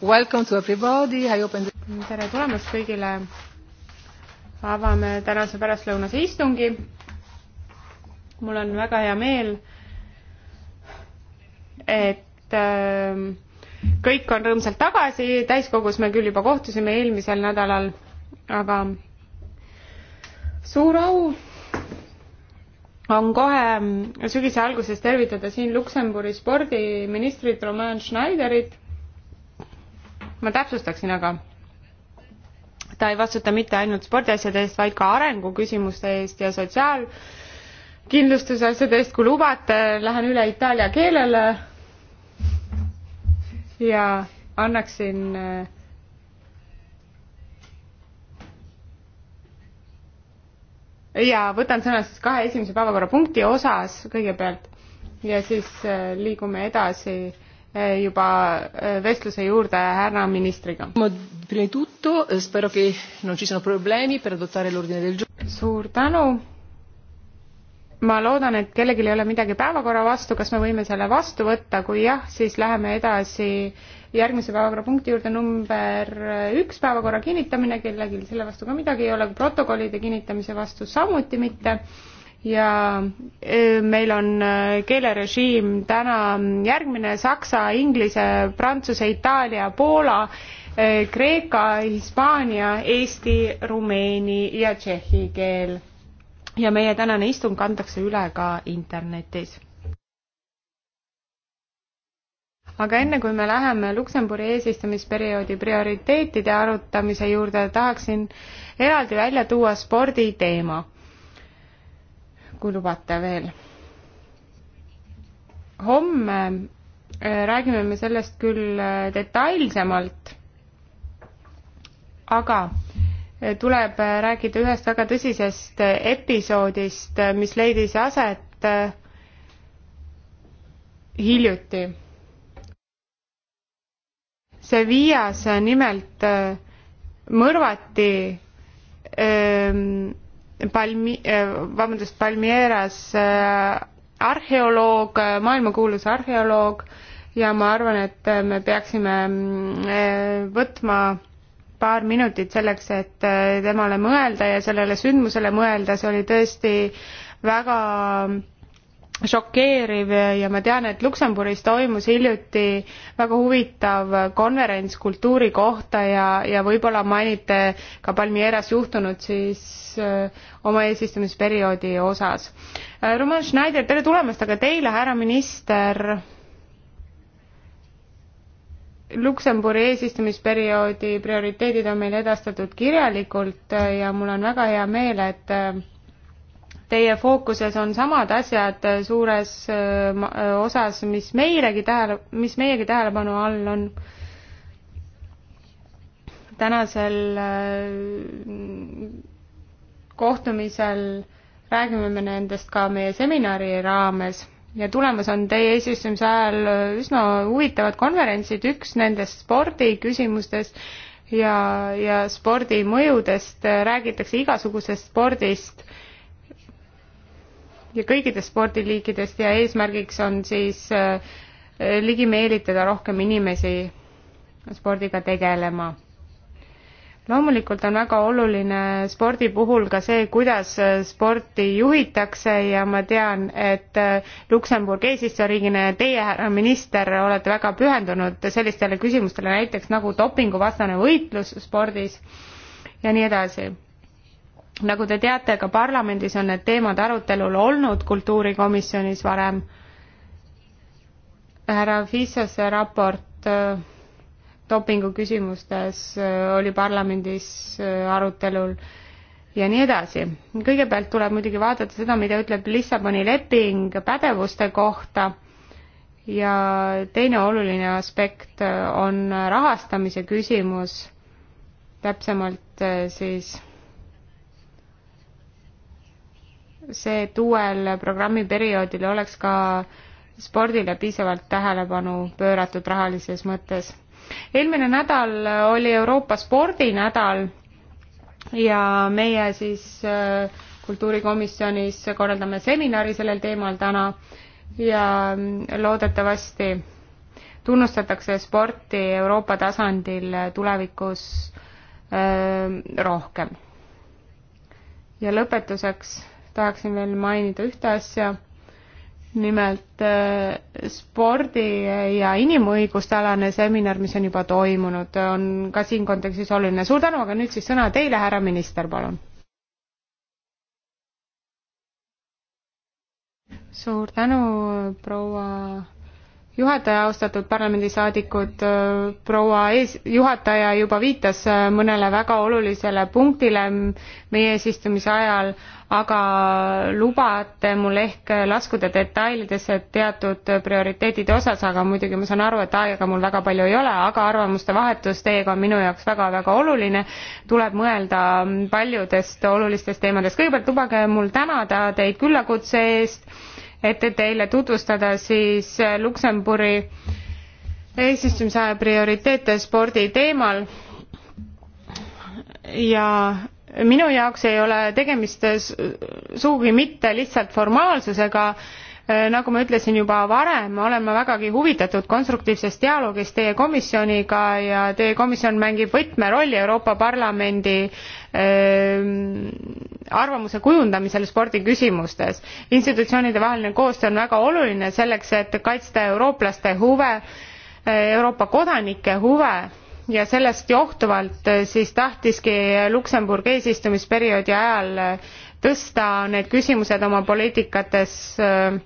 Welcome to everybody, I open tere tulemast kõigile. avame tänase pärastlõunase istungi. mul on väga hea meel, et ähm, kõik on rõõmsalt tagasi, täiskogus me küll juba kohtusime eelmisel nädalal, aga suur au on kohe sügise alguses tervitada siin Luksemburi spordiministrit Romain Schneiderit. ma täpsustaksin aga, ta ei vastuta mitte ainult spordiasjade eest, vaid ka arenguküsimuste eest ja sotsiaalkindlustuse asjade eest, kui lubate, lähen üle itaalia keelele ja annaksin äh, ja võtan sõna siis kahe esimese päevakorrapunkti osas kõigepealt ja siis äh, liigume edasi äh, juba äh, vestluse juurde härra ministriga. Eh, suur tänu. ma loodan, et kellelgi ei ole midagi päevakorra vastu, kas me võime selle vastu võtta, kui jah, siis läheme edasi järgmise päevakorrapunkti juurde number üks, päevakorra kinnitamine, kellelgi selle vastu ka midagi ei ole, protokollide kinnitamise vastu samuti mitte. ja e, meil on e, keelerežiim täna järgmine saksa, inglise, prantsuse, itaalia, poola, e, kreeka, hispaania, eesti, rumeeni ja tšehhi keel ja meie tänane istung antakse üle ka internetis aga enne kui me läheme Luksemburi eesistumisperioodi prioriteetide arutamise juurde, tahaksin eraldi välja tuua sporditeema, kui lubate veel. homme äh, räägime me sellest küll äh, detailsemalt, aga äh, tuleb rääkida ühest väga tõsisest episoodist, mis leidis aset hiljuti Sevillas nimelt äh, mõrvati ähm, Palmi-, äh, vabandust, Palmieras äh, arheoloog, maailmakuulus arheoloog ja ma arvan, et me peaksime võtma paar minutit selleks, et temale mõelda ja sellele sündmusele mõelda, see oli tõesti väga šokeeriv ja ma tean, et Luksemburgis toimus hiljuti väga huvitav konverents kultuuri kohta ja, ja võib-olla mainite ka Palmieras juhtunut siis äh, oma eesistumisperioodi osas. Äh, Roman Schneider, tere tulemast, aga teile, härra minister, Luksemburgi eesistumisperioodi prioriteedid on meile edastatud kirjalikult äh, ja mul on väga hea meel, et teie fookuses on samad asjad suures äh, äh, osas, mis meilegi tähele, mis meiegi tähelepanu all on. tänasel äh, kohtumisel räägime me nendest ka meie seminari raames ja tulemas on teie eesistumise ajal üsna huvitavad konverentsid, üks nendest spordiküsimustest ja, ja spordi mõjudest, räägitakse igasugusest spordist ja kõigidest spordiliikidest ja eesmärgiks on siis äh, ligi meelitada rohkem inimesi spordiga tegelema. loomulikult on väga oluline spordi puhul ka see, kuidas äh, sporti juhitakse ja ma tean, et äh, Luksemburg eesistujariigina ja teie, härra minister, olete väga pühendunud sellistele küsimustele, näiteks nagu dopinguvastane võitlus spordis ja nii edasi nagu te teate, ka parlamendis on need teemad arutelul olnud kultuurikomisjonis varem. härra Fissase raport äh, dopingu küsimustes äh, oli parlamendis äh, arutelul ja nii edasi. kõigepealt tuleb muidugi vaadata seda, mida ütleb Lissaboni leping pädevuste kohta ja teine oluline aspekt on rahastamise küsimus, täpsemalt siis see, et uuel programmiperioodil oleks ka spordile piisavalt tähelepanu pööratud rahalises mõttes. eelmine nädal oli Euroopa spordinädal ja meie siis äh, kultuurikomisjonis korraldame seminari sellel teemal täna ja mm, loodetavasti tunnustatakse sporti Euroopa tasandil tulevikus öö, äh, rohkem. ja lõpetuseks tahaksin veel mainida ühte asja, nimelt äh, spordi ja inimõiguste alane seminar, mis on juba toimunud, on ka siin kontekstis oluline. suur tänu, aga nüüd siis sõna teile, härra minister, palun. suur tänu, proua juhataja, austatud parlamendisaadikud, proua ees, juhataja juba viitas äh, mõnele väga olulisele punktile meie eesistumise ajal, aga lubate mul ehk laskuda detailidesse teatud prioriteetide osas, aga muidugi ma saan aru, et aega mul väga palju ei ole, aga arvamuste vahetus teiega on minu jaoks väga-väga oluline. tuleb mõelda paljudest olulistest teemadest. kõigepealt lubage mul tänada teid küllakutse eest et teile tutvustada siis Luksemburi eesistumisaja prioriteete spordi teemal. ja minu jaoks ei ole tegemist sugugi mitte lihtsalt formaalsusega Äh, nagu ma ütlesin juba varem, olen ma vägagi huvitatud konstruktiivsest dialoogist teie komisjoniga ja teie komisjon mängib võtmerolli Euroopa Parlamendi ähm, arvamuse kujundamisel spordiküsimustes. institutsioonide vaheline koostöö on väga oluline selleks, et kaitsta eurooplaste huve, äh, Euroopa kodanike huve ja sellest johtuvalt äh, siis tahtiski Luksemburg eesistumisperioodi ajal tõsta need küsimused oma poliitikates äh,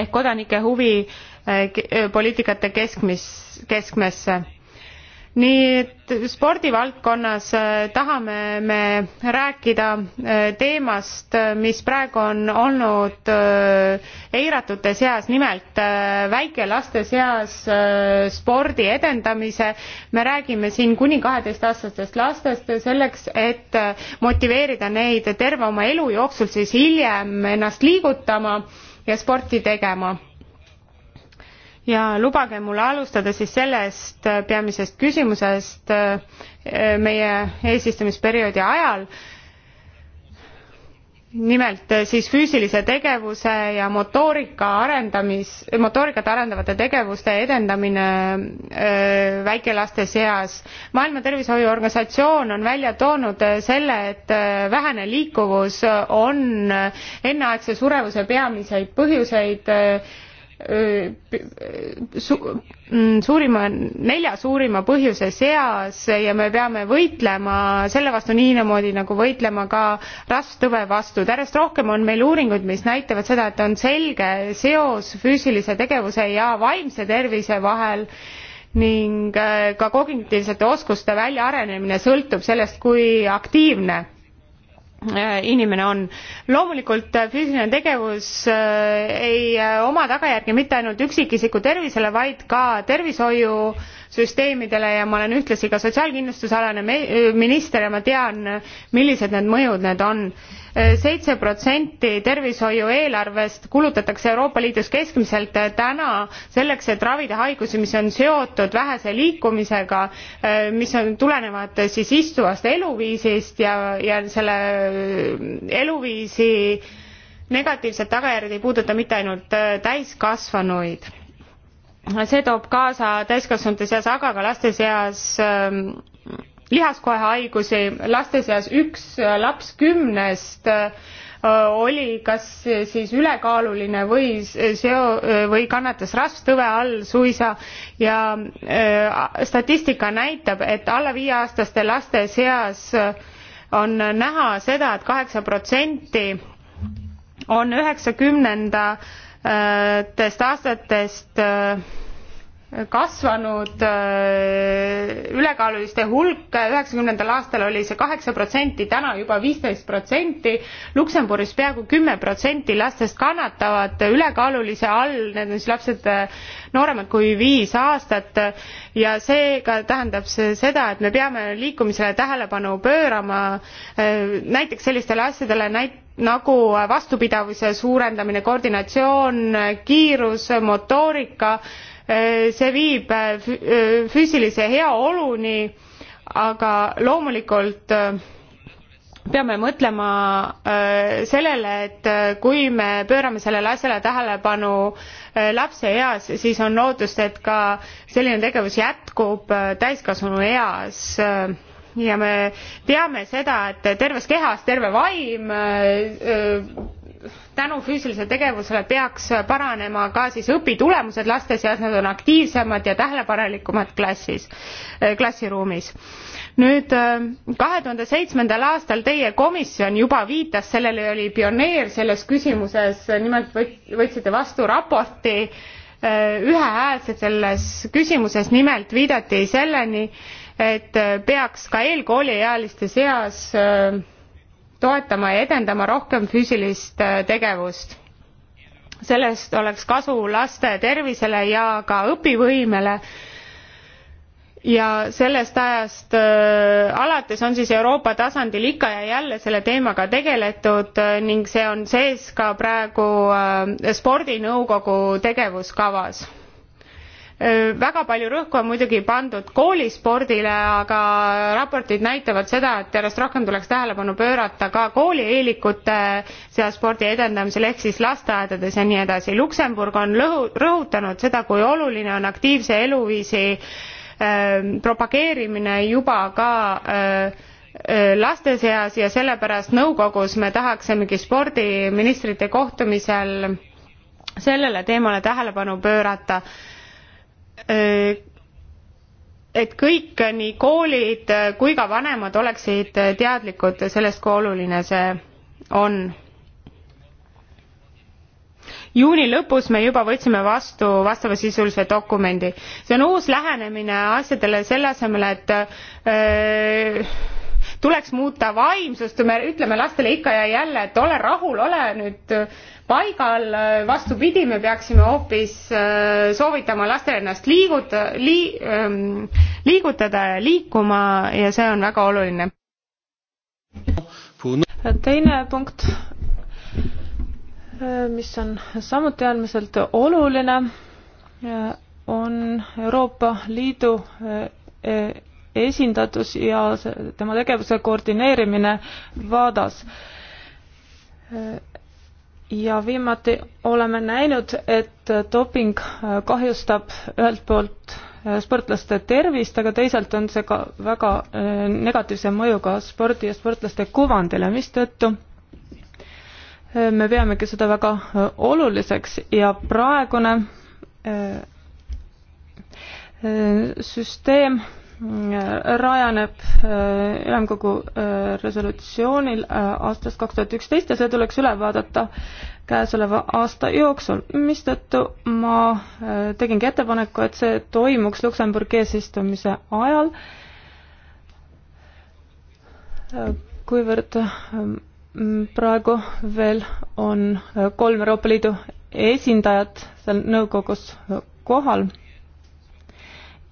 ehk kodanike huvi eh, eh, poliitikate keskmis, keskmesse nii et spordivaldkonnas eh, tahame me rääkida teemast, mis praegu on olnud eiratute seas, nimelt väikelaste seas spordi edendamise. me räägime siin kuni kaheteistaastastest lastest selleks, et motiveerida neid terve oma elu jooksul siis hiljem ennast liigutama ja sporti tegema. ja lubage mul alustada siis sellest peamisest küsimusest äh, meie eesistumisperioodi ajal nimelt eh, siis füüsilise tegevuse ja motoorika arendamis, motoorikat arendavate tegevuste edendamine öö, eh, väikelaste seas. maailma Tervishoiuorganisatsioon on välja toonud eh, selle, et vähene liikuvus on enneaegse surevuse peamiseid põhjuseid öö, su, mm, suurima, nelja suurima põhjuse seas ja me peame võitlema selle vastu niimoodi, nagu võitlema ka rasvtõve vastu. järjest rohkem on meil uuringuid, mis näitavad seda, et on selge seos füüsilise tegevuse ja vaimse tervise vahel ning äh, ka kognitiivsete oskuste väljaarenemine sõltub sellest, kui aktiivne Äh, inimene on. loomulikult äh, füüsiline tegevus äh, ei oma tagajärgi mitte ainult üksikisiku tervisele, vaid ka tervishoiusüsteemidele ja ma olen ühtlasi ka sotsiaalkindlustusalane minister ja ma tean, millised need mõjud need on seitse protsenti tervishoiu eelarvest kulutatakse Euroopa Liidus keskmiselt täna selleks, et ravida haigusi, mis on seotud vähese liikumisega, mis on, tulenevad siis istuvast eluviisist ja, ja selle eluviisi negatiivsed tagajärjed ei puuduta mitte ainult äh, täiskasvanuid. see toob kaasa täiskasvanute seas, aga ka laste seas ähm, lihaskoehaigusi, laste seas üks äh, laps kümnest äh, oli kas äh, siis ülekaaluline või seo- või kannatas rasvtõve all suisa ja statistika näitab, et alla viieaastaste laste seas on näha seda et, et kaheksa protsenti on üheksakümnendatest aastatest kasvanud äh, ülekaaluliste hulk, üheksakümnendal aastal oli see kaheksa protsenti, täna juba viisteist protsenti, Luksemburgis peaaegu kümme protsenti lastest kannatavad ülekaalulise all, need on siis lapsed äh, nooremad kui viis aastat ja seega tähendab see seda, et me peame liikumisele tähelepanu pöörama äh, näiteks sellistele asjadele, näit-, nagu vastupidavuse suurendamine, koordinatsioon, kiirus, motoorika, Eh, see viib eh, eh, füüsilise heaoluni, aga loomulikult peame mõtlema sellele, et kui me pöörame sellele asjale tähelepanu lapseeas, siis on lootust, et ka selline tegevus jätkub täiskasvanu eas ja me teame seda, et terves kehas terve vaim tänu füüsilisele tegevusele peaks paranema ka siis õpitulemused laste seas, nad on aktiivsemad ja tähelepanelikumad klassis, äh, klassiruumis. nüüd äh, kahe tuhande seitsmendal aastal teie komisjon juba viitas sellele, oli pioneer selles küsimuses, nimelt võtsite vastu raporti äh, ühehäälselt selles küsimuses, nimelt viidati selleni, et peaks ka eelkooliealiste seas toetama ja edendama rohkem füüsilist äh, tegevust sellest oleks kasu laste tervisele ja ka õpivõimele ja sellest ajast äh, alates on siis euroopa tasandil ikka ja jälle selle teemaga tegeletud äh, ning see on sees ka praegu spordinõukogu tegevuskavas Äh, väga palju rõhku on muidugi pandud koolispordile, aga raportid näitavad seda, et järjest rohkem tuleks tähelepanu pöörata ka koolieelikute seas spordi edendamisel ehk siis lasteaedades ja nii edasi. Luksemburg on lõhu-, rõhutanud seda, kui oluline on aktiivse eluviisi äh, propageerimine juba ka äh, äh, laste seas ja sellepärast nõukogus me tahaksimegi spordiministrite kohtumisel sellele teemale tähelepanu pöörata Äh, et kõik, nii koolid äh, kui ka vanemad oleksid äh, teadlikud sellest, kui oluline see on. juuni lõpus me juba võtsime vastu vastavasisulise dokumendi. see on uus lähenemine asjadele selle asemel, et öö, tuleks muuta vaimsust, kui me ütleme lastele ikka ja jälle, et ole rahul, ole nüüd paigal, vastupidi, me peaksime hoopis äh, soovitama lastel ennast liiguta, lii-, ähm, liigutada ja liikuma ja see on väga oluline. teine punkt, äh, mis on samuti äärmiselt oluline, äh, on Euroopa Liidu esindatus ja tema tegevuse koordineerimine WADA-s ja viimati oleme näinud, et doping kahjustab ühelt poolt sportlaste tervist, aga teisalt on see ka väga eh, negatiivse mõjuga spordi ja sportlaste kuvandile, mistõttu eh, me peamegi seda väga eh, oluliseks ja praegune süsteem rajaneb äh, ülemkogu äh, resolutsioonil äh, aastast kaks tuhat üksteist ja see tuleks üle vaadata käesoleva aasta jooksul, mistõttu ma tegingi ettepaneku, et see toimuks Luksemburgi eesistumise ajal, kuivõrd ähm, praegu veel on kolm Euroopa Liidu esindajat seal nõukogus kohal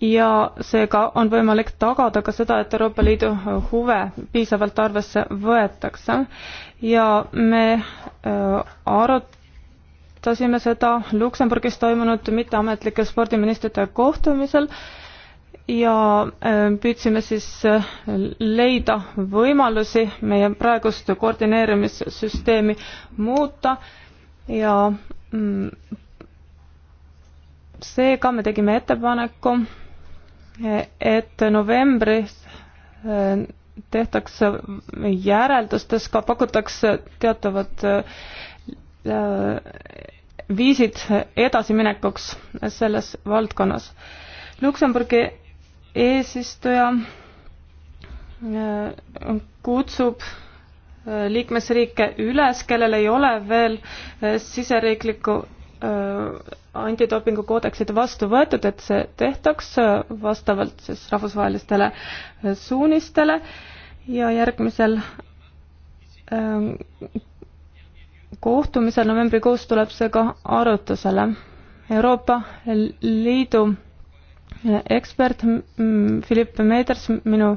ja seega on võimalik tagada ka seda, et Euroopa Liidu huve piisavalt arvesse võetakse ja me äh, arutasime seda Luksemburgis toimunud mitteametlikel spordiministrite kohtumisel ja äh, püüdsime siis äh, leida võimalusi meie praegust koordineerimissüsteemi muuta ja mm, seega me tegime ettepaneku et novembris eh, tehtakse järeldustes ka pakutakse teatavad eh, viisid edasiminekuks selles valdkonnas. Luksemburgi eesistuja eh, kutsub liikmesriike üles, kellel ei ole veel siseriiklikku Äh, antidopingu koodeksid vastu võetud, et see tehtaks äh, vastavalt siis rahvusvahelistele äh, suunistele ja järgmisel ähm, kohtumisel novembrikuus tuleb see ka arutusele. Euroopa Liidu ekspert Philippe Meeders, minu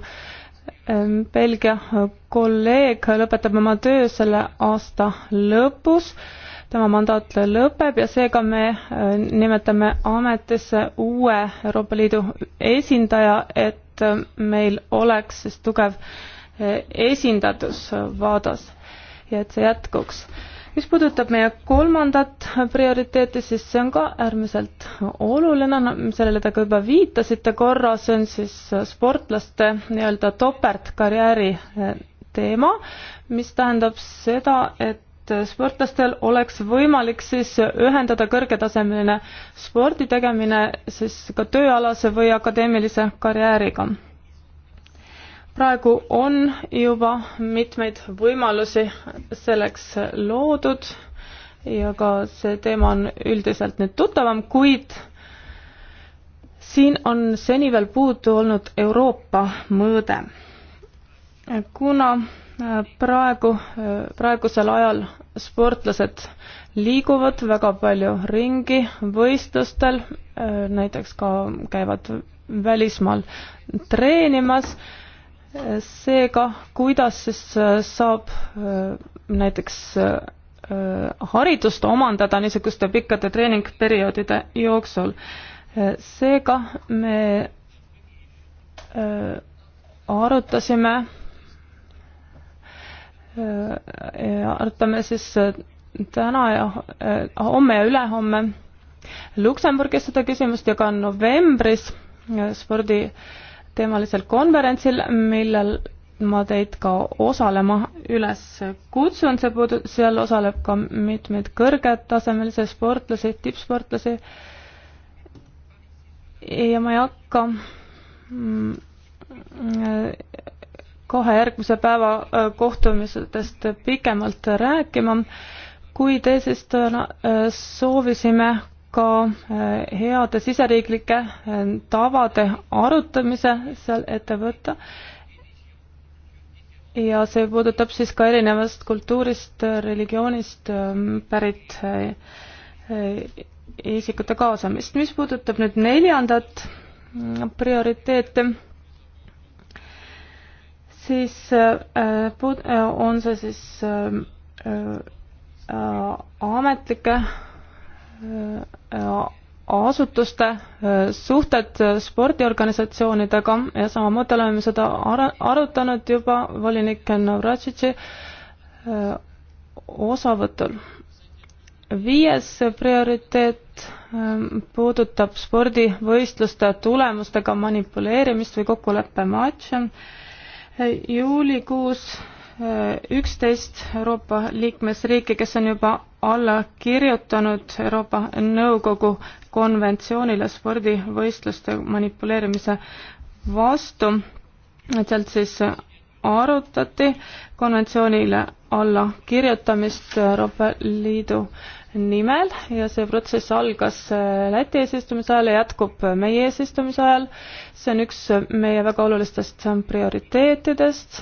ähm, Belgia kolleeg, lõpetab oma töö selle aasta lõpus tema mandaat lõpeb ja seega me äh, nimetame ametisse uue Euroopa Liidu esindaja, et äh, meil oleks siis tugev äh, esindatus VADA-s ja et see jätkuks. mis puudutab meie kolmandat prioriteeti, siis see on ka äärmiselt oluline, no sellele te ka juba viitasite korra, see on siis sportlaste nii-öelda topeltkarjääri teema, mis tähendab seda, et et sportlastel oleks võimalik siis ühendada kõrgetasemeline spordi tegemine siis ka tööalase või akadeemilise karjääriga. praegu on juba mitmeid võimalusi selleks loodud ja ka see teema on üldiselt nüüd tuttavam, kuid siin on seni veel puudu olnud Euroopa mõõde. kuna praegu, praegusel ajal sportlased liiguvad väga palju ringi võistlustel, näiteks ka käivad välismaal treenimas, seega kuidas siis äh, saab äh, näiteks äh, haridust omandada niisuguste pikkade treeningperioodide jooksul. seega me arutasime Äh, äh, arutame siis äh, täna ja homme ja ülehomme Luksemburgis seda küsimust ja ka novembris sporditeemalisel konverentsil, millel ma teid ka osalema üles kutsun, see puudu-, seal osaleb ka mitmeid kõrgetasemelisi sportlasi, tippsportlasi ja ma ei hakka mm, kahe järgmise päeva äh, kohtumistest pikemalt rääkima, kuid eesistujana äh, soovisime ka äh, heade siseriiklike tavade arutamise seal ette võtta. ja see puudutab siis ka erinevast kultuurist, religioonist ähm, pärit isikute kaasamist. mis puudutab nüüd neljandat mm, prioriteeti, siis äh, äh, on see siis äh, ametlike asutuste suhted spordiorganisatsioonidega ja samamoodi oleme seda ar-, arutanud juba volinik Navratšitši osavõtul. viies prioriteet puudutab spordivõistluste tulemustega manipuleerimist või kokkuleppematše juulikuus äh, üksteist Euroopa liikmesriiki, kes on juba alla kirjutanud Euroopa Nõukogu konventsioonile spordivõistluste manipuleerimise vastu. et sealt siis arutati konventsioonile allakirjutamist Euroopa Liidu nimel ja see protsess algas äh, Läti eesistumise ajal ja jätkub meie eesistumise ajal. see on üks meie väga olulistest prioriteetidest.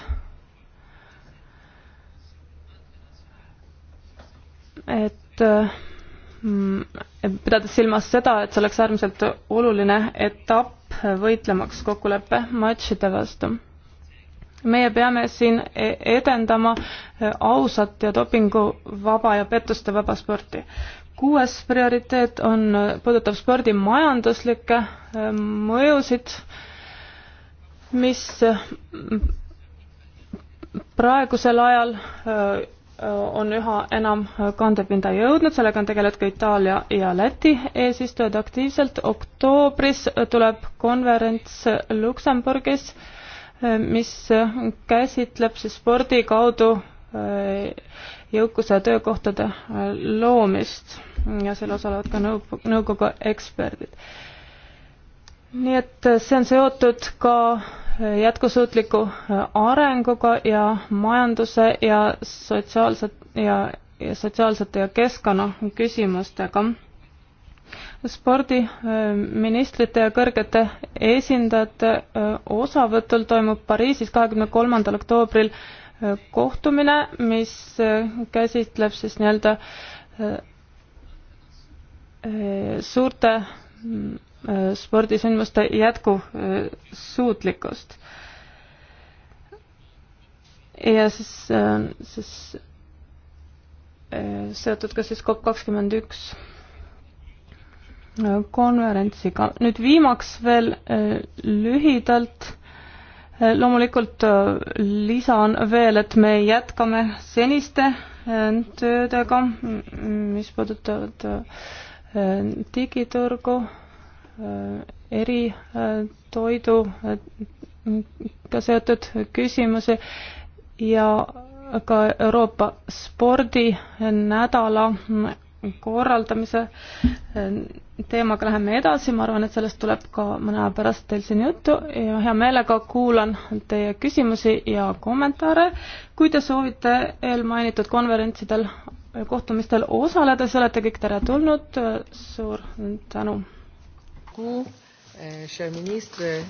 et äh, mm, pidades silmas seda, et see oleks äärmiselt oluline etapp võitlemaks kokkuleppe matšide vastu meie peame siin e- edendama e, ausat ja dopinguvaba ja pettustevaba sporti. kuues prioriteet on, e, puudutab spordi majanduslikke mõjusid, mis praegusel ajal on üha enam kandepinda jõudnud, sellega on tegelenud ka Itaalia ja Läti eesistujad aktiivselt. oktoobris tuleb konverents Luksemburgis äh, mis käsitleb siis spordi kaudu äh, jõukuse töökohtade äh, loomist ja seal osalevad ka nõukogu, nõukogu eksperdid. nii et äh, see on seotud ka jätkusuutliku arenguga ja majanduse ja sotsiaalse ja, ja sotsiaalsete ja keskkonna küsimustega spordiministrite äh, ja kõrgete esindajate äh, osavõtul toimub Pariisis kahekümne kolmandal oktoobril äh, kohtumine, mis käsitleb siis nii-öelda suurte mm, spordisündmuste jätkusuutlikkust. ja siis, siis seotud ka siis COP kakskümmend üks konverentsiga. nüüd viimaks veel äh, lühidalt. Äh, loomulikult äh, lisan veel, et me jätkame seniste töödega, mis puudutavad digiturgu, eritoiduga seotud küsimusi ja ka Euroopa spordinädala korraldamise eh, teemaga läheme edasi, ma arvan, et sellest tuleb ka mõne aja pärast teil siin juttu ja hea meelega kuulan teie küsimusi ja kommentaare. kui te soovite eelmainitud konverentsidel, kohtumistel osaleda, siis olete kõik teretulnud, suur tänu. Eh,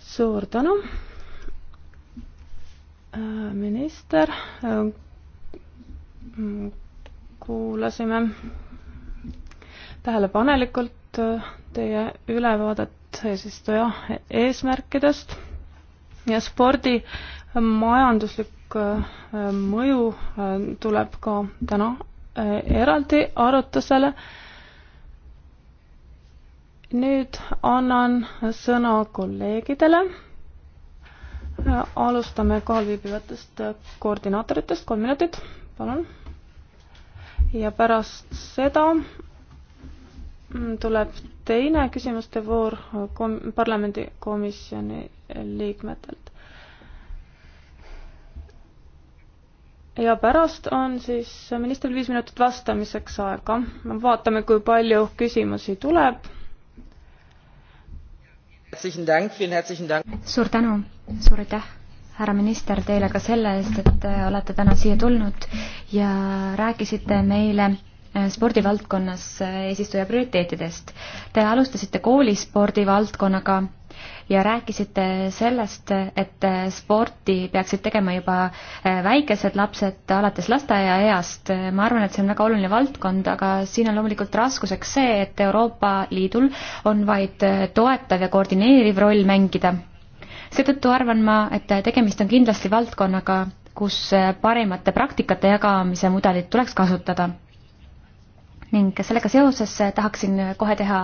suur tänu eh, minister kuulasime tähelepanelikult teie ülevaadet eesistuja eesmärkidest ja spordi majanduslik äh, mõju äh, tuleb ka täna äh, eraldi arutusele. nüüd annan sõna kolleegidele alustame kohalviibivatest koordinaatoritest, kolm minutit, palun ja pärast seda tuleb teine küsimuste voor kom-, parlamendikomisjoni liikmetelt. ja pärast on siis ministril viis minutit vastamiseks aega. vaatame, kui palju küsimusi tuleb. suur tänu, suur aitäh härra minister, teile ka selle eest, et olete täna siia tulnud ja rääkisite meile eh, spordivaldkonnas eh, eesistuja prioriteetidest. Te alustasite koolispordi valdkonnaga ja rääkisite sellest, et eh, sporti peaksid tegema juba väikesed lapsed alates lasteaiaeast. ma arvan, et see on väga oluline valdkond, aga siin on loomulikult raskuseks see, et Euroopa Liidul on vaid toetav ja koordineeriv roll mängida seetõttu arvan ma, et tegemist on kindlasti valdkonnaga, kus parimate praktikate jagamise mudelit tuleks kasutada. ning sellega seoses tahaksin kohe teha,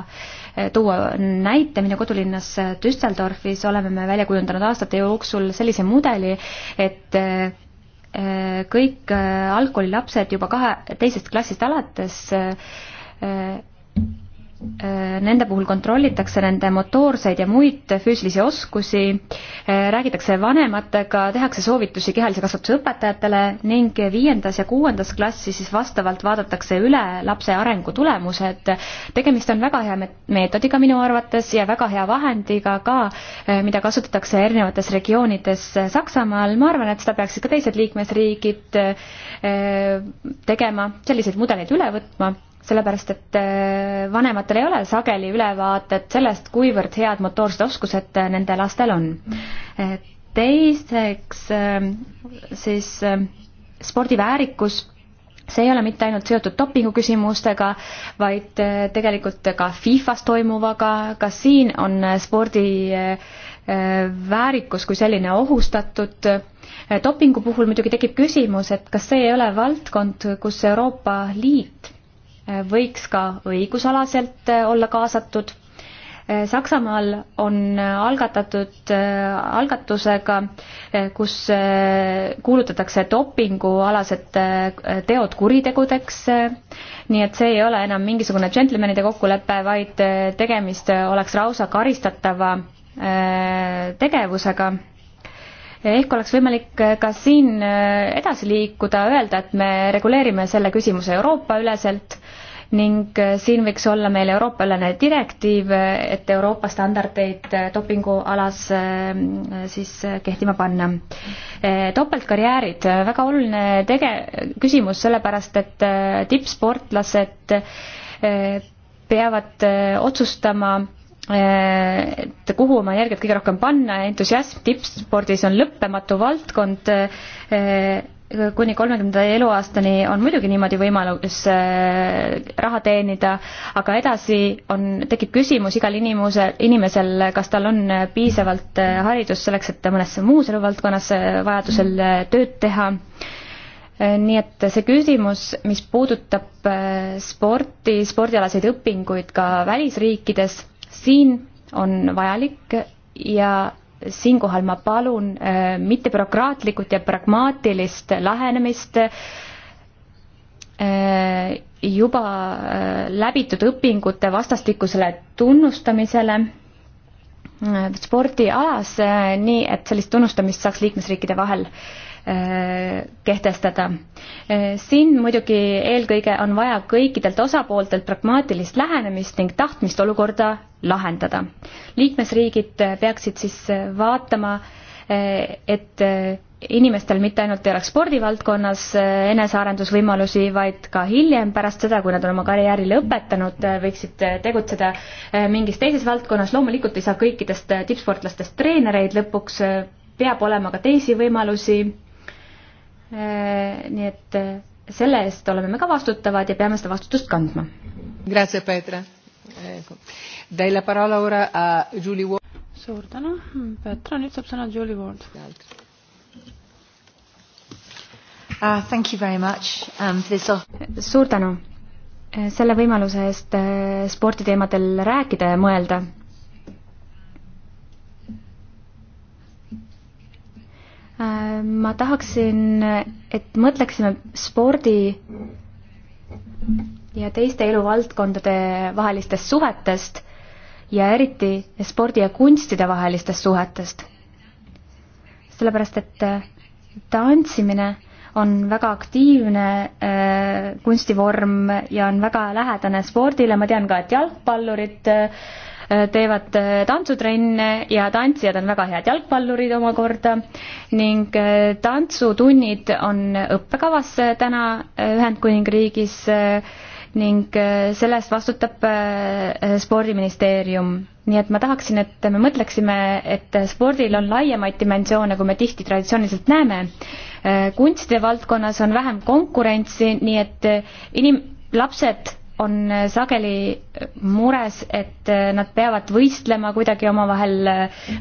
tuua näite, minu kodulinnas Düsseldorfis oleme me välja kujundanud aastate jooksul sellise mudeli, et eh, kõik algkoolilapsed juba kahe, teisest klassist alates eh, Äh, nende puhul kontrollitakse nende motoorseid ja muid füüsilisi oskusi, äh, räägitakse vanematega, tehakse soovitusi kehalise kasvatuse õpetajatele ning viiendas ja kuuendas klassis siis vastavalt vaadatakse üle lapse arengu tulemused. tegemist on väga hea meetodiga minu arvates ja väga hea vahendiga ka, äh, mida kasutatakse erinevates regioonides Saksamaal. ma arvan, et seda peaksid ka teised liikmesriigid tegema, selliseid mudeleid üle võtma sellepärast, et äh, vanematel ei ole sageli ülevaatet sellest, kuivõrd head motoorsed oskused äh, nende lastel on. Äh, teiseks ähm, siis ähm, spordiväärikus, see ei ole mitte ainult seotud dopingu küsimustega, vaid tegelikult ka Fifas toimuvaga, ka siin on spordi väärikus kui selline ohustatud. dopingu puhul muidugi tekib küsimus, et kas see ei ole valdkond, kus Euroopa Liit võiks ka õigusalaselt äh, olla kaasatud. Äh, Saksamaal on algatatud äh, algatusega, kus kuulutatakse dopingualased teod kuritegudeks, nii et see ei ole enam mingisugune džentelmenide kokkulepe, vaid tegemist oleks lausa karistatava tegevusega ehk oleks võimalik ka siin edasi liikuda, öelda, et me reguleerime selle küsimuse Euroopa üleselt ning äh, siin võiks olla meil Euroopa-ülene direktiiv, et Euroopa standardeid äh, dopingualas äh, siis kehtima panna. topeltkarjäärid, väga oluline tege-, küsimus, sellepärast et tippsportlased peavad otsustama, et kuhu oma energiat kõige rohkem panna ja entusiasm tippspordis on lõppematu valdkond kuni kolmekümnenda eluaastani on muidugi niimoodi võimalus äh, raha teenida, aga edasi on, tekib küsimus igal inimuse, inimesel, kas tal on piisavalt äh, haridust selleks, et mõnesse muus eluvaldkonnas äh, vajadusel tööd teha. nii et see küsimus, mis puudutab sporti, spordialaseid õpinguid ka välisriikides, siin on vajalik ja siinkohal ma palun äh, mitte bürokraatlikult ja pragmaatilist lähenemist äh, juba äh, läbitud õpingute vastastikusele tunnustamisele spordialas, nii et sellist tunnustamist saaks liikmesriikide vahel äh, Äh, kehtestada. Äh, siin muidugi eelkõige on vaja kõikidelt osapooltelt pragmaatilist lähenemist ning tahtmist olukorda lahendada. liikmesriigid äh, peaksid siis vaatama, et inimestel mitte ainult ei oleks spordivaldkonnas enesearendusvõimalusi, vaid ka hiljem, pärast seda, kui nad on oma karjääri lõpetanud, võiksid tegutseda mingis teises valdkonnas, loomulikult ei saa kõikidest tippsportlastest treenereid lõpuks, peab olema ka teisi võimalusi Äh, nii et äh, selle eest oleme me ka vastutavad ja peame seda vastutust kandma. suur tänu, Petra, nüüd saab sõna Julie Ward. Uh, thank you very much um, for this suur tänu äh, selle võimaluse eest sporditeemadel rääkida ja mõelda ma tahaksin, et mõtleksime spordi ja teiste eluvaldkondade vahelistest suhetest ja eriti spordi ja kunstide vahelistest suhetest. sellepärast, et äh, tantsimine on väga aktiivne äh, kunstivorm ja on väga lähedane spordile, ma tean ka, et jalgpallurid äh, Äh, teevad äh, tantsutrenne ja tantsijad on väga head jalgpallurid omakorda ning äh, tantsutunnid on õppekavas täna Ühendkuningriigis ning selle eest vastutab Spordiministeerium. nii et ma tahaksin, et me mõtleksime, et spordil on laiemaid dimensioone, kui me tihti traditsiooniliselt näeme. kunstide valdkonnas on vähem konkurentsi, nii et inim-, lapsed on sageli mures, et nad peavad võistlema kuidagi omavahel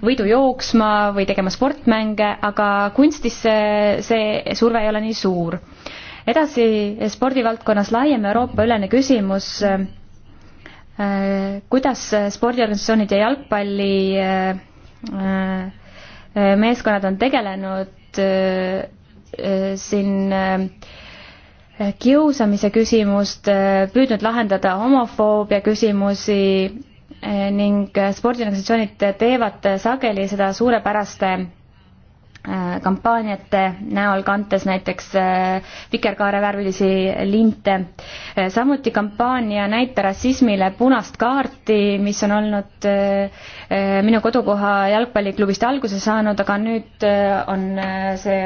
võidu jooksma või tegema sportmänge, aga kunstis see, see surve ei ole nii suur. edasi spordivaldkonnas laiem Euroopa-ülene küsimus äh, kuidas spordiorganisatsioonid ja jalgpalli äh, äh, meeskonnad on tegelenud siin kiusamise küsimust, püüdnud lahendada homofoobia küsimusi eh, ning spordiorganisatsioonid teevad sageli seda suurepäraste Äh, kampaaniate näol, kantes näiteks äh, vikerkaarevärvilisi linte. Äh, samuti kampaania Näita rassismile punast kaarti, mis on olnud minu kodukoha jalgpalliklubist alguse saanud, aga nüüd on see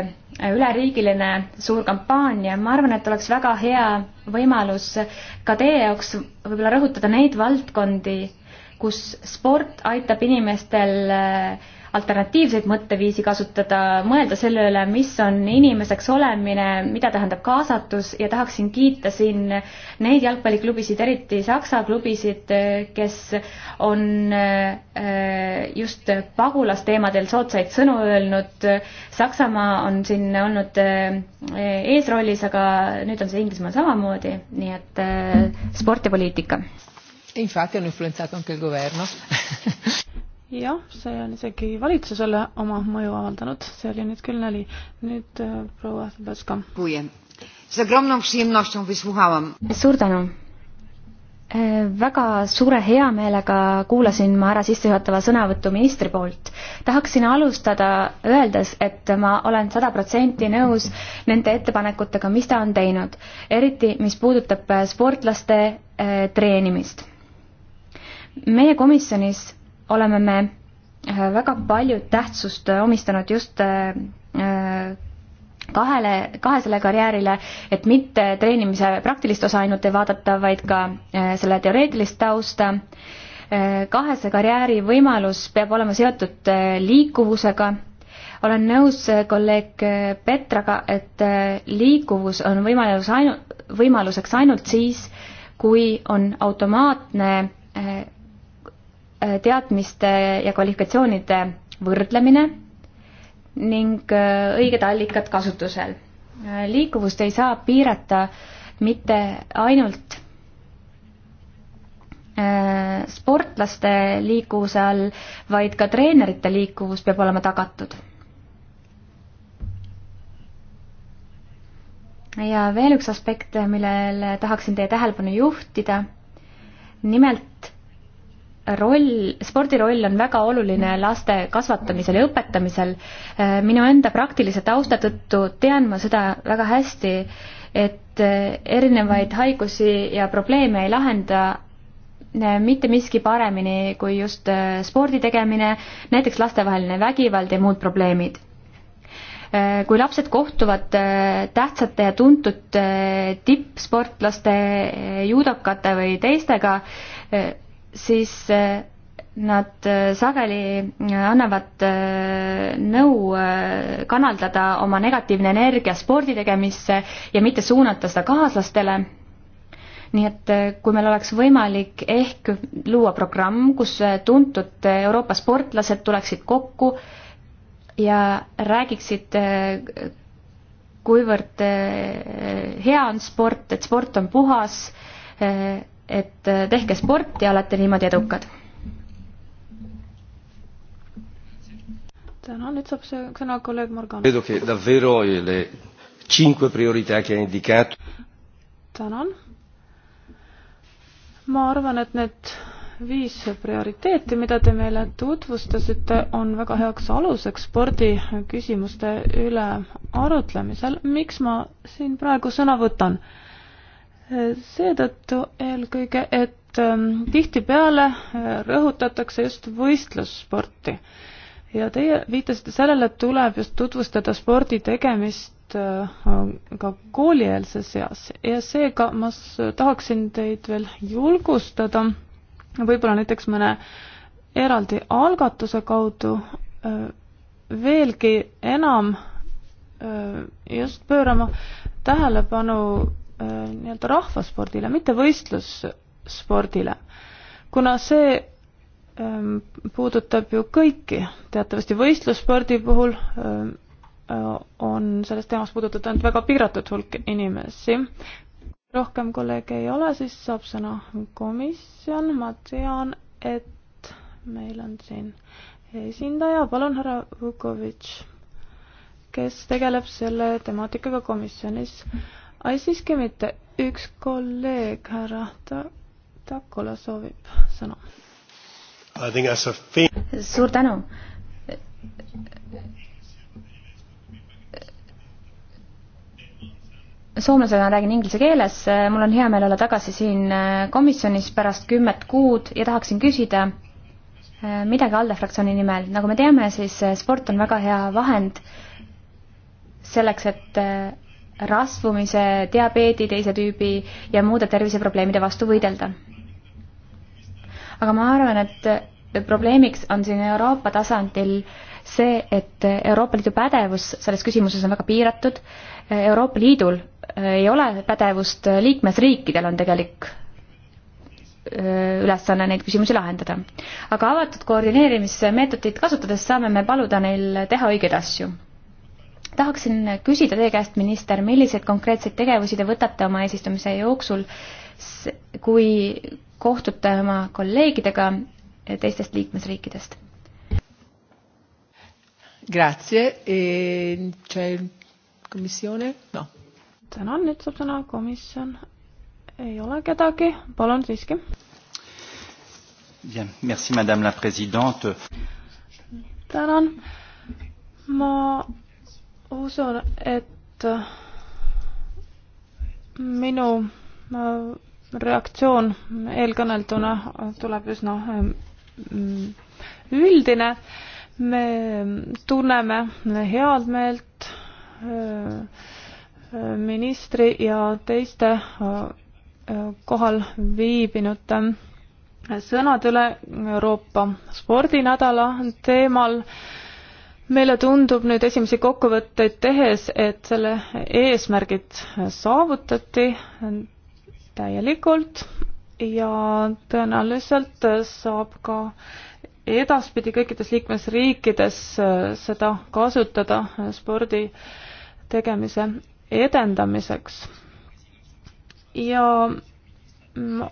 üleriigiline suur kampaania, ma arvan, et oleks väga hea võimalus ka teie jaoks võib-olla rõhutada neid valdkondi, kus sport aitab inimestel äh, alternatiivseid mõtteviisi kasutada, mõelda selle üle, mis on inimeseks olemine, mida tähendab kaasatus ja tahaksin kiita siin neid jalgpalliklubisid, eriti Saksa klubisid, kes on äh, just pagulasteemadel soodsaid sõnu öelnud. Saksamaa on siin olnud äh, eesrollis, aga nüüd on see Inglismaal samamoodi, nii et äh, sport ja poliitika. Infatti hanno influenzato anche il governo jah, see on isegi valitsusele oma mõju avaldanud, see oli nüüd küll nali. nüüd äh, proua Zabeska. suur tänu. Äh, väga suure heameelega kuulasin ma ära sissejuhatava sõnavõtu ministri poolt. tahaksin alustada öeldes, et ma olen sada protsenti nõus nende ettepanekutega, mis ta on teinud, eriti mis puudutab sportlaste äh, treenimist. meie komisjonis oleme me äh, väga palju tähtsust äh, omistanud just äh, kahele, kahesele karjäärile, et mitte treenimise praktilist osa ainult ei vaadata, vaid ka selle teoreetilist tausta. kahese karjääri võimalus peab olema seotud liikuvusega. olen nõus kolleeg Petraga, et liikuvus on võimalus ainu-, võimaluseks ainult siis, kui on automaatne teadmiste ja kvalifikatsioonide võrdlemine ning äh, õiged allikad kasutusel. Äh, liikuvust ei saa piirata mitte ainult äh, sportlaste liikuvuse all, vaid ka treenerite liikuvus peab olema tagatud. ja veel üks aspekt, millele tahaksin teie tähelepanu juhtida. nimelt roll, spordi roll on väga oluline laste kasvatamisel ja õpetamisel. Äh, minu enda praktilise tausta tõttu tean ma seda väga hästi, et äh, erinevaid haigusi ja probleeme ei lahenda äh, mitte miski paremini kui just spordi tegemine, näiteks lastevaheline vägivald ja muud probleemid. kui lapsed kohtuvad tähtsate ja tuntud tippsportlaste, judokate või teistega, siis eh, nad eh, sageli eh, annavad nõu kanaldada oma negatiivne energia spordi tegemisse ja mitte suunata seda kaaslastele. nii et kui meil oleks võimalik ehk luua programm, kus tuntud Euroopa sportlased tuleksid kokku ja räägiksid, kuivõrd hea on sport, et sport on puhas et äh, tehke sporti ja olete niimoodi edukad. tänan, nüüd saab sõna kolleeg Morgan. Eh, tänan. ma arvan, et need viis prioriteeti, mida te meile tutvustasite, on väga heaks aluseks spordiküsimuste üle arutlemisel. miks ma siin praegu sõna võtan? seetõttu eelkõige, et ähm, tihtipeale äh, rõhutatakse just võistlussporti. ja teie viitasite sellele, et tuleb just tutvustada spordi tegemist äh, ka koolieelses eas ja seega ma tahaksin teid veel julgustada võib-olla näiteks mõne eraldi algatuse kaudu äh, veelgi enam just pöörama tähelepanu nii-öelda rahvaspordile, mitte võistlusspordile. kuna see ähm, puudutab ju kõiki, teatavasti võistlusspordi puhul ähm, äh, on sellest teemast puudutatud ainult väga piiratud hulk inimesi. rohkem kolleege ei ole, siis saab sõna komisjon, ma tean, et meil on siin esindaja, palun härra Vukovitš, kes tegeleb selle temaatikaga komisjonis mm. -hmm ai siiski mitte, üks kolleeg, härra Ta-, Takula soovib sõna. suur tänu. soomlasena räägin inglise keeles, mul on hea meel olla tagasi siin komisjonis pärast kümmet kuud ja tahaksin küsida midagi ALDE fraktsiooni nimel. nagu me teame, siis sport on väga hea vahend selleks, et rasvumise, diabeedi teise tüübi ja muude terviseprobleemide vastu võidelda. aga ma arvan, et probleemiks on siin Euroopa tasandil see, et Euroopa Liidu pädevus selles küsimuses on väga piiratud. Euroopa Liidul ei ole pädevust, liikmesriikidel on tegelik ülesanne neid küsimusi lahendada. aga avatud koordineerimismeetodit kasutades saame me paluda neil teha õigeid asju tahaksin küsida teie käest, minister, milliseid konkreetseid tegevusi te võtate oma eesistumise jooksul, kui kohtute oma kolleegidega teistest liikmesriikidest? Grazie e c'è komisjoni, noh. tänan, nüüd saab sõna komisjon. ei ole kedagi, palun siiski. Bien, merci madame la présidente. tänan. ma usun, et minu reaktsioon eelkõnelduna tuleb üsna ähm, üldine. me tunneme head meelt äh, ministri ja teiste äh, kohal viibinute sõnad üle Euroopa spordinädala teemal meile tundub nüüd esimesi kokkuvõtteid tehes, et selle eesmärgid saavutati täielikult ja tõenäoliselt saab ka edaspidi kõikides liikmesriikides seda kasutada spordi tegemise edendamiseks. ja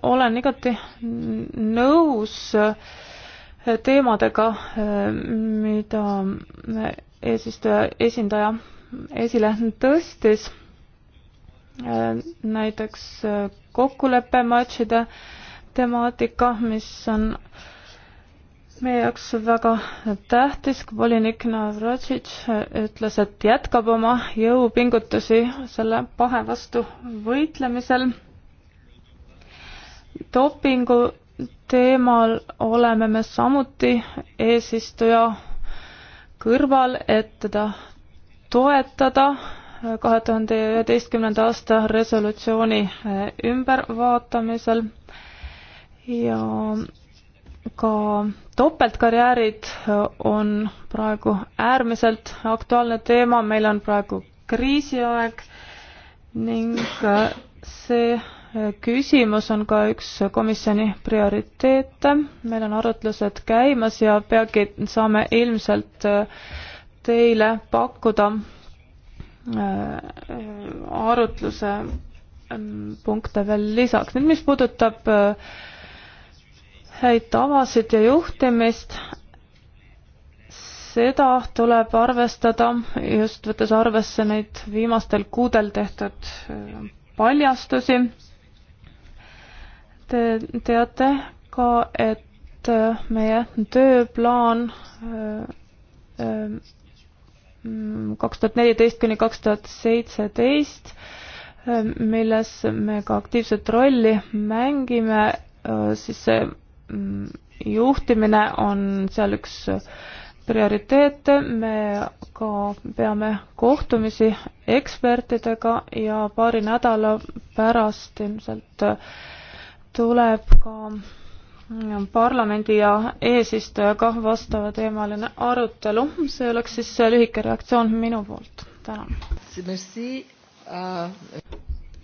olen igati nõus äh, teemadega, mida eesistuja esindaja esile tõstis, näiteks kokkuleppe matšide temaatika, mis on meie jaoks väga tähtis, kui volinik Navratšitš ütles, et jätkab oma jõupingutusi selle pahe vastu võitlemisel. dopingu teemal oleme me samuti eesistuja kõrval, et teda toetada kahe tuhande üheteistkümnenda aasta resolutsiooni eh, ümbervaatamisel ja ka topeltkarjäärid eh, on praegu äärmiselt aktuaalne teema, meil on praegu kriisiaeg ning eh, see küsimus on ka üks komisjoni prioriteete. meil on arutlused käimas ja peagi saame ilmselt äh, teile pakkuda äh, arutluse ähm, punkte veel lisaks. nüüd, mis puudutab äh, häid tavasid ja juhtimist, seda tuleb arvestada just võttes arvesse neid viimastel kuudel tehtud paljastusi Te teate ka, et äh, meie tööplaan äh, äh, kaks tuhat neliteist kuni kaks tuhat seitseteist, milles me ka aktiivset rolli mängime, siis see mm, juhtimine on seal üks prioriteete, me ka peame kohtumisi ekspertidega ja paari nädala pärast ilmselt äh, tuleb ka mm, parlamendi ja eesistujaga vastavateemaline arutelu. see oleks siis lühike reaktsioon minu poolt. tänan.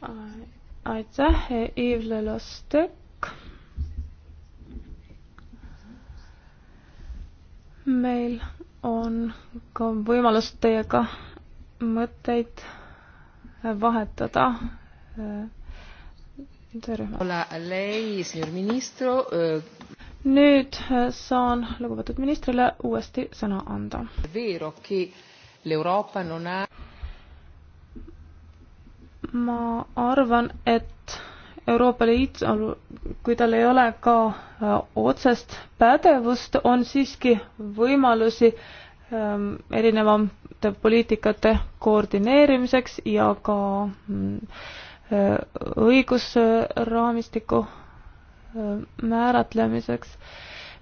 Äh, aitäh, Yves Lelastek. meil on ka võimalus teiega mõtteid vahetada äh, tere! Eh, nüüd eh, saan lugupeetud ministrile uuesti sõna anda. ma arvan, et Euroopa Liit, kui tal ei ole ka eh, otsest pädevust, on siiski võimalusi ehm, erinevate poliitikate koordineerimiseks ja ka mm, õigusraamistiku äh, määratlemiseks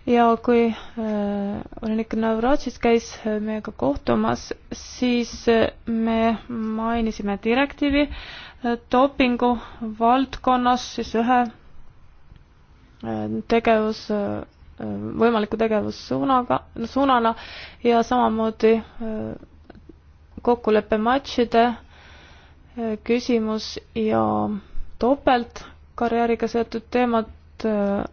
ja kui äh, volinik Navratšis käis äh, meiega kohtumas, siis me mainisime direktiivi dopingu valdkonnas siis ühe tegevus, võimaliku tegevussuunaga, suunana ja samamoodi kokkuleppe matšide küsimus ja topeltkarjääriga seotud teemad äh,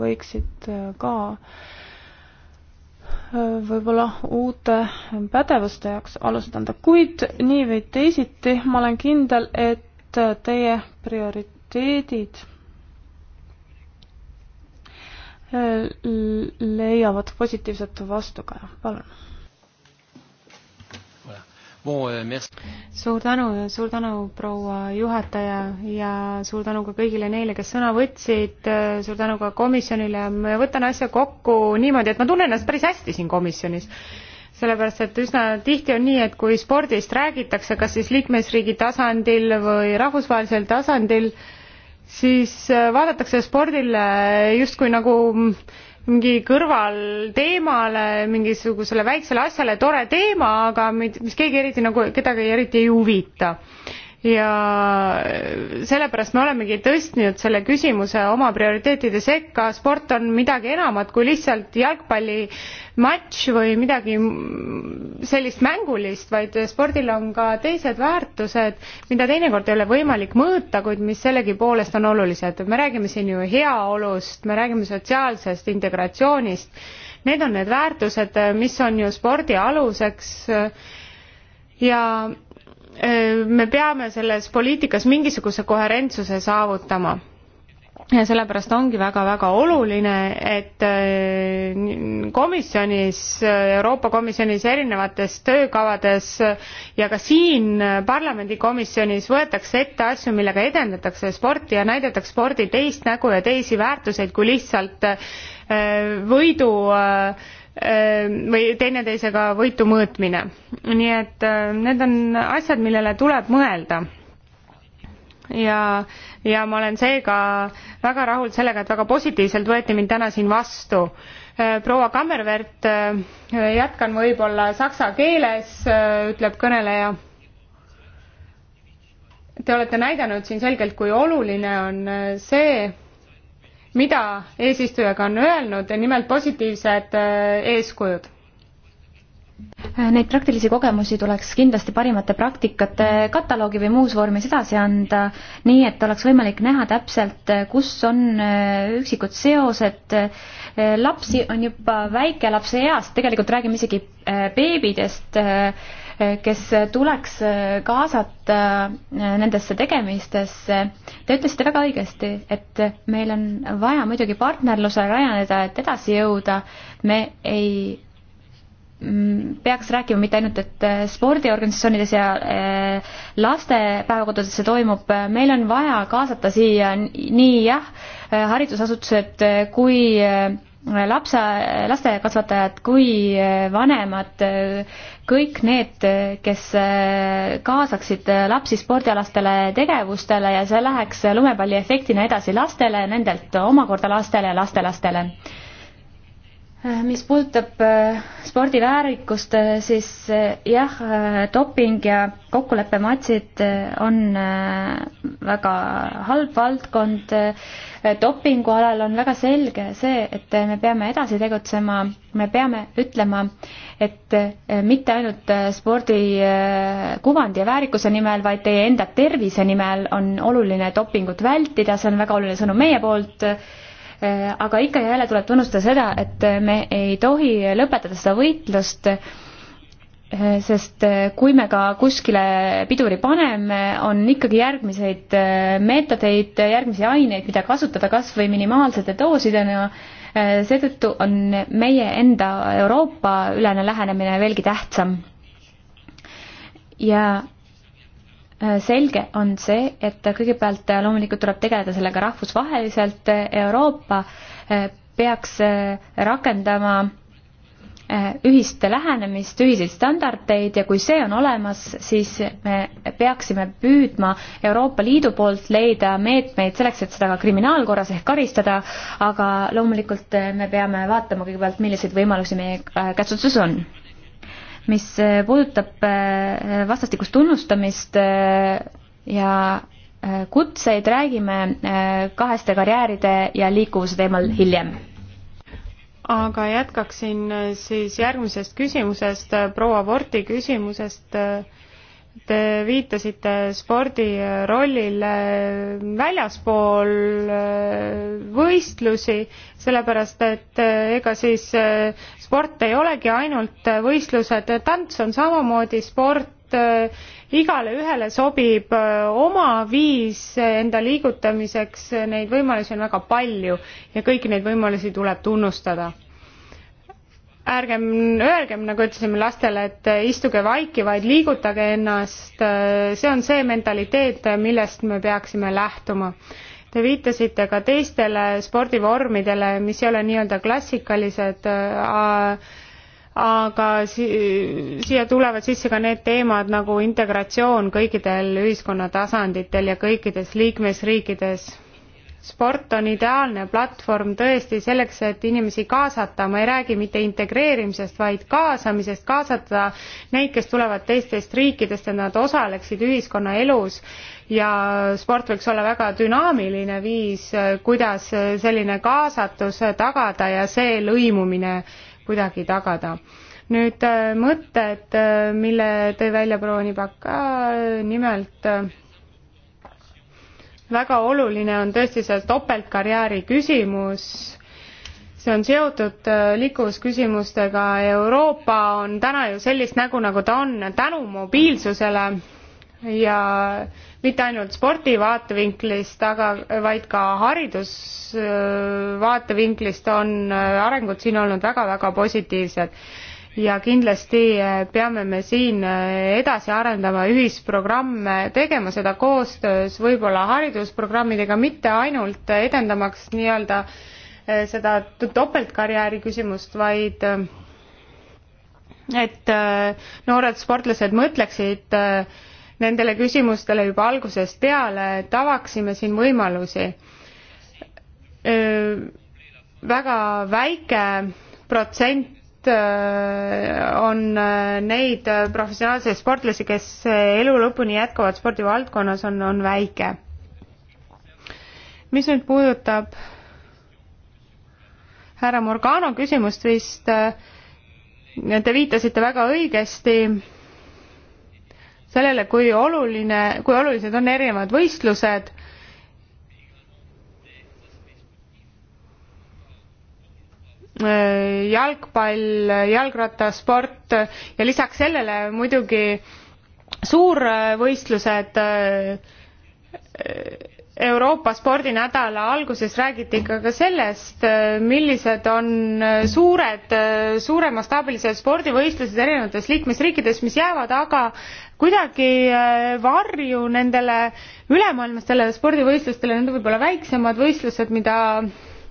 võiksid äh, ka äh, võib-olla uute pädevuste jaoks alustada, kuid nii või teisiti ma olen kindel, et teie prioriteedid leiavad positiivset vastukaja, palun bon,. Euh, suur tänu, suur tänu, proua juhataja ja suur tänu ka kõigile neile, kes sõna võtsid, suur tänu ka komisjonile, ma võtan asja kokku niimoodi, et ma tunnen ennast päris hästi siin komisjonis sellepärast, et üsna tihti on nii, et kui spordist räägitakse, kas siis liikmesriigi tasandil või rahvusvahelisel tasandil, siis äh, vaadatakse spordile justkui nagu äh, mingi kõrvalteemale, mingisugusele väiksele asjale, tore teema, aga mis keegi eriti nagu, kedagi eriti ei huvita ja sellepärast me olemegi tõstnud selle küsimuse oma prioriteetide sekka, sport on midagi enamat kui lihtsalt jalgpallimatš või midagi sellist mängulist, vaid spordil on ka teised väärtused, mida teinekord ei ole võimalik mõõta, kuid mis sellegipoolest on olulised. me räägime siin ju heaolust, me räägime sotsiaalsest integratsioonist, need on need väärtused, mis on ju spordi aluseks ja Äh, me peame selles poliitikas mingisuguse koherentsuse saavutama ja sellepärast ongi väga-väga oluline, et äh, komisjonis, Euroopa Komisjonis erinevates töökavades ja ka siin parlamendikomisjonis võetakse ette asju, millega edendatakse sporti ja näidatakse spordi teist nägu ja teisi väärtuseid kui lihtsalt äh, võidu äh, Ehm, või teineteisega võitu mõõtmine. nii et ehm, need on asjad, millele tuleb mõelda. ja, ja ma olen seega väga rahul sellega, et väga positiivselt võeti mind täna siin vastu. Ehm, proua Kammervert, jätkan võib-olla saksa keeles, ütleb kõneleja. Te olete näidanud siin selgelt, kui oluline on see, mida eesistuja ka on öelnud, nimelt positiivsed äh, eeskujud Neid praktilisi kogemusi tuleks kindlasti parimate praktikate kataloogi või muus vormis edasi anda, nii et oleks võimalik näha täpselt, kus on äh, üksikud seosed. Äh, lapsi on juba väikelapse east, tegelikult räägime isegi beebidest, kes tuleks kaasata äh, nendesse tegemistesse. Te ütlesite väga õigesti, et meil on vaja muidugi partnerlusele rajaneda, et edasi jõuda. me ei mm, peaks rääkima mitte ainult, et äh, spordiorganisatsioonides ja äh, lastepäevakodudesse toimub, meil on vaja kaasata siia nii jah, haridusasutused kui lapse, lastekasvatajad kui vanemad, kõik need, kes kaasaksid lapsi spordialastele tegevustele ja see läheks lumepalliefektina edasi lastele, nendelt omakorda lastele ja lastelastele. mis puudutab äh, spordiväärikust, äh, siis äh, jah, doping ja kokkuleppematsid on väga halb valdkond dopingu alal on väga selge see, et me peame edasi tegutsema, me peame ütlema, et eh, mitte ainult eh, spordi eh, kuvandi ja väärikuse nimel, vaid teie enda tervise nimel on oluline dopingut vältida, see on väga oluline sõnum meie poolt aga ikka ja jälle tuleb tunnustada seda, et me ei tohi lõpetada seda võitlust sest eh, kui me ka kuskile piduri paneme, on ikkagi järgmiseid eh, meetodeid, järgmisi aineid, mida kasutada kas või minimaalsete doosidena, eh, seetõttu on meie enda Euroopa-ülene lähenemine veelgi tähtsam. ja selge on see, et kõigepealt loomulikult tuleb tegeleda sellega rahvusvaheliselt, Euroopa peaks rakendama Äh, ühist lähenemist, ühiseid standardeid ja kui see on olemas, siis me peaksime püüdma Euroopa Liidu poolt leida meetmeid selleks, et seda ka kriminaalkorras ehk karistada, aga loomulikult äh, me peame vaatama kõigepealt, milliseid võimalusi meie äh, käsutuses on mis puudutab vastastikust tunnustamist ja kutseid, räägime kaheste karjääride ja liikuvuse teemal hiljem aga jätkaksin äh, siis järgmisest küsimusest, äh, proua Vorti küsimusest. Äh, te viitasite spordi rollile väljaspool võistlusi, sellepärast et ega siis sport ei olegi ainult võistlused, tants on samamoodi sport, igale ühele sobib oma viis enda liigutamiseks, neid võimalusi on väga palju ja kõiki neid võimalusi tuleb tunnustada. ärgem, öelgem, nagu ütlesime lastele, et istuge vaiki, vaid liigutage ennast, see on see mentaliteet, millest me peaksime lähtuma. Te viitasite ka teistele spordivormidele, mis ei ole nii-öelda klassikalised äh, aga si siia tulevad sisse ka need teemad nagu integratsioon kõikidel ühiskonna tasanditel ja kõikides liikmesriikides sport on ideaalne platvorm tõesti selleks, et inimesi kaasata, ma ei räägi mitte integreerimisest, vaid kaasamisest, kaasata neid, kes tulevad teistest riikidest, et nad osaleksid ühiskonnaelus ja sport võiks olla väga dünaamiline viis, kuidas selline kaasatus tagada ja see lõimumine kuidagi tagada. nüüd äh, mõtted, äh, mille tõi välja proua Nibaka, äh, nimelt väga oluline on tõesti see topeltkarjääri küsimus, see on seotud liikuvusküsimustega, Euroopa on täna ju sellist nägu, nagu ta on, tänu mobiilsusele ja äh, mitte ainult spordi vaatevinklist, aga vaid ka haridus äh, vaatevinklist on äh, arengud siin olnud väga-väga positiivsed. ja kindlasti äh, peame me siin edasi arendama ühisprogramme, tegema seda koostöös võib-olla haridusprogrammidega, mitte ainult edendamaks nii-öelda seda topeltkarjääri küsimust, vaid et noored sportlased mõtleksid äh, nendele küsimustele juba algusest peale, et avaksime siin võimalusi. väga väike protsent on neid professionaalseid sportlasi, kes elu lõpuni jätkavad spordivaldkonnas, on, on väike. mis nüüd puudutab härra Morgano küsimust vist, te viitasite väga õigesti sellele, kui oluline, kui olulised on erinevad võistlused. jalgpall, jalgrattasport ja lisaks sellele muidugi suurvõistlused Euroopa spordinädala alguses räägiti ikka ka sellest, millised on suured, suuremastaabilised spordivõistlused erinevates liikmesriikides, mis jäävad aga kuidagi äh, varju nendele ülemaailmastele spordivõistlustele, need on võib-olla väiksemad võistlused, mida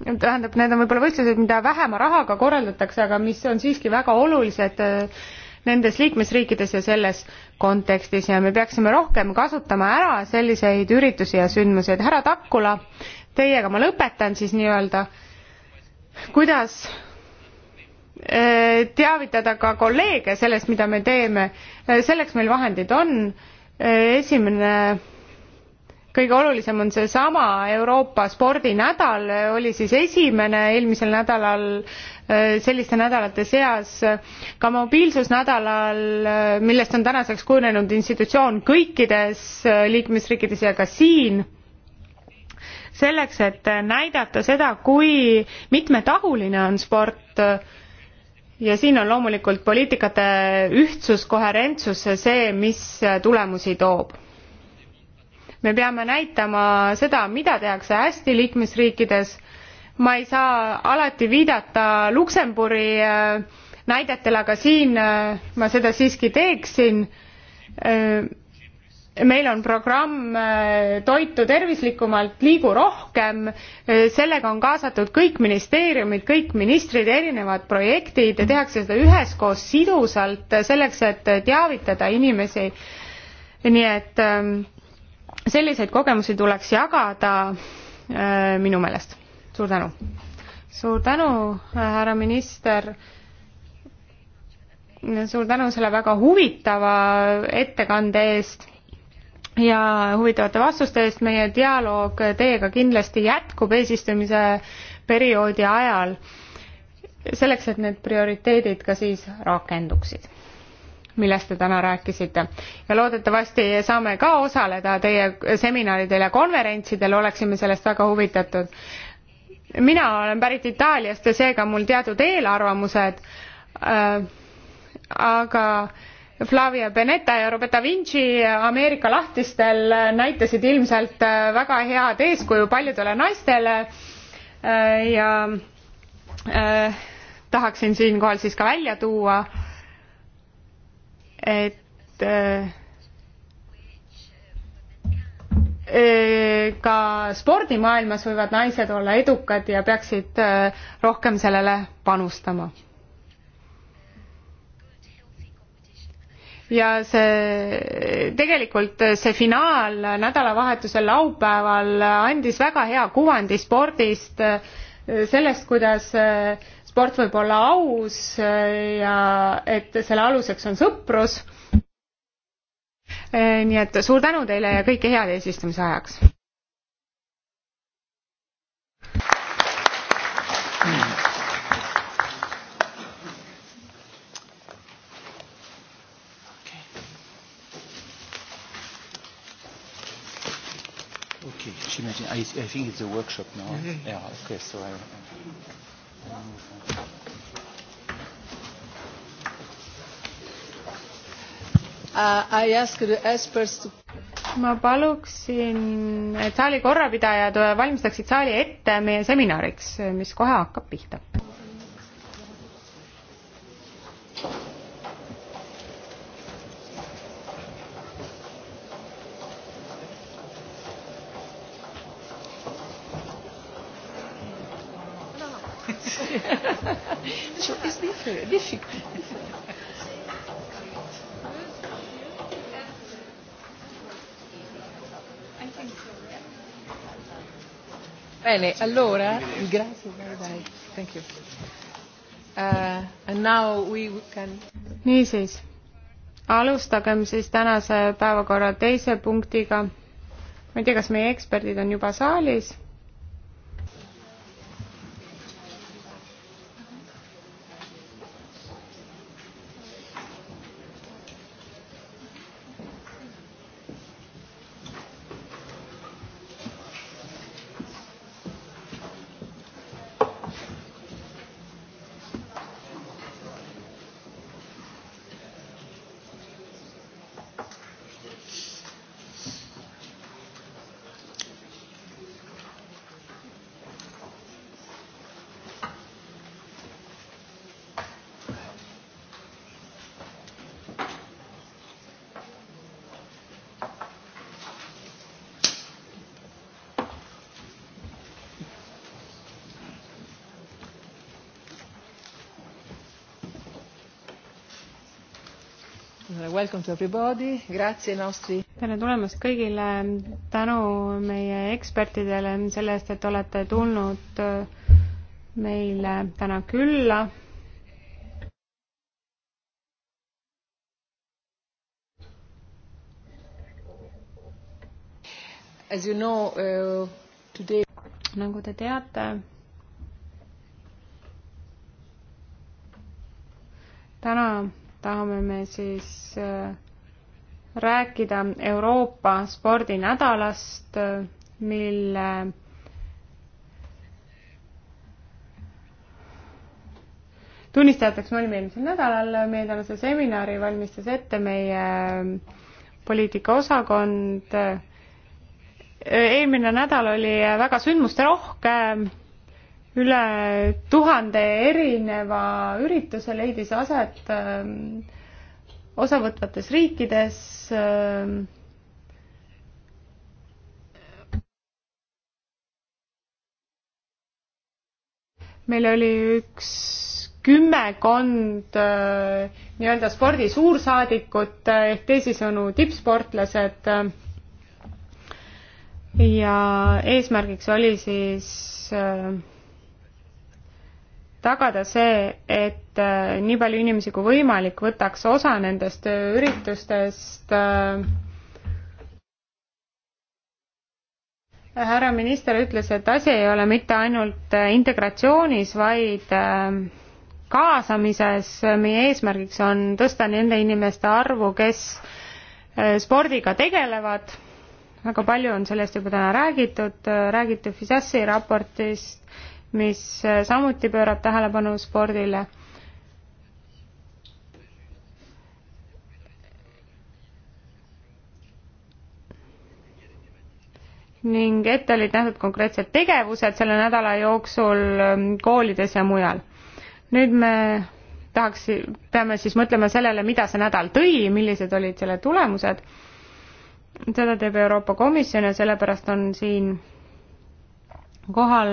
tähendab, need on võib-olla võistlused, mida vähema rahaga korraldatakse, aga mis on siiski väga olulised äh, nendes liikmesriikides ja selles kontekstis ja me peaksime rohkem kasutama ära selliseid üritusi ja sündmusi, et härra Takula, teiega ma lõpetan siis nii-öelda, kuidas Eh, teavitada ka kolleege sellest, mida me teeme. Eh, selleks meil vahendid on. Eh, esimene, kõige olulisem on seesama Euroopa spordinädal, oli siis esimene eelmisel nädalal selliste nädalate seas. ka mobiilsusnädalal, millest on tänaseks kujunenud institutsioon kõikides liikmesriikides ja ka siin selleks, et näidata seda, kui mitmetahuline on sport ja siin on loomulikult poliitikate ühtsus, koherentsus see, mis tulemusi toob. me peame näitama seda, mida tehakse hästi liikmesriikides. ma ei saa alati viidata Luksemburi äh, näidetele, aga siin äh, ma seda siiski teeksin äh, meil on programm äh, Toitu tervislikumalt, liigu rohkem, äh, sellega on kaasatud kõik ministeeriumid, kõik ministrid, erinevad projektid ja tehakse seda üheskoos sidusalt äh, selleks, et teavitada inimesi. nii et ähm, selliseid kogemusi tuleks jagada minu meelest. suur tänu. suur tänu, härra minister suur tänu selle väga huvitava ettekande eest ja huvitavate vastuste eest. meie dialoog teiega kindlasti jätkub eesistumise perioodi ajal selleks, et need prioriteedid ka siis rakenduksid, millest te täna rääkisite. ja loodetavasti saame ka osaleda teie seminaridel ja konverentsidel, oleksime sellest väga huvitatud. mina olen pärit Itaaliast ja seega mul teatud eelarvamused äh,, aga äh, Flavia Benetta ja Roberta Vinci Ameerika lahtistel näitasid ilmselt äh, väga head eeskuju paljudele naistele äh, ja äh, tahaksin siinkohal siis ka välja tuua, et äh, äh ka spordimaailmas võivad naised olla edukad ja peaksid rohkem sellele panustama ja see, tegelikult see finaal nädalavahetusel laupäeval andis väga hea kuvandi spordist, sellest, kuidas sport võib olla aus ja et selle aluseks on sõprus. nii et suur tänu teile ja kõike head eesistumise ajaks! Okay, she mentioned, I, I think it's a workshop now. Mm-hmm. Yeah, okay, so I. Uh, I ask the experts to ma paluksin saali korrapidajad valmistaksid saali ette meie seminariks, mis kohe hakkab pihta. Aferin. Düşük. Bene, allora, grazie, dai, dai. Thank you. Uh, and now we can... niisiis, alustagem siis tänase päevakorra teise punktiga. ma ei tea, kas meie eksperdid on juba saalis tere tulemast kõigile, tänu meie ekspertidele selle eest, et olete tulnud äh, meile täna külla. As you know uh, today nagu te teate, täna tahame me siis äh, rääkida Euroopa spordinädalast, mille tunnistajateks me olime eelmisel nädalal, meie tänase seminari valmistas ette meie äh, poliitikaosakond. Äh, eelmine nädal oli väga sündmusterohke üle tuhande erineva ürituse leidis aset ähm, osavõtvates riikides. Ähm, meil oli üks kümmekond äh, nii-öelda spordi suursaadikut äh, ehk teisisõnu tippsportlased. Äh, ja eesmärgiks oli siis äh, tagada see, et äh, nii palju inimesi kui võimalik võtaks osa nendest üritustest. Äh. härra minister ütles, et asi ei ole mitte ainult äh, integratsioonis, vaid kaasamises. meie eesmärgiks on tõsta nende inimeste arvu, kes spordiga tegelevad. väga palju on sellest juba täna räägitud, räägiti FISASi raportist mis samuti pöörab tähelepanu spordile ning ette olid nähtud konkreetsed tegevused selle nädala jooksul ähm, koolides ja mujal. nüüd me tahaks, peame siis mõtlema sellele, mida see nädal tõi, millised olid selle tulemused. seda teeb Euroopa Komisjon ja sellepärast on siin kohal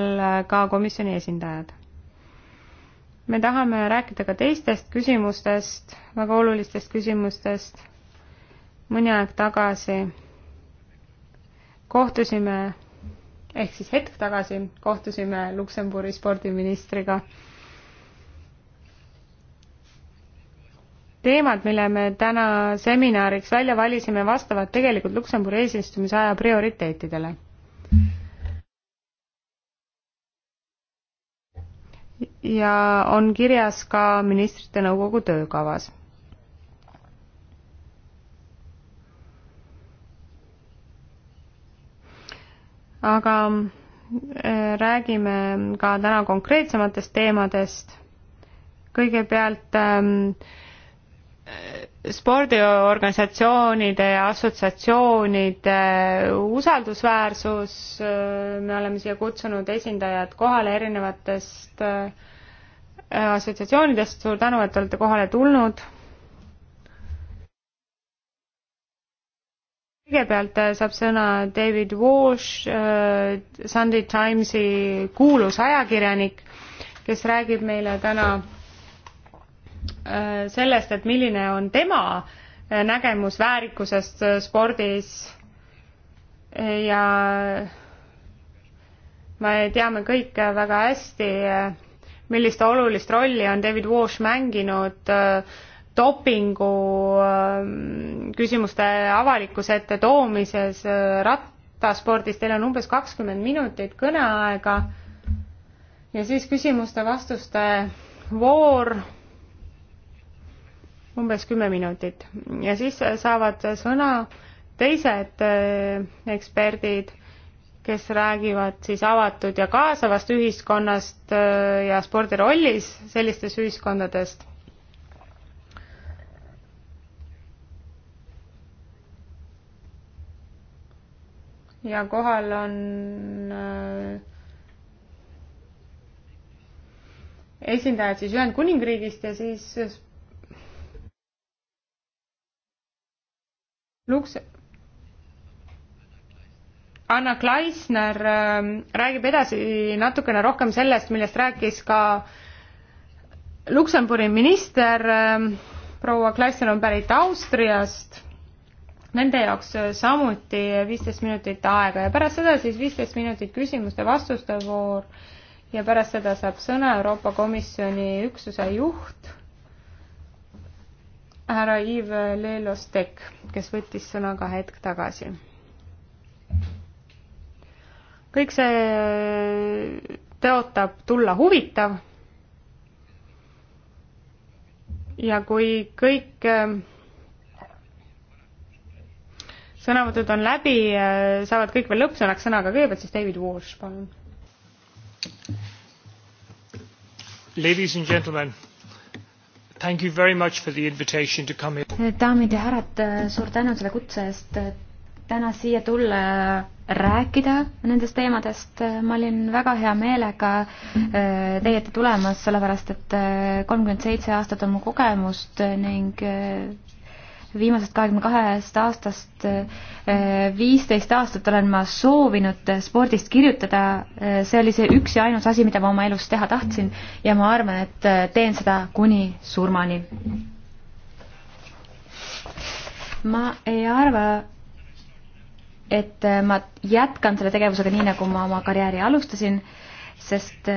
ka komisjoni esindajad. me tahame rääkida ka teistest küsimustest, väga olulistest küsimustest. mõni aeg tagasi kohtusime, ehk siis hetk tagasi kohtusime Luksemburgi spordiministriga. teemad, mille me täna seminariks välja valisime, vastavad tegelikult Luksemburgi eesistumise aja prioriteetidele mm ja on kirjas ka ministrite nõukogu töökavas. aga äh, räägime ka täna konkreetsematest teemadest. kõigepealt ähm, spordiorganisatsioonide ja assotsiatsioonide usaldusväärsus, me oleme siia kutsunud esindajad kohale erinevatest äh, assotsiatsioonidest, suur tänu, et olete kohale tulnud. kõigepealt äh, saab sõna David Walsh, äh, Sunday Timesi kuulus ajakirjanik, kes räägib meile täna Äh, sellest, et milline on tema äh, nägemus väärikusest äh, spordis ja me teame kõik väga hästi, millist olulist rolli on David Walsh mänginud dopingu küsimuste avalikkuse ette toomises rattaspordis, teil on umbes kakskümmend minutit kõneaega ja siis küsimuste-vastuste voor umbes kümme minutit ja siis saavad sõna teised äh, eksperdid, kes räägivad siis avatud ja kaasavast ühiskonnast äh, ja spordi rollis sellistes ühiskondadest. ja kohal on äh, esindajad siis Ühendkuningriigist ja siis Luks-, Anna Klaisner ähm, räägib edasi natukene rohkem sellest, millest rääkis ka Luksemburgi minister, ähm, proua Klaisner on pärit Austriast, nende jaoks äh, samuti viisteist minutit aega ja pärast seda siis viisteist minutit küsimuste-vastuste voor ja pärast seda saab sõna Euroopa Komisjoni üksuse juht härra Yves Lelostek, kes võttis sõna ka hetk tagasi. kõik see tõotab tulla huvitav. ja kui kõik äh, sõnavõtud on läbi, äh, saavad kõik veel lõppsõnaks sõna, aga kõigepealt siis David Walsh, palun. Ladies and gentlemen thank you very much for the invitation to come here. daamid ja härrad, suur tänu selle kutse eest täna siia tulla rääkida nendest teemadest. ma olin väga hea meelega äh, teie ette tulemas, sellepärast et äh, kolmkümmend seitse aastat on mu kogemust ning äh, viimasest kahekümne kahest aastast eh, viisteist aastat olen ma soovinud spordist kirjutada, eh, see oli see üks ja ainus asi, mida ma oma elus teha tahtsin ja ma arvan, et eh, teen seda kuni surmani. ma ei arva, et ma jätkan selle tegevusega nii, nagu ma oma karjääri alustasin, sest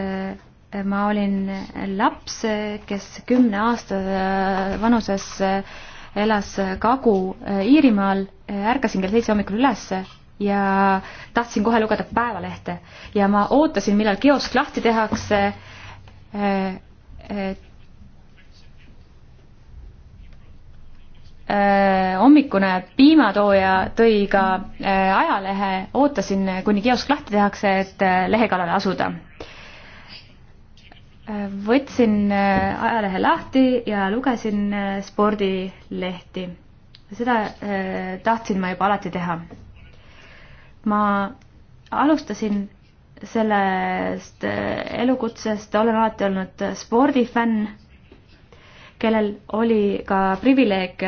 ma olin laps, kes kümne aasta vanuses äh, elas Kagu-Iirimaal, eh, eh, ärkasin kell seitse hommikul üles ja tahtsin kohe lugeda Päevalehte ja ma ootasin, millal kiosk lahti tehakse, eh, hommikune piimatooja tõi ka ajalehe, ootasin, kuni kiosk lahti tehakse, et lehe kallale asuda võtsin äh, ajalehe lahti ja lugesin äh, spordilehti. seda äh, tahtsin ma juba alati teha. ma alustasin sellest elukutsest, olen alati olnud spordifänn, kellel oli ka privileeg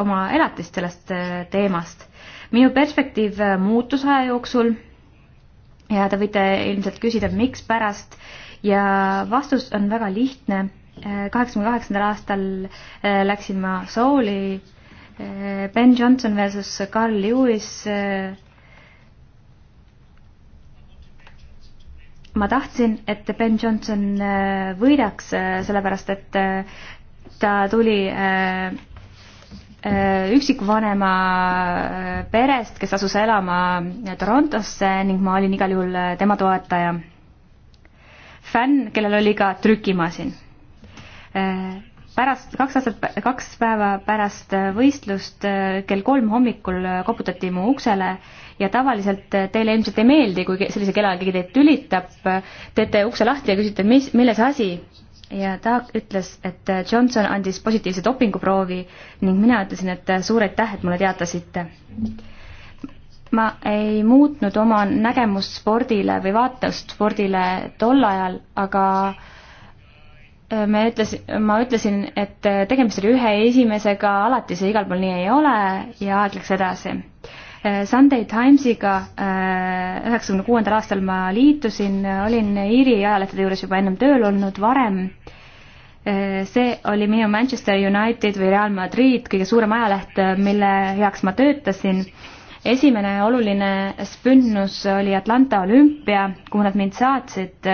oma elatist sellest teemast. minu perspektiiv muutus aja jooksul ja te võite ilmselt küsida, mikspärast äh, ja vastus on väga lihtne. Äh, kaheksakümne kaheksandal aastal äh, läksin ma Souli, äh, Ben Johnson versus Carl Lewis. ma tahtsin, et Ben Johnson võidaks, sellepärast et ta tuli üksikvanema perest, kes asus elama Torontosse ning ma olin igal juhul tema toetaja fänn, kellel oli ka trükimasin. pärast, kaks aastat, kaks päeva pärast võistlust kell kolm hommikul koputati mu uksele ja tavaliselt teile ilmselt ei meeldi, kui sellise kellaga keegi teid tülitab, teete ukse lahti ja küsite, mis, milles asi? ja ta ütles, et Johnson andis positiivse dopinguproovi ning mina ütlesin, et suur aitäh, et mulle teatasite mm ma ei muutnud oma nägemust spordile või vaatust spordile tol ajal, aga äh, me ütles, ma ütlesin, et tegemist oli ühe esimesega, alati see igal pool nii ei ole ja aeg läks edasi. Äh, Sunday Timesiga äh, üheksakümne kuuendal aastal ma liitusin, olin Iiri ajalehtede juures juba ennem tööl olnud varem see oli minu Manchester United või Real Madrid kõige suurem ajaleht, mille heaks ma töötasin esimene oluline sündmus oli Atlanta olümpia, kuhu nad mind saatsid.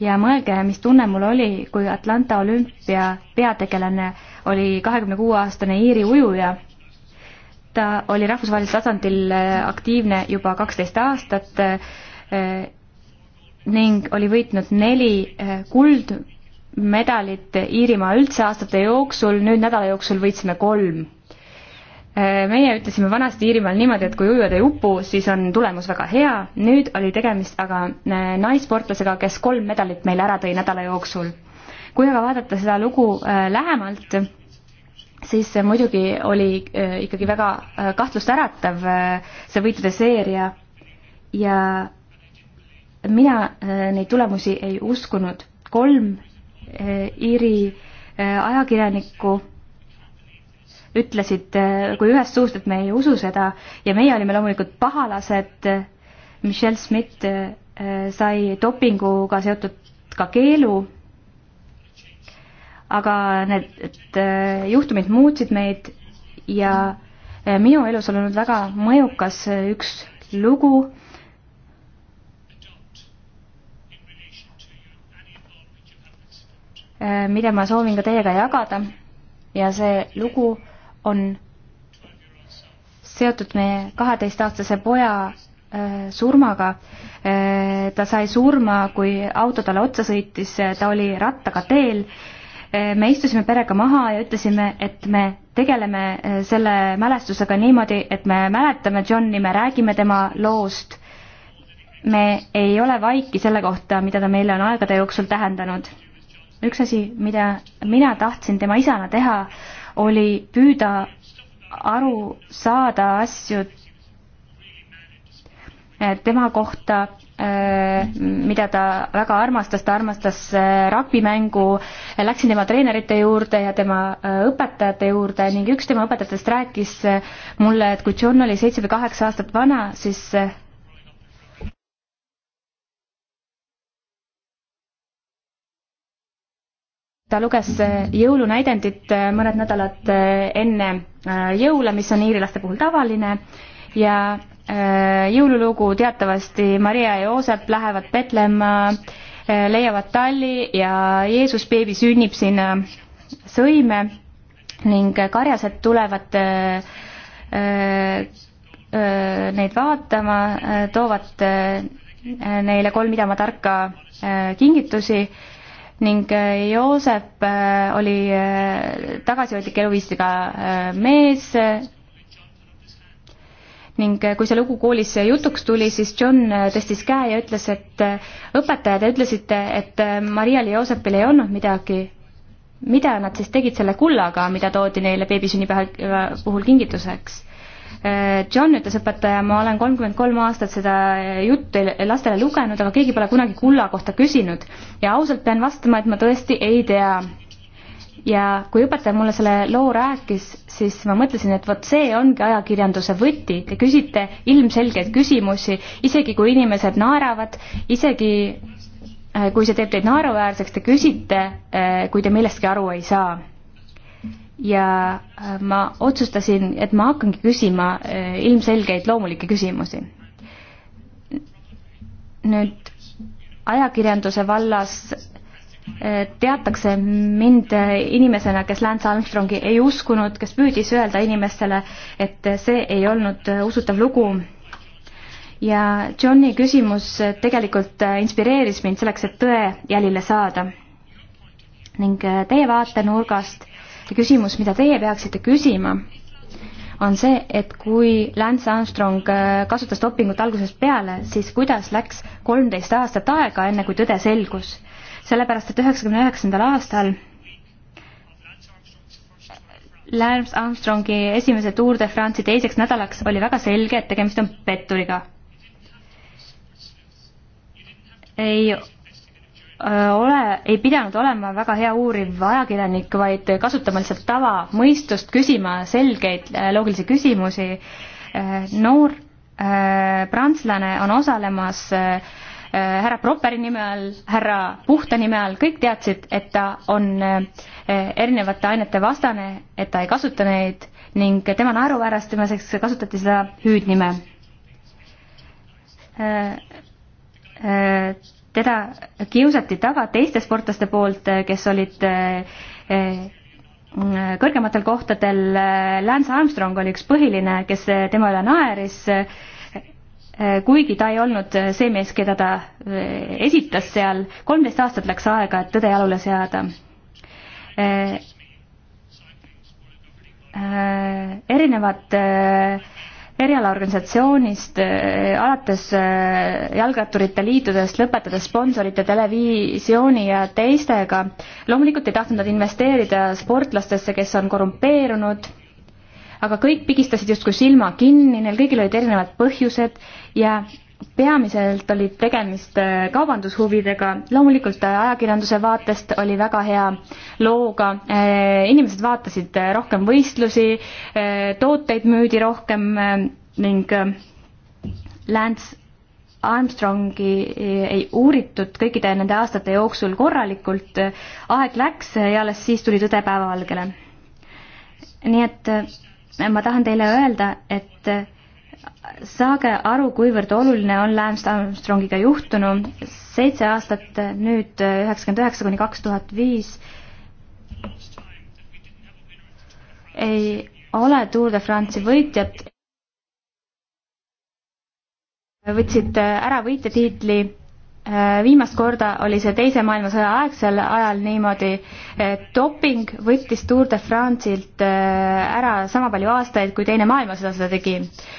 ja mõelge, mis tunne mul oli, kui Atlanta olümpia peategelane oli kahekümne kuue aastane Iiri ujuja. ta oli rahvusvahelisel tasandil äh, aktiivne juba kaksteist aastat äh, ning oli võitnud neli äh, kuldmedalit Iirimaa üldse aastate jooksul, nüüd nädala jooksul võitsime kolm meie ütlesime vanasti Iirimaal niimoodi, et kui ujujad ei upu, siis on tulemus väga hea, nüüd oli tegemist aga äh, naissportlasega, kes kolm medalit meile ära tõi nädala jooksul. kui aga vaadata seda lugu äh, lähemalt, siis muidugi oli äh, ikkagi väga kahtlustäratav see võitude seeria ja mina neid tulemusi ei uskunud. kolm Iiri ajakirjanikku ütlesid äh, kui ühest suust, et me ei usu seda ja meie olime loomulikult pahalased. Michelle Schmidt äh, sai dopinguga seotud ka keelu. aga need äh, juhtumid muutsid meid ja minu elus on olnud väga mõjukas üks lugu mida ma soovin ka teiega jagada. ja see lugu on seotud meie kaheteistaastase poja äh, surmaga. Äh, ta sai surma, kui auto talle otsa sõitis, äh, ta oli rattaga teel. me istusime perega maha ja ütlesime, et me tegeleme selle mälestusega niimoodi, et me mäletame Johni, me räägime tema loost. me ei ole vaiki selle kohta, mida ta meile on aegade jooksul tähendanud. üks asi, mida mina tahtsin tema isana teha, oli püüda aru saada asju eh, tema kohta, eh, mida ta väga armastas, ta armastas eh, ragbimängu, läksin tema treenerite juurde ja tema õpetajate juurde ning üks tema õpetajatest rääkis mulle, et kui John oli seitse või kaheksa aastat vana, siis ta luges äh, jõulunäidendit äh, mõned nädalad äh, enne jõule, mis on iirlaste puhul tavaline ja jõululugu teatavasti Maria ja Joosep lähevad Petlemma, leiavad talli ja Jeesus beebi sünnib sinna sõime ning karjased tulevad neid vaatama, toovad neile kolm idama tarka kingitusi ning äh, Joosep äh, oli äh, tagasihoidlik eluviisiga mees ning kui see lugu koolis jutuks tuli, siis John tõstis käe ja ütles, et õpetaja, te ütlesite, et Marial ja Joosepil ei olnud midagi. mida nad siis tegid selle kullaga, mida toodi neile beebisünnipäeva puhul kingituseks? Äh, John, ütles õpetaja, ma olen kolmkümmend kolm aastat seda äh, juttu lastele lugenud, aga keegi pole kunagi kulla kohta küsinud. ja ausalt pean vastama, et ma tõesti ei tea. ja kui õpetaja mulle selle loo rääkis, siis ma mõtlesin, et vot see ongi ajakirjanduse võti, te küsite ilmselgeid küsimusi, isegi kui inimesed naeravad, isegi äh, kui see teeb teid naeruväärseks, te küsite, kui te millestki aru ei saa ja äh, ma otsustasin, et ma hakkangi küsima äh, ilmselgeid loomulikke küsimusi. nüüd ajakirjanduse vallas äh, teatakse mind inimesena, kes Lance Armstrongi ei uskunud, kes püüdis öelda inimestele, et see ei olnud usutav lugu. ja Johni küsimus tegelikult inspireeris mind selleks, et tõe jälile saada. ning teie vaatenurgast küsimus, mida teie peaksite küsima, on see, et kui Lance Armstrong äh, kasutas dopingut algusest peale, siis kuidas läks kolmteist aastat aega, enne kui tõde selgus? sellepärast, et üheksakümne üheksandal aastal Lance Armstrongi esimese Tour de France'i teiseks nädalaks oli väga selge, et tegemist on petturiga. ei Äh, ole, ei pidanud olema väga hea uuriv ajakirjanik, vaid kasutama lihtsalt tavamõistust, küsima selgeid äh, loogilisi küsimusi. Äh, noor prantslane on osalemas härra Properi nime all, härra Puhta nime all, kõik teadsid, et ta on erinevate ainete vastane, et ta ei kasuta neid ning tema naeruväärastamiseks kasutati seda hüüdnime teda kiusati taga teiste sportlaste poolt, kes olid eh, eh, kõrgematel kohtadel, Lance Armstrong oli üks põhiline, kes tema üle naeris, eh, kuigi ta ei olnud see mees, keda ta esitas seal, kolmteist aastat läks aega, et tõde jalule seada. erinevad äh, erialaorganisatsioonist eh, alates eh, Jalgratturite Liitudest, lõpetades sponsorite, televisiooni ja teistega. loomulikult ei tahtnud nad investeerida sportlastesse, kes on korrumpeerunud, aga kõik pigistasid justkui silma kinni, neil kõigil olid erinevad põhjused ja peamiselt olid tegemist äh, kaubandushuvidega, loomulikult äh, ajakirjanduse vaatest oli väga hea looga, äh, inimesed vaatasid rohkem võistlusi, tooteid müüdi rohkem ning Lance Armstrongi ei uuritud kõikide nende aastate jooksul korralikult, aeg läks ja alles siis tuli tõde päevavalgele. nii et ma tahan teile öelda, et saage aru, kuivõrd oluline on Lance Armstrongiga juhtunu. seitse aastat nüüd, üheksakümmend üheksa kuni kaks tuhat viis, ei ole Tour de France'i võitjat. võtsid ära võitjatiitli Äh, viimast korda oli see Teise maailmasõja aegsel ajal niimoodi, et doping võttis Tour de France'ilt äh, ära sama palju aastaid, kui Teine maailmasõda seda tegi.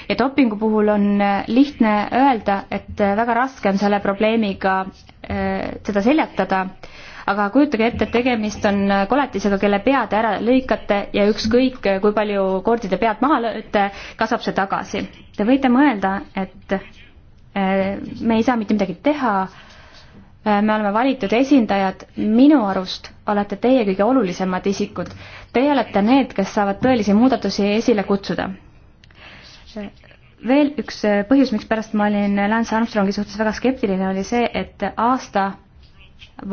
ja dopingu puhul on äh, lihtne öelda, et väga raske on selle probleemiga seda seljatada, aga kujutage ette, et tegemist on koletisega, kelle pead ära lõikate ja ükskõik, kui palju koordide pead maha lööte, kasvab see tagasi. Te võite mõelda, et Äh, me ei saa mitte midagi teha, äh, me oleme valitud esindajad, minu arust olete teie kõige olulisemad isikud. Teie olete need, kes saavad tõelisi muudatusi esile kutsuda. Äh, veel üks põhjus, mikspärast ma olin Lance Armstrongi suhtes väga skeptiline, oli see, et aasta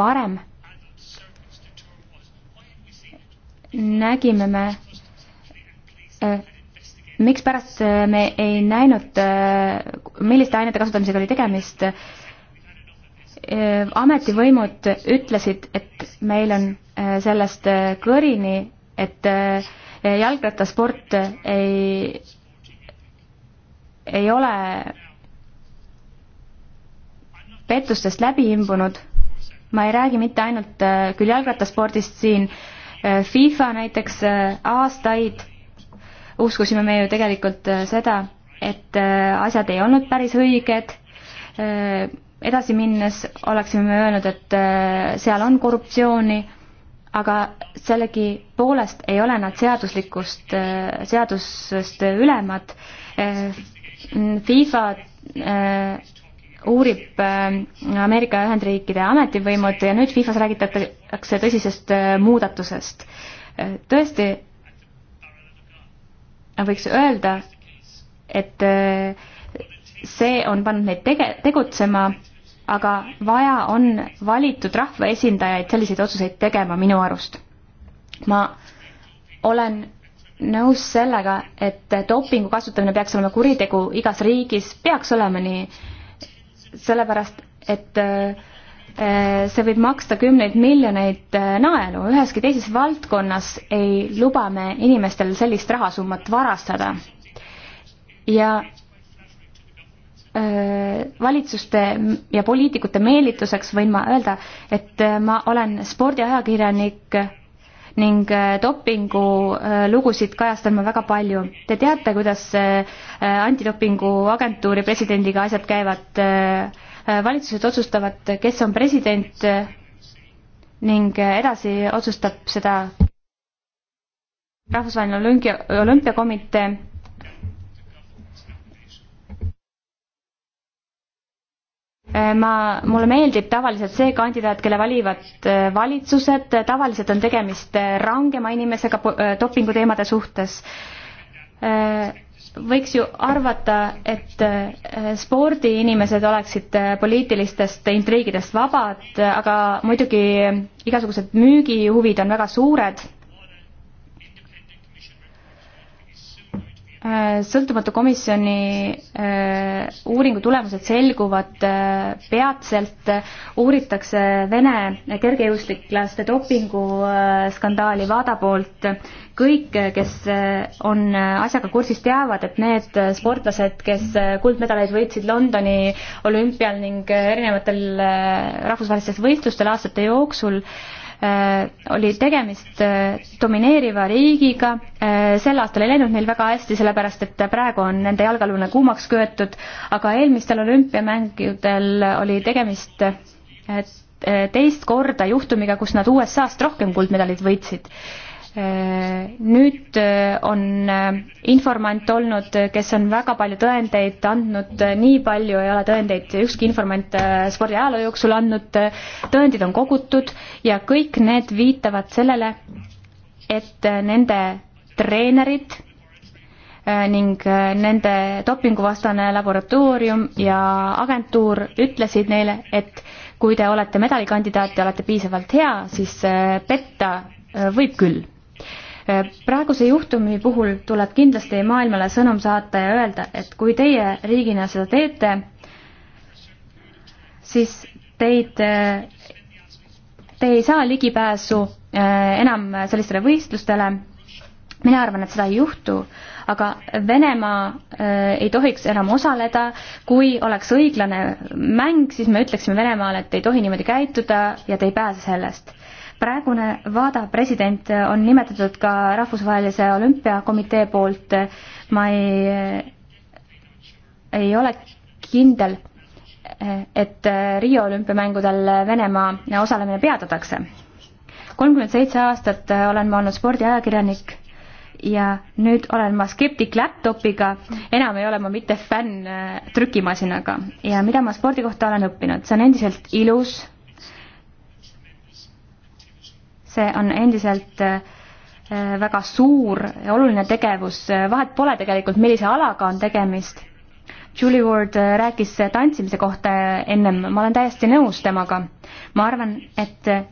varem nägime me mikspärast äh, me ei näinud, äh, milliste ainete kasutamisega oli tegemist. Äh, ametivõimud ütlesid, et meil on sellest kõrini, et jalgrattasport ei, ei ole pettustest läbi imbunud. ma ei räägi mitte ainult küll jalgrattaspordist siin, FIFA näiteks aastaid uskusime me ju tegelikult äh, seda, et äh, asjad ei olnud päris õiged. Äh, edasi minnes oleksime me öelnud, et seal on korruptsiooni, aga sellegipoolest ei ole nad seaduslikust, seadusest ülemad. FIFA uurib Ameerika Ühendriikide ametivõimud ja nüüd FIFA-s räägitakse tõsisest muudatusest. tõesti, võiks öelda, et äh, see on pannud neid tege-, tegutsema, aga vaja on valitud rahvaesindajaid selliseid otsuseid tegema minu arust. ma olen nõus sellega, et dopingu kasutamine peaks olema kuritegu igas riigis, peaks olema nii, sellepärast et äh, Eh, see võib maksta kümneid miljoneid eh, naelu, üheski teises valdkonnas ei luba me inimestel sellist rahasummat varastada. ja eh, valitsuste ja poliitikute meelituseks võin ma öelda, et ma olen spordiajakirjanik ning dopingu lugusid kajastan ma väga palju. Te teate, kuidas antidopingu agentuuri presidendiga asjad käivad Äh, valitsused otsustavad, kes on president äh, ning äh, edasi otsustab seda rahvusvaheline olümpia, olümpiakomitee ma, mulle meeldib tavaliselt see kandidaat, kelle valivad valitsused, tavaliselt on tegemist rangema inimesega dopinguteemade suhtes võiks ju arvata, et äh, spordiinimesed oleksid äh, poliitilistest intriigidest vabad, aga muidugi igasugused müügihuvid on väga suured Äh, sõltumatu komisjoni äh, uuringu tulemused selguvad äh, peatselt, uuritakse Vene kergejõustiklaste dopinguskandaali WADA poolt. kõik, kes on asjaga kursis, teavad, et need sportlased, kes kuldmedaleid võitsid Londoni olümpial ning erinevatel rahvusvahelistes võistlustel aastate jooksul, Äh, oli tegemist äh, domineeriva riigiga, äh, sel aastal ei läinud neil väga hästi, sellepärast et praegu on nende jalgealune kuumaks köetud, aga eelmistel olümpiamängudel oli tegemist teist korda juhtumiga, kus nad USA-st rohkem kuldmedalit võitsid nüüd äh, on äh, informant olnud, kes on väga palju tõendeid andnud, äh, nii palju ei ole tõendeid ükski informant spordi ajaloo jooksul andnud, tõendid on kogutud ja kõik need viitavad sellele, et nende treenerid ning nende dopinguvastane laboratoorium ja agentuur ütlesid neile, et kui te olete medalikandidaat ja olete piisavalt hea, siis petta võib küll Äh, praeguse juhtumi puhul tuleb kindlasti maailmale sõnum saata ja öelda, et kui teie riigina seda teete, siis teid, äh, te ei saa ligipääsu äh, enam sellistele võistlustele. mina arvan, et seda ei juhtu, aga Venemaa ei tohiks enam osaleda. kui oleks õiglane mäng, siis me ütleksime Venemaale, et ei tohi niimoodi käituda ja te ei pääse sellest praegune WADA president on nimetatud ka Rahvusvahelise Olümpiakomitee poolt. ma ei, ei ole kindel, et Riia olümpiamängudel Venemaa osalemine peatatakse. kolmkümmend seitse aastat olen ma olnud spordiajakirjanik ja nüüd olen ma skeptik laptopiga, enam ei ole ma mitte fänn trükimasinaga ja mida ma spordi kohta olen õppinud, see on endiselt ilus see on endiselt äh, väga suur ja oluline tegevus, vahet pole tegelikult, millise alaga on tegemist. Julie Ward äh, rääkis tantsimise kohta ennem, ma olen täiesti nõus temaga. ma arvan, et äh,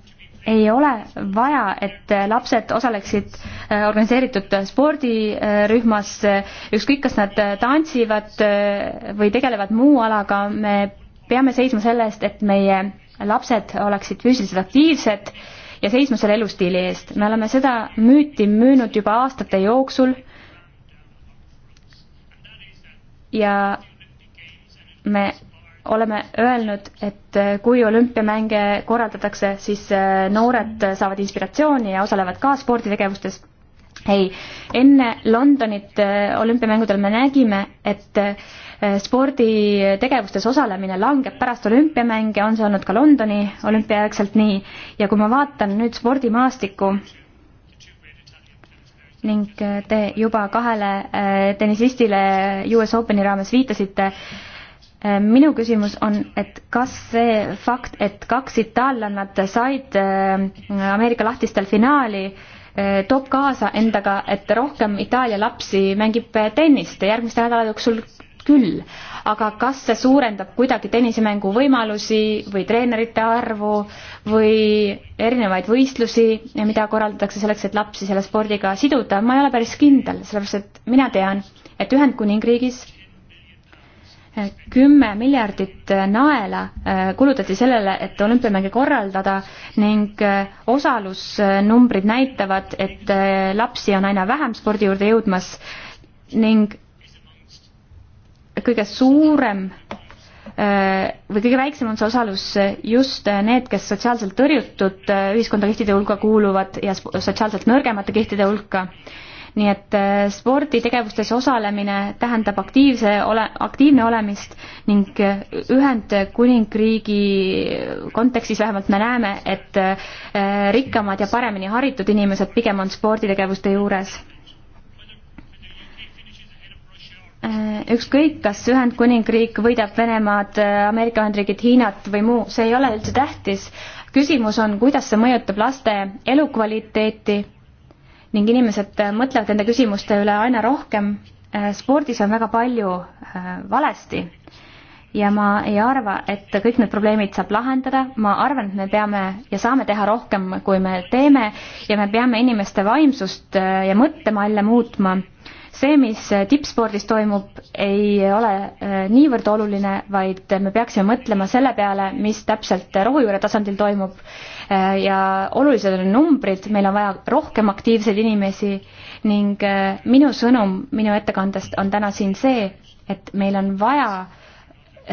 ei ole vaja, et lapsed osaleksid organiseeritud spordirühmas, ükskõik, kas nad tantsivad või tegelevad muu alaga, me peame seisma selle eest, et meie lapsed oleksid füüsiliselt aktiivsed ja seisma selle elustiili eest. me oleme seda müüti müünud juba aastate jooksul ja me oleme öelnud, et äh, kui olümpiamänge korraldatakse, siis äh, noored saavad inspiratsiooni ja osalevad ka sporditegevustes. ei, enne Londonit äh, olümpiamängudel me nägime, et Eh, sporditegevustes osalemine langeb pärast olümpiamänge, on see olnud ka Londoni olümpiajärgselt nii, ja kui ma vaatan nüüd spordimaastikku, ning eh, te juba kahele eh, tennisistile US Openi raames viitasite, minu küsimus on, et kas see fakt, et kaks itaallannat said Ameerika lahtistel finaali, toob kaasa endaga, et rohkem Itaalia lapsi mängib tennist ja järgmiste nädalate jooksul küll, aga kas see suurendab kuidagi tennisemängu võimalusi või treenerite arvu või erinevaid võistlusi, mida korraldatakse selleks, et lapsi selle spordiga siduda, ma ei ole päris kindel, sellepärast et mina tean, et Ühendkuningriigis eh, kümme miljardit eh, naela eh, kulutati sellele, et olümpiamänge korraldada ning osalusnumbrid näitavad, et lapsi on aina vähem spordi juurde jõudmas ning kõige suurem äh, või kõige väiksem on see osalus just äh, need, kes sotsiaalselt tõrjutud äh, ühiskondakihtide hulka kuuluvad ja sotsiaalselt nõrgemate kihtide hulka. nii et sporditegevustes osalemine tähendab aktiivse ole, aktiivne olemist ning Ühendkuningriigi kontekstis vähemalt me näeme, et rikkamad ja paremini haritud inimesed pigem on sporditegevuste juures Äh, ükskõik, kas Ühendkuningriik võidab Venemaad, äh, Ameerika Ühendriigid, Hiinat või muu, see ei ole üldse tähtis. küsimus on, kuidas see mõjutab laste elukvaliteeti ning inimesed äh, mõtlevad nende küsimuste üle aina rohkem. spordis on väga palju valesti ja ma ei arva, et kõik need probleemid saab lahendada, ma arvan, et me peame ja saame teha rohkem, kui me teeme ja me peame inimeste vaimsust ja mõttemalla muutma see, mis äh, tippspordis toimub, ei ole äh, niivõrd oluline, vaid me peaksime mõtlema selle peale, mis täpselt rohujuure tasandil toimub äh, ja olulised on numbrid, meil on vaja rohkem aktiivseid inimesi ning minu sõnum minu ettekandest on täna siin see, et meil on vaja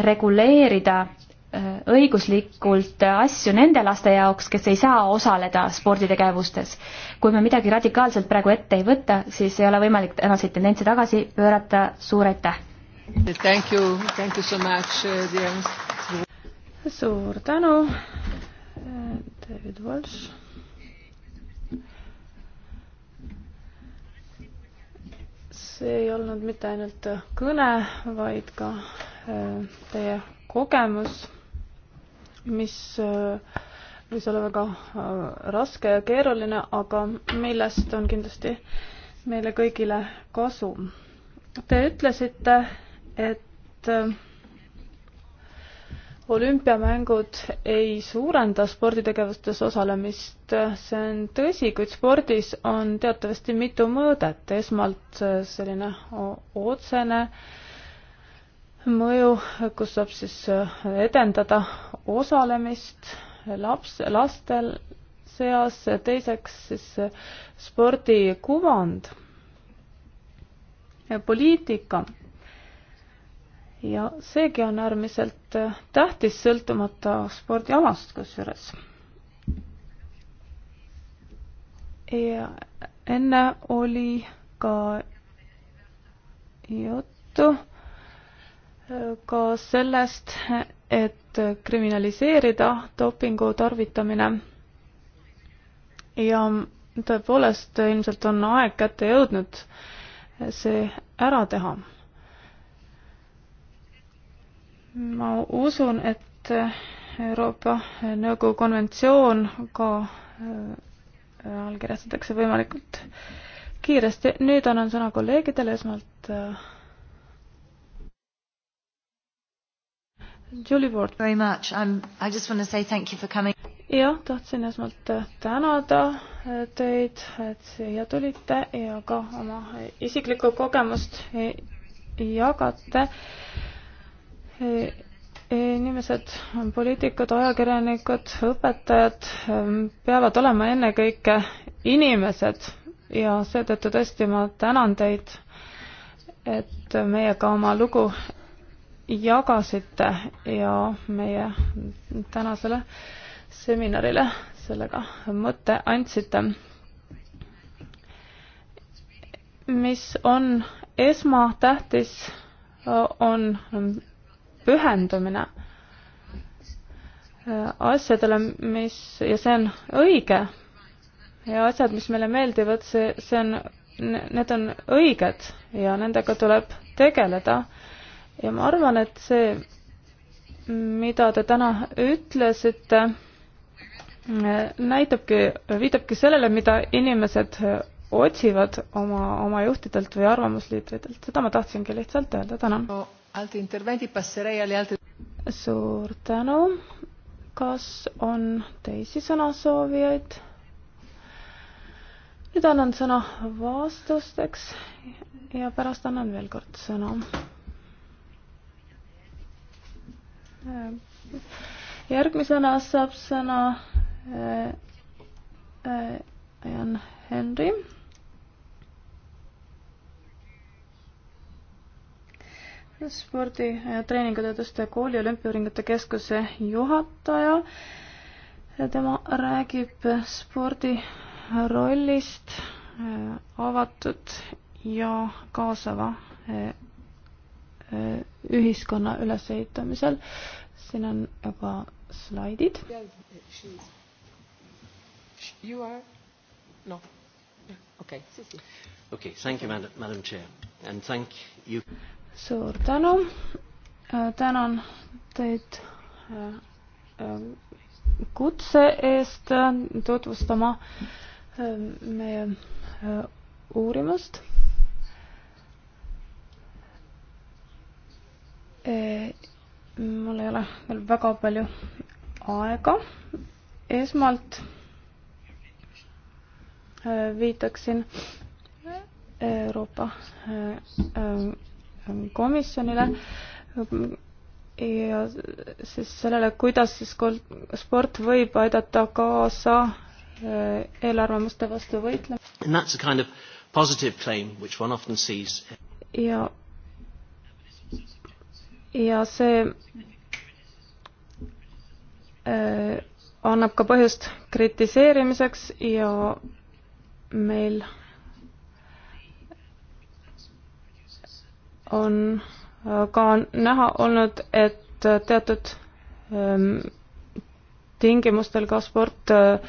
reguleerida Äh, õiguslikult asju nende laste jaoks, kes ei saa osaleda sporditegevustes. kui me midagi radikaalselt praegu ette ei võta, siis ei ole võimalik tänaseid tendentse tagasi pöörata, suur aitäh! Thank you, thank you so much, uh, dear. suur tänu, uh, David Walsh. see ei olnud mitte ainult kõne, vaid ka uh, teie kogemus mis äh, võis olla väga äh, raske ja keeruline, aga millest on kindlasti meile kõigile kasu. Te ütlesite, et äh, olümpiamängud ei suurenda sporditegevustes osalemist, see on tõsi, kuid spordis on teatavasti mitu mõõdet, esmalt selline otsene äh, mõju, kus saab siis äh, edendada osalemist laps, lastel seas, teiseks siis äh, spordikuvand, poliitika. ja seegi on äärmiselt äh, tähtis, sõltumata spordialast kusjuures. ja enne oli ka juttu ka sellest, et kriminaliseerida dopingu tarvitamine. ja tõepoolest ilmselt on aeg kätte jõudnud see ära teha. ma usun, et Euroopa Nõukogu konventsioon ka äh, allkirjastatakse võimalikult kiiresti. nüüd annan sõna kolleegidele, esmalt äh, Julie Ward. Very much. I'm, um, I just want to say thank you for coming. jah, tahtsin esmalt äh, tänada äh, teid, et siia tulite ja ka oma äh, isiklikku kogemust jagate. inimesed, poliitikud, ajakirjanikud, õpetajad ähm, peavad olema ennekõike inimesed ja seetõttu tõesti ma tänan teid, et meiega oma lugu jagasite ja meie tänasele seminarile sellega mõtte andsite. mis on esmatähtis, on pühendumine asjadele, mis, ja see on õige, ja asjad, mis meile meeldivad, see, see on, need on õiged ja nendega tuleb tegeleda ja ma arvan, et see, mida te täna ütlesite, näitabki, viitabki sellele, mida inimesed otsivad oma, oma juhtidelt või arvamusliidritelt, seda ma tahtsingi lihtsalt öelda, tänan. suur tänu. kas on teisi sõnasoovijaid? nüüd annan sõna vastusteks ja pärast annan veel kord sõna. Äh, järgmisena saab sõna äh, äh, Jan Henry. spordi treeningutööduste kooli olümpiauuringute keskuse juhataja. tema räägib spordi rollist avatud ja kaasava ühiskonna ülesehitamisel. siin on juba slaidid. You are no okei okay.. okei okay,, thank you, madam chair and thank you. suur tänu. Äh, tänan teid äh, äh, kutse eest tutvustama meie uurimust mul ei ole veel väga palju aega. esmalt äh, viitaksin Euroopa äh, äh, Komisjonile ja siis sellele, kuidas siis sport võib aidata kaasa eelarvamuste vastu võitlemisele. Kind of ja ja see äh, annab ka põhjust kritiseerimiseks ja meil on äh, ka näha olnud, et teatud ähm, tingimustel ka sport äh,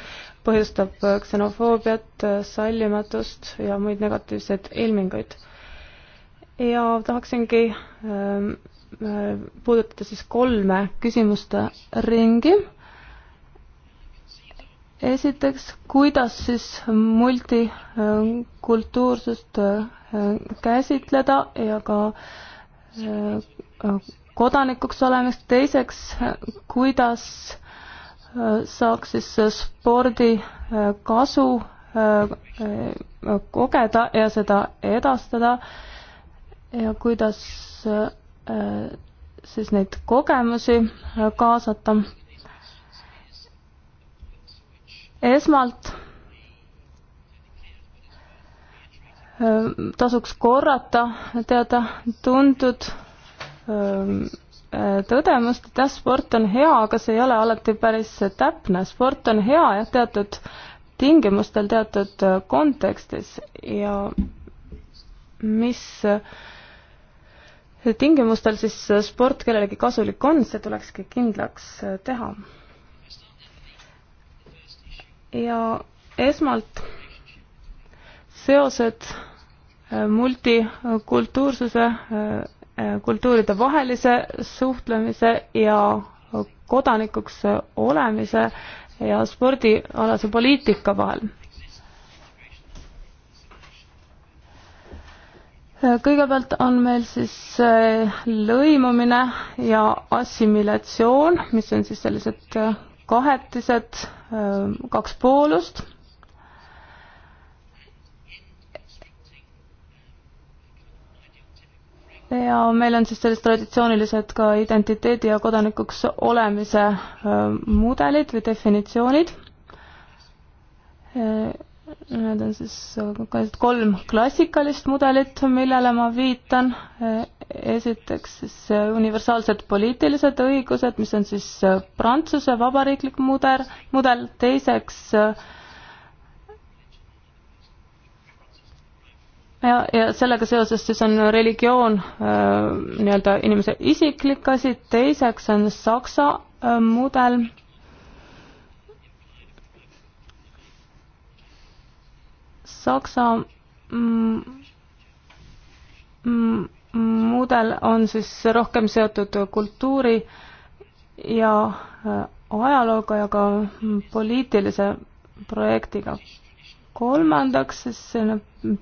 põhjustab ksenofoobiat, sallimatust ja muid negatiivseid ilminguid. ja tahaksingi ähm, puudutada siis kolme küsimuste ringi. esiteks, kuidas siis multikultuursust äh, käsitleda ja ka äh, kodanikuks olemist, teiseks, kuidas äh, saaks siis spordi kasu kogeda ja seda edastada ja kuidas Äh, siis neid kogemusi äh, kaasata. esmalt äh, tasuks korrata teada-tuntud tõdemust, et jah, sport on hea, aga see ei ole alati päris täpne. sport on hea jah, teatud tingimustel, teatud kontekstis ja mis äh, tingimustel siis sport kellelegi kasulik on, see tulekski kindlaks äh, teha. ja esmalt seosed äh, multikultuursuse, äh, kultuuride vahelise suhtlemise ja kodanikuks olemise ja spordialase poliitika vahel kõigepealt on meil siis äh, lõimumine ja assimilatsioon, mis on siis sellised äh, kahetised, äh, kaks poolust. ja meil on siis sellised traditsioonilised ka identiteedi ja kodanikuks olemise mudelid või definitsioonid Need on siis äh, kolm klassikalist mudelit, millele ma viitan. Äh, esiteks siis äh, universaalsed poliitilised õigused, mis on siis Prantsuse vabariiklik mudel, mudel, teiseks ja, ja sellega seoses siis on religioon nii-öelda inimese isiklik asi, teiseks on Saksa mudel Saksa mm, mm, mudel on siis rohkem seotud kultuuri ja äh, ajalooga ja ka poliitilise projektiga. kolmandaks siis selline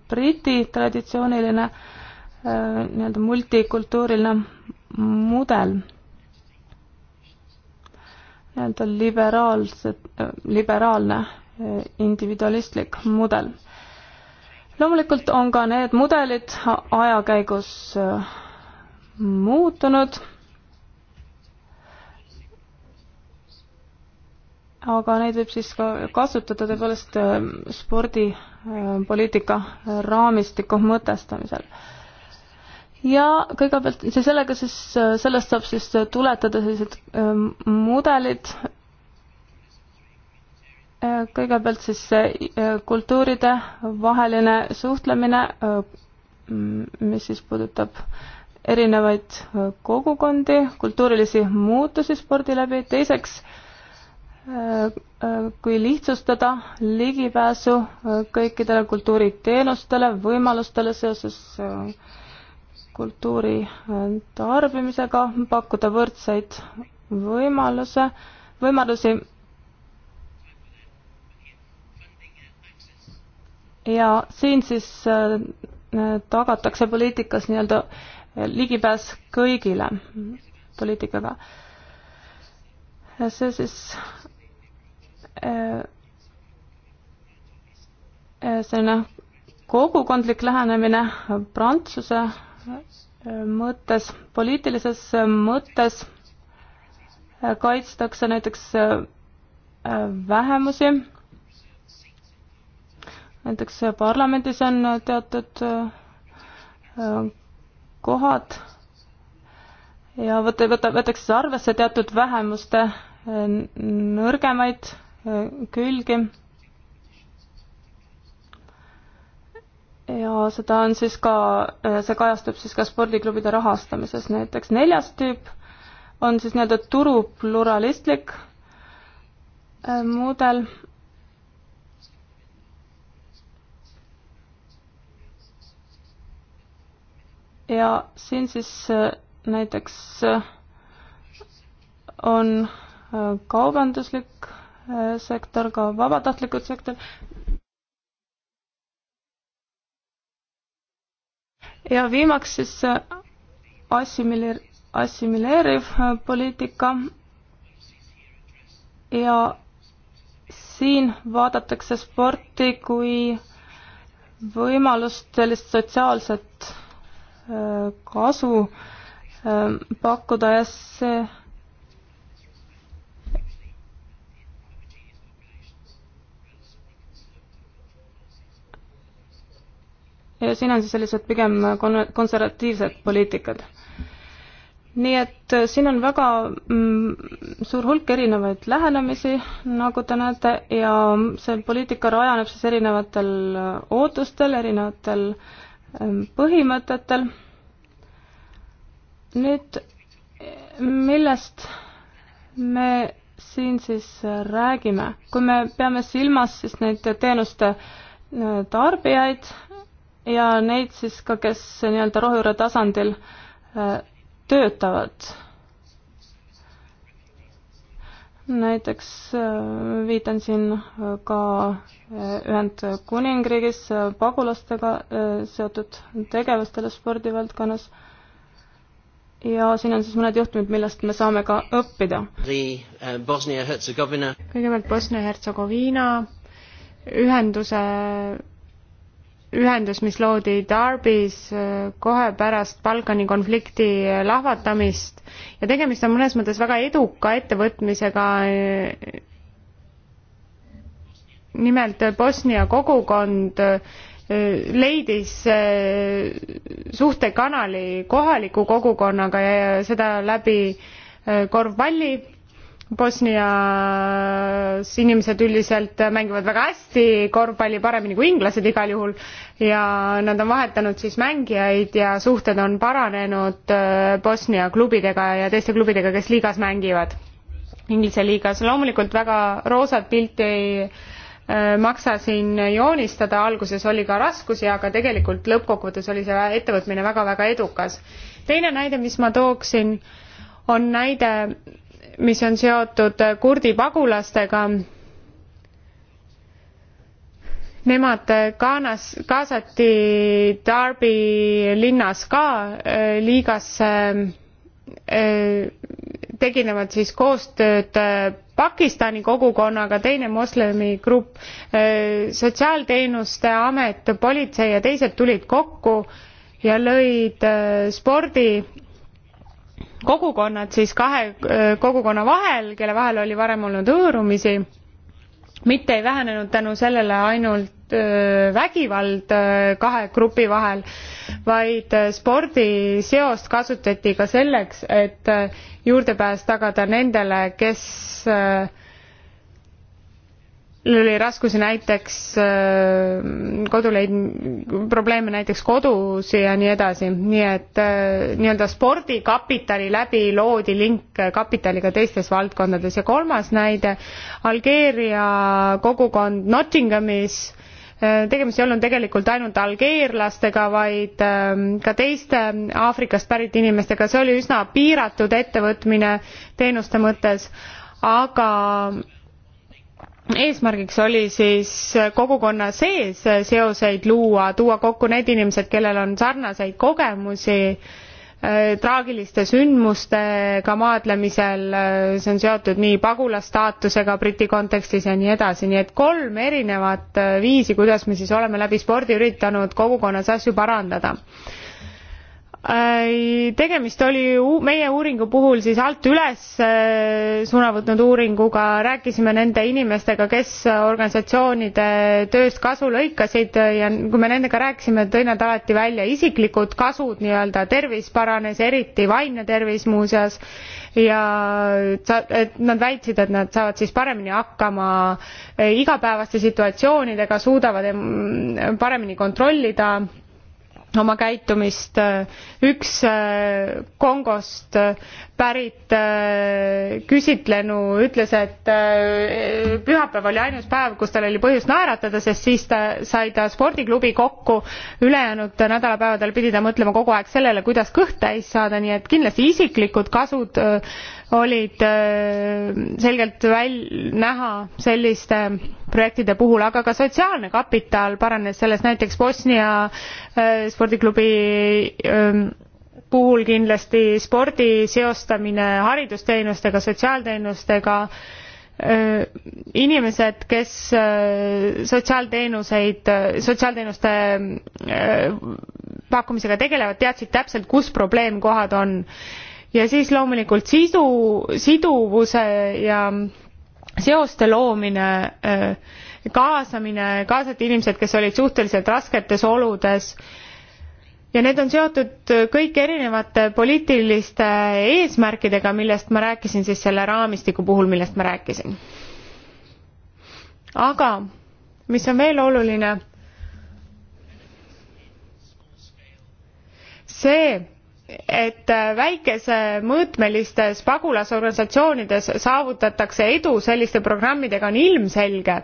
Briti traditsiooniline äh, nii-öelda multikultuuriline mudel. nii-öelda liberaalse, äh, liberaalne individualistlik mudel loomulikult on ka need mudelid aja käigus äh, muutunud. aga neid võib siis ka kasutada tõepoolest äh, spordipoliitika äh, raamistiku mõtestamisel ja kõigepealt see sellega siis, sellest saab siis tuletada sellised mudelid kõigepealt siis e, kultuuride vaheline suhtlemine, e, mis siis puudutab erinevaid e, kogukondi, kultuurilisi muutusi spordi läbi, teiseks kui lihtsustada ligipääsu kõikidele kultuuriteenustele, võimalustele seoses kultuuri tarbimisega, pakkuda võrdseid võimaluse, võimalusi ja siin siis äh, tagatakse poliitikas nii-öelda äh, ligipääs kõigile poliitikaga. see siis äh, selline kogukondlik lähenemine Prantsuse mõttes, poliitilises mõttes kaitstakse näiteks vähemusi näiteks äh, parlamendis on äh, teatud äh, kohad ja võta, võta, võetakse arvesse teatud vähemuste nõrgemaid külgi. ja seda on siis ka, see kajastub siis ka spordiklubide rahastamises, näiteks neljas tüüp on siis nii-öelda turupluralistlik mudel ja siin siis äh, näiteks äh, on äh, kaubanduslik sektor, ka vabatahtlikud sektor. ja viimaks siis assimileer-, assimileeriv poliitika ja siin vaadatakse sporti kui võimalust sellist sotsiaalset kasu ähm, pakkuda ja see ja siin on siis sellised pigem kon-, konservatiivsed poliitikad. nii et äh, siin on väga mm, suur hulk erinevaid lähenemisi, nagu te näete, ja see poliitika rajaneb siis erinevatel äh, ootustel, erinevatel äh, Ähm, põhimõtetel. nüüd, millest me siin siis räägime, kui me peame silmas siis neid teenuste äh, tarbijaid ja neid siis ka, kes nii-öelda rohujuure tasandil äh, töötavad näiteks äh, viitan siin äh, ka äh, Ühendkuningriigis pagulastega seotud tegevustele spordivaldkonnas. ja siin on siis mõned juhtumid, millest me saame ka õppida. kõigepealt Bosnia-Hertsegoviina ühenduse ühendus, mis loodi Darbis äh, kohe pärast Balkani konflikti äh, lahvatamist ja tegemist on mõnes mõttes väga eduka ettevõtmisega. Äh, nimelt Bosnia kogukond leidis suhtekanali kohaliku kogukonnaga ja seda läbi korvpalli Bosnias inimesed üldiselt mängivad väga hästi korvpalli, paremini kui inglased igal juhul, ja nad on vahetanud siis mängijaid ja suhted on paranenud äh, Bosnia klubidega ja teiste klubidega, kes liigas mängivad, Inglise liigas. loomulikult väga roosat pilti ei äh, maksa siin joonistada, alguses oli ka raskusi, aga tegelikult lõppkokkuvõttes oli see ettevõtmine väga-väga edukas. teine näide, mis ma tooksin, on näide mis on seotud kurdi pagulastega. Nemad Ghanas, kaasati Darbi linnas ka äh, liigasse, äh, teginevad siis koostööd äh, Pakistani kogukonnaga, teine moslemigrupp, Sotsiaalteenuste Amet, politsei ja teised tulid kokku ja lõid spordi kogukonnad siis kahe äh, kogukonna vahel, kelle vahel oli varem olnud hõõrumisi, mitte ei vähenenud tänu sellele ainult äh, vägivald äh, kahe grupi vahel, vaid spordiseost kasutati ka selleks, et juurdepääs tagada nendele, kes oli raskusi näiteks äh, koduleid, probleeme näiteks kodus ja nii edasi, nii et äh, nii-öelda spordikapitali läbi loodi link kapitaliga teistes valdkondades ja kolmas näide, Algeeria kogukond Nottinghamis, äh, tegemist ei olnud tegelikult ainult algeerlastega, vaid ähm, ka teiste Aafrikast pärit inimestega, see oli üsna piiratud ettevõtmine teenuste mõttes, aga eesmärgiks oli siis kogukonna sees seoseid luua, tuua kokku need inimesed, kellel on sarnaseid kogemusi äh, traagiliste sündmustega maadlemisel, äh, see on seotud nii pagulasstaatusega Briti kontekstis ja nii edasi, nii et kolm erinevat äh, viisi, kuidas me siis oleme läbi spordi üritanud kogukonnas asju parandada tegemist oli meie uuringu puhul siis alt üles äh, suuna võtnud uuringuga, rääkisime nende inimestega, kes organisatsioonide tööst kasu lõikasid ja kui me nendega rääkisime, tõi nad alati välja isiklikud kasud nii-öelda, tervis paranes, eriti vaimne tervis muuseas, ja et nad väitsid, et nad saavad siis paremini hakkama äh, igapäevaste situatsioonidega, suudavad mm, paremini kontrollida oma käitumist. Äh, üks äh, Kongost äh, pärit küsitlenu ütles, et pühapäev oli ainus päev, kus tal oli põhjust naeratada, sest siis ta sai ta spordiklubi kokku. ülejäänud nädalapäevadel pidi ta mõtlema kogu aeg sellele, kuidas kõht täis saada, nii et kindlasti isiklikud kasud olid selgelt väl-, näha selliste projektide puhul, aga ka sotsiaalne kapital paranes selles, näiteks Bosnia äh, spordiklubi ähm, puhul kindlasti spordi seostamine haridusteenustega, sotsiaalteenustega, äh, inimesed, kes äh, sotsiaalteenuseid, sotsiaalteenuste pakkumisega tegelevad, teadsid täpselt, kus probleemkohad on. ja siis loomulikult sidu, siduvuse ja seoste loomine, kaasamine, kaasati inimesed, kes olid suhteliselt rasketes oludes ja need on seotud kõik erinevate poliitiliste eesmärkidega, millest ma rääkisin siis selle raamistiku puhul, millest ma rääkisin. aga mis on veel oluline, see et äh, väikesemõõtmelistes pagulasorganisatsioonides saavutatakse edu selliste programmidega on ilmselge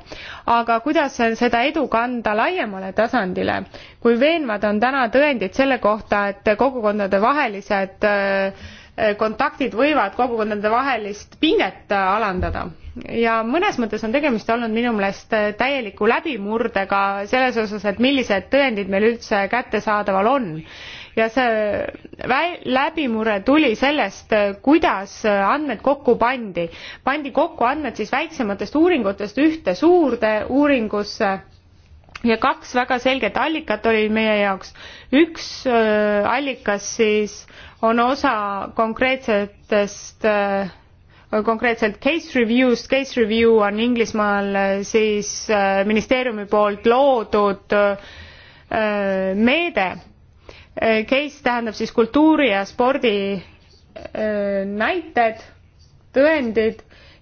aga kuidas seda edu kanda laiemale tasandile kui veenvad on täna tõendid selle kohta et kogukondade vahelised äh, kontaktid võivad kogukondade vahelist pinget alandada ja mõnes mõttes on tegemist olnud minu meelest täieliku läbimurdega selles osas et millised tõendid meil üldse kättesaadaval on ja see läbimurre tuli sellest, kuidas andmed kokku pandi. pandi kokku andmed siis väiksematest uuringutest ühte suurde uuringusse ja kaks väga selget allikat olid meie jaoks. üks äh, allikas siis on osa konkreetsetest äh, konkreetselt case review'st, case review on Inglismaal äh, siis ministeeriumi poolt loodud meede Eh, case tähendab siis kultuuri ja spordi eh, näited, tõendid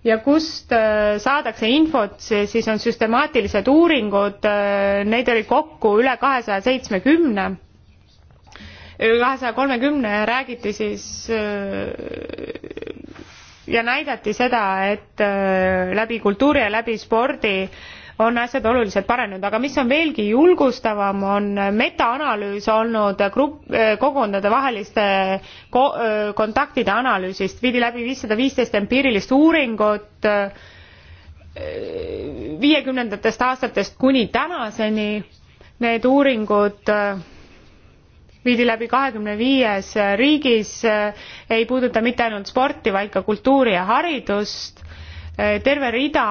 ja kust eh, saadakse infot, siis on süstemaatilised uuringud, neid oli kokku üle kahesaja seitsmekümne, üle kahesaja kolmekümne ja räägiti siis ja näidati seda, et läbi kultuuri ja läbi spordi äh, on asjad oluliselt paranenud, aga mis on veelgi julgustavam, on metaanalüüs olnud grupp, eh, kogukondade vaheliste ko-, eh, kontaktide analüüsist, viidi läbi viissada viisteist empiirilist uuringut eh, viiekümnendatest aastatest kuni tänaseni, need uuringud viidi läbi kahekümne viies riigis, ei puuduta mitte ainult sporti, vaid ka kultuuri ja haridust, terve rida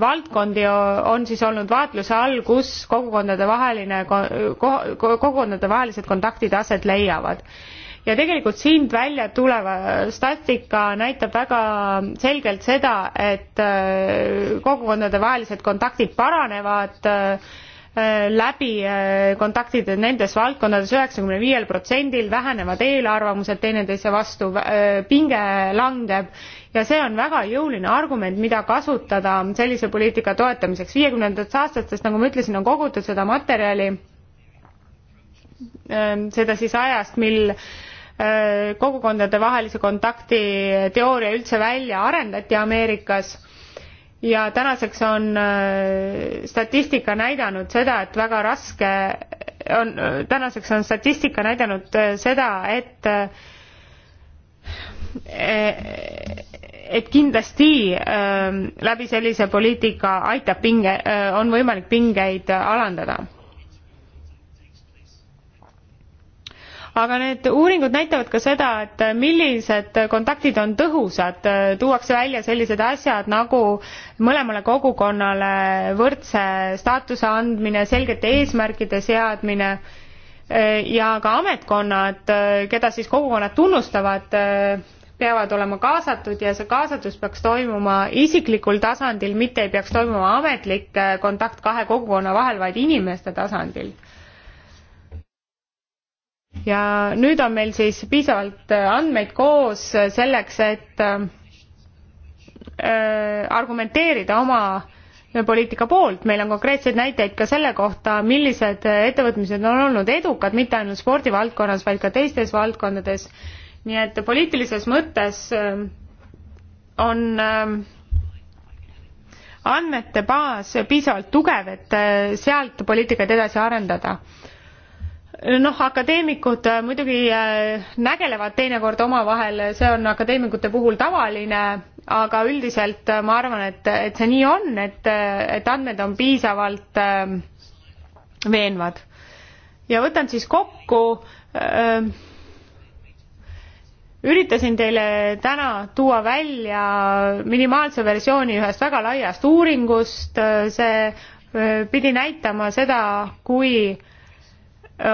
valdkondi on siis olnud vaatluse all, kus kogukondade vaheline, kogukondade vahelised kontaktid aset leiavad. ja tegelikult siit välja tuleva statistika näitab väga selgelt seda, et kogukondade vahelised kontaktid paranevad Äh, läbi äh, kontaktide nendes valdkondades üheksakümne viiel protsendil vähenevad eelarvamused teineteise vastu äh, pinge langeb ja see on väga jõuline argument mida kasutada sellise poliitika toetamiseks viiekümnendatest aastatest nagu ma ütlesin on kogutud seda materjali ähm, seda siis ajast mil kogukondade vahelise kontakti teooria üldse välja arendati ameerikas ja tänaseks on äh, statistika näidanud seda, et väga raske on, äh, tänaseks on statistika näidanud äh, seda, et et kindlasti läbi sellise poliitika aitab pinge, on võimalik pingeid alandada aga need uuringud näitavad ka seda, et millised kontaktid on tõhusad, tuuakse välja sellised asjad nagu mõlemale kogukonnale võrdse staatuse andmine, selgete eesmärkide seadmine ja ka ametkonnad, keda siis kogukonnad tunnustavad, peavad olema kaasatud ja see kaasatus peaks toimuma isiklikul tasandil, mitte ei peaks toimuma ametlik kontakt kahe kogukonna vahel, vaid inimeste tasandil ja nüüd on meil siis piisavalt äh, andmeid koos äh, selleks, et äh, argumenteerida oma poliitika poolt, meil on konkreetseid näiteid ka selle kohta, millised ettevõtmised on olnud edukad mitte ainult spordivaldkonnas, vaid ka teistes valdkondades. nii et poliitilises mõttes on andmete baas piisavalt tugev, et sealt poliitikaid edasi arendada noh, akadeemikud äh, muidugi äh, nägelevad teinekord omavahel, see on akadeemikute puhul tavaline, aga üldiselt äh, ma arvan, et, et see nii on, et, et andmed on piisavalt veenvad. ja võtan siis kokku. üritasin teile täna tuua välja minimaalse versiooni ühest väga laiast uuringust, see pidi näitama seda, kui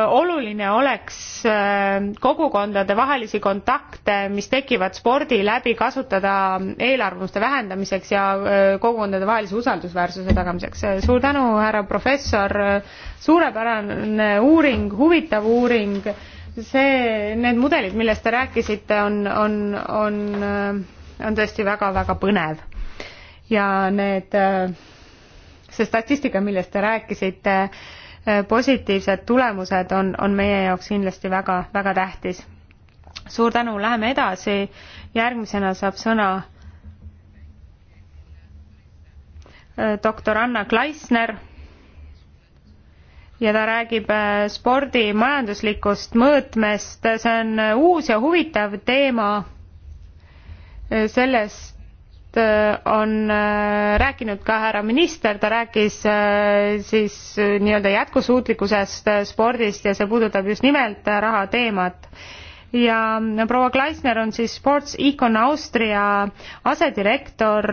oluline oleks äh, kogukondade vahelisi kontakte, mis tekivad spordi läbi, kasutada eelarvamuste vähendamiseks ja äh, kogukondade vahelise usaldusväärsuse tagamiseks. suur tänu, härra professor, suurepärane uuring, huvitav uuring, see, need mudelid, millest te rääkisite, on, on, on, äh, on tõesti väga-väga põnev. ja need, see statistika, millest te rääkisite, Äh, positiivsed tulemused on, on meie jaoks kindlasti väga, väga tähtis. suur tänu, läheme edasi, järgmisena saab sõna äh, doktor Anna Kleisner ja ta räägib äh, spordi majanduslikust mõõtmest, see on uus ja huvitav teema sellest, Äh, on äh, rääkinud ka härra minister, ta rääkis äh, siis nii-öelda jätkusuutlikkusest spordist ja see puudutab just nimelt raha teemat. ja proua Kleisner on siis Sports Econ Austria asedirektor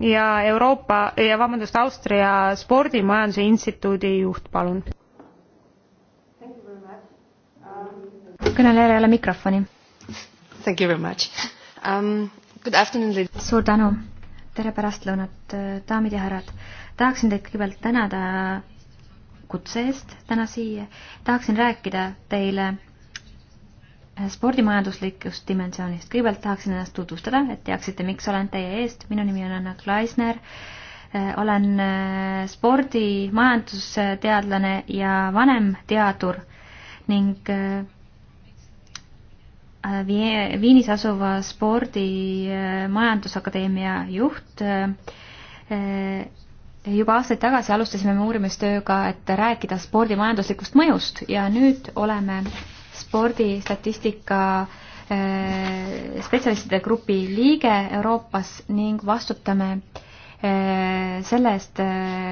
ja Euroopa ja vabandust, Austria spordimajanduse instituudi juht, palun. kõnelejale mikrofoni. Thank you very much um, suur tänu, tere pärastlõunat, äh, daamid ja härrad. tahaksin teid kõigepealt tänada kutse eest täna siia. tahaksin rääkida teile äh, spordimajanduslikust dimensioonist. kõigepealt tahaksin ennast tutvustada, et teaksite, miks olen teie eest. minu nimi on Anna Klaisner, äh, olen spordimajandusteadlane ja vanemteadur ning Viinis asuva spordi äh, majandusakadeemia juht. Äh, juba aastaid tagasi alustasime me uurimistööga, et rääkida spordi majanduslikust mõjust ja nüüd oleme spordistatistika äh, spetsialistide grupi liige Euroopas ning vastutame selle eest,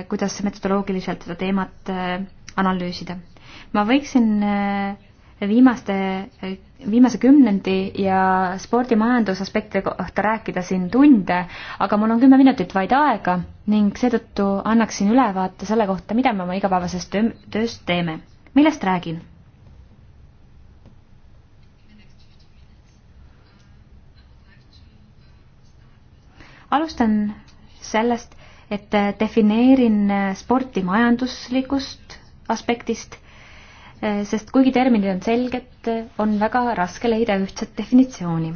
kuidas metodoloogiliselt seda teemat analüüsida. ma võiksin viimaste, viimase kümnendi ja spordimajandusaspektide kohta rääkida siin tunde, aga mul on kümme minutit vaid aega ning seetõttu annaksin ülevaate selle kohta, mida me oma igapäevases töö, töös teeme. millest räägin? alustan sellest, et defineerin sporti majanduslikust aspektist Eh, sest kuigi terminid on selged, on väga raske leida ühtset definitsiooni.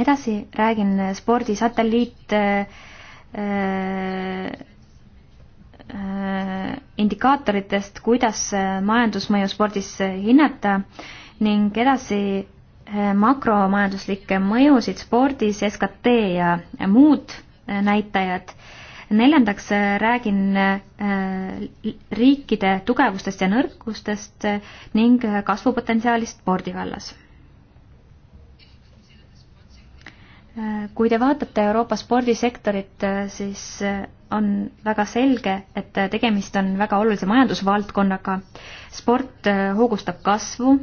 edasi räägin spordi satelliit eh, eh, indikaatoritest, kuidas majandusmõju spordis hinnata ning edasi makromajanduslikke mõjusid spordis, SKT ja muud näitajad neljandaks äh, räägin äh, riikide tugevustest ja nõrkustest ning äh, kasvupotentsiaalist spordivallas. kui te vaatate Euroopa spordisektorit, siis on väga selge, et tegemist on väga olulise majandusvaldkonnaga. sport hoogustab kasvu,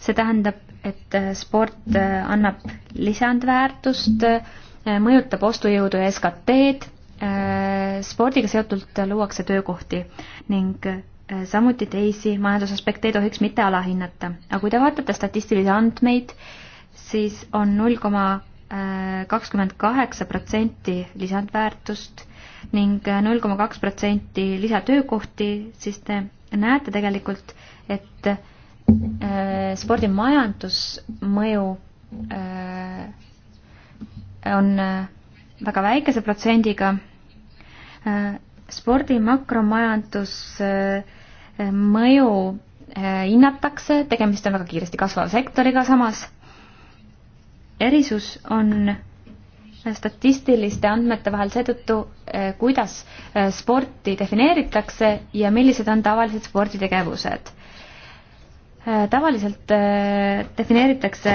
see tähendab, et sport annab lisandväärtust, mõjutab ostujõudu ja SKT-d Äh, spordiga seotult luuakse töökohti ning äh, samuti teisi majandusaspekte ei tohiks mitte alahinnata. aga kui te vaatate statistilisi andmeid, siis on null koma äh, kakskümmend kaheksa protsenti lisandväärtust ning null koma kaks protsenti lisatöökohti, siis te näete tegelikult, et spordi majandusmõju on väga väikese protsendiga. Äh, spordi makromajandus äh, mõju äh, hinnatakse, tegemist on väga kiiresti kasvava sektoriga samas. erisus on statistiliste andmete vahel seetõttu, kuidas sporti defineeritakse ja millised on tavalised sporditegevused. Äh, tavaliselt äh, defineeritakse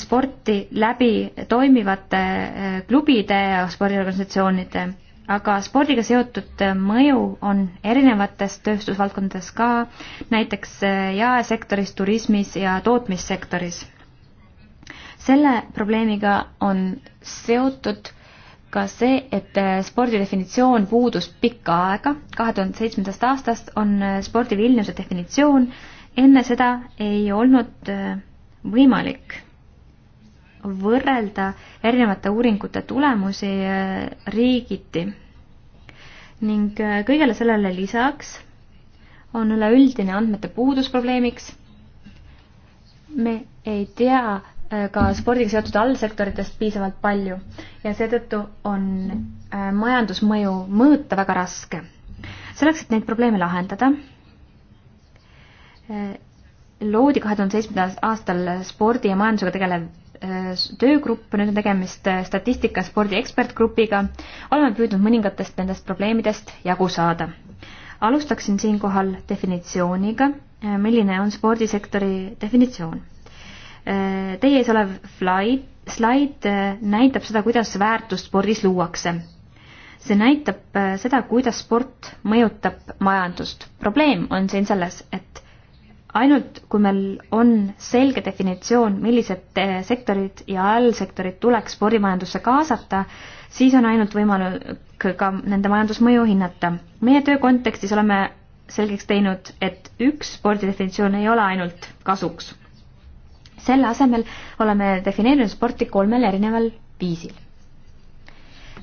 sporti läbi toimivate äh, klubide ja spordiorganisatsioonide, aga spordiga seotud mõju on erinevates tööstusvaldkondades ka, näiteks jaesektoris, turismis ja tootmissektoris. selle probleemiga on seotud ka see, et spordi definitsioon puudus pikka aega, kahe tuhande seitsmendast aastast on spordi Vilniuse definitsioon äh, enne seda ei olnud äh, võimalik võrrelda erinevate uuringute tulemusi äh, riigiti. ning äh, kõigele sellele lisaks on üleüldine andmete puudus probleemiks. me ei tea ka spordiga seotud allsektoritest piisavalt palju ja seetõttu on majandusmõju mõõta väga raske. selleks, et neid probleeme lahendada, Äh, loodi kahe tuhande seitsmendal aastal spordi ja majandusega tegelev äh, töögrupp, nüüd on tegemist äh, statistika spordi ekspertgrupiga. oleme püüdnud mõningatest nendest probleemidest jagu saada. alustaksin siinkohal definitsiooniga, milline on spordisektori definitsioon. Teie ees olev slaid, slaid näitab seda, kuidas väärtust spordis luuakse. see näitab seda, kuidas sport mõjutab majandust. probleem on siin selles, et ainult kui meil on selge definitsioon, millised eh, sektorid ja allsektorid tuleks spordimajandusse kaasata, siis on ainult võimalik ka nende majandusmõju hinnata. meie töö kontekstis oleme selgeks teinud, et üks spordidefinitsioon ei ole ainult kasuks. selle asemel oleme defineerinud sporti kolmel erineval viisil.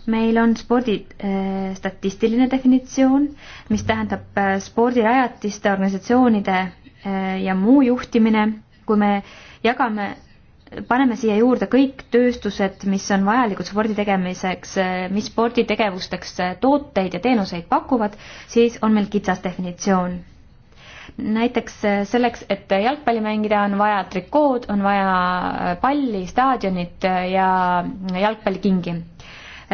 meil on spordi äh, statistiline definitsioon, mis tähendab äh, eh, spordirajatiste, organisatsioonide Äh, ja muu juhtimine, kui me jagame, paneme siia juurde kõik tööstused, mis on vajalikud spordi tegemiseks, äh, mis sporditegevusteks äh, tooteid ja teenuseid pakuvad, siis on meil kitsas definitsioon näiteks selleks, et jalgpalli mängida, on vaja trikood, on vaja palli, staadionit ja jalgpallikingi.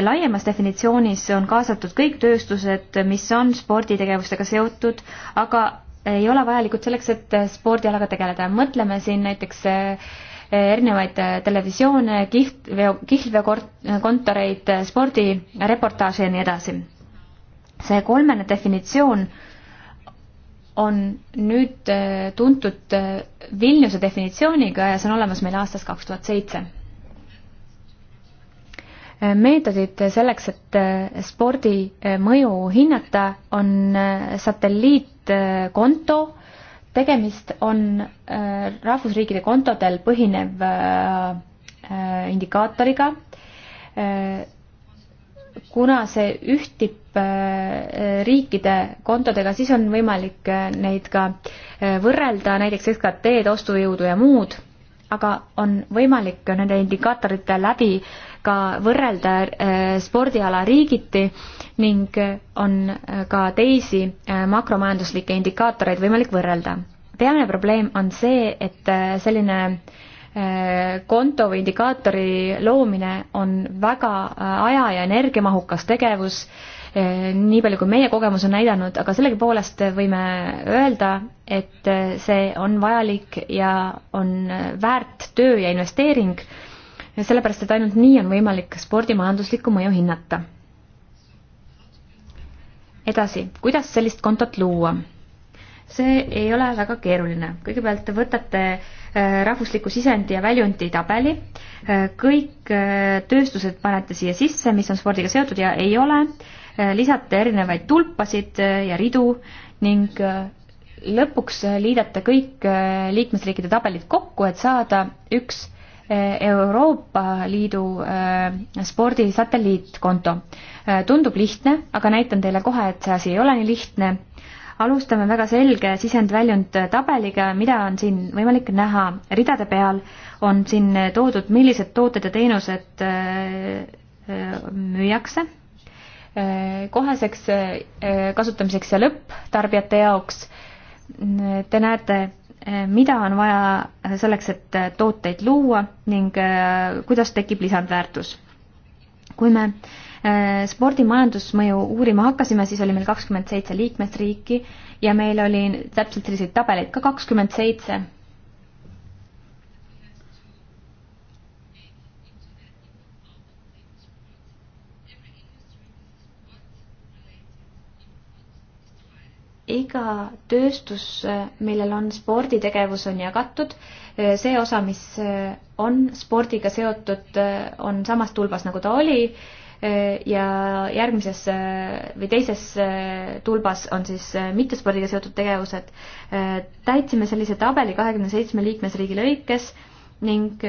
laiemas definitsioonis on kaasatud kõik tööstused, mis on sporditegevustega seotud, aga ei ole vajalikud selleks, et spordialaga tegeleda. mõtleme siin näiteks eh, erinevaid eh, televisioone, kihtveo, kihlveokontoreid, eh, spordireportaaže ja nii edasi. see kolmene definitsioon on nüüd tuntud Vilniuse definitsiooniga ja see on olemas meil aastast kaks tuhat seitse. meetodid selleks, et spordi mõju hinnata, on satelliit Äh, konto, tegemist on äh, rahvusriikide kontodel põhinev äh, indikaatoriga. kuna see ühtib riikide kontodega, siis on võimalik neid ka võrrelda, näiteks SKT-d, ostujõudu ja muud, aga on võimalik nende indikaatorite läbi äh, ka võrrelda äh, spordiala riigiti ning äh, on äh, ka teisi makromajanduslikke indikaatoreid võimalik võrrelda. peamine probleem on see, et selline konto või indikaatori loomine on väga aja- ja energiamahukas tegevus, nii palju kui meie kogemus on näidanud, aga sellegipoolest võime öelda, et see on vajalik ja on väärt töö ja investeering sellepärast et ainult nii on võimalik spordi majanduslikku mõju hinnata. edasi, kuidas sellist kontot luua? see ei ole väga keeruline. kõigepealt te võtate äh, rahvusliku sisendi ja väljundi tabeli, äh, kõik äh, tööstused panete siia sisse, mis on spordiga seotud ja ei ole, lisate erinevaid tulpasid ja ridu ning lõpuks liidate kõik liikmesriikide tabelid kokku, et saada üks Euroopa Liidu äh, spordisatelliitkonto. Äh, tundub lihtne, aga näitan teile kohe, et see asi ei ole nii lihtne. alustame väga selge sisendväljund tabeliga, mida on siin võimalik näha. ridade peal on siin toodud, millised tooted ja teenused äh, müüakse koheseks kasutamiseks ja lõpptarbijate jaoks. Te näete Eh, mida on vaja eh, selleks, et eh, tooteid luua ning kuidas tekib lisandväärtus. kui me spordi majandusmõju uurima hakkasime, siis oli meil kakskümmend seitse liikmesriiki ja meil oli täpselt selliseid tabeleid ka kakskümmend seitse iga tööstus, millel on sporditegevus, on jagatud. see osa, mis on spordiga seotud, on samas tulbas, nagu ta oli. ja järgmises või teises tulbas on siis mittespordiga seotud tegevused. täitsime sellise tabeli kahekümne seitsme liikmesriigi lõikes ning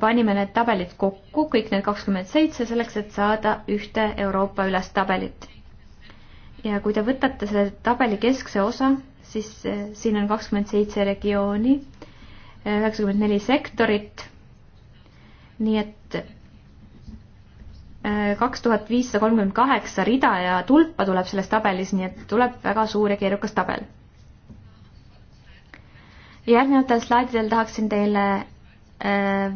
panime need tabelid kokku, kõik need kakskümmend seitse, selleks et saada ühte Euroopa üles tabelit ja kui te võtate selle tabeli keskse osa, siis eh, siin on kakskümmend seitse regiooni, eh, üheksakümmend neli sektorit. nii et eh, kaks tuhat viissada kolmkümmend kaheksa rida ja tulpa tuleb selles tabelis, nii et tuleb väga suur ja keerukas tabel. järgnevatel slaididel tahaksin teile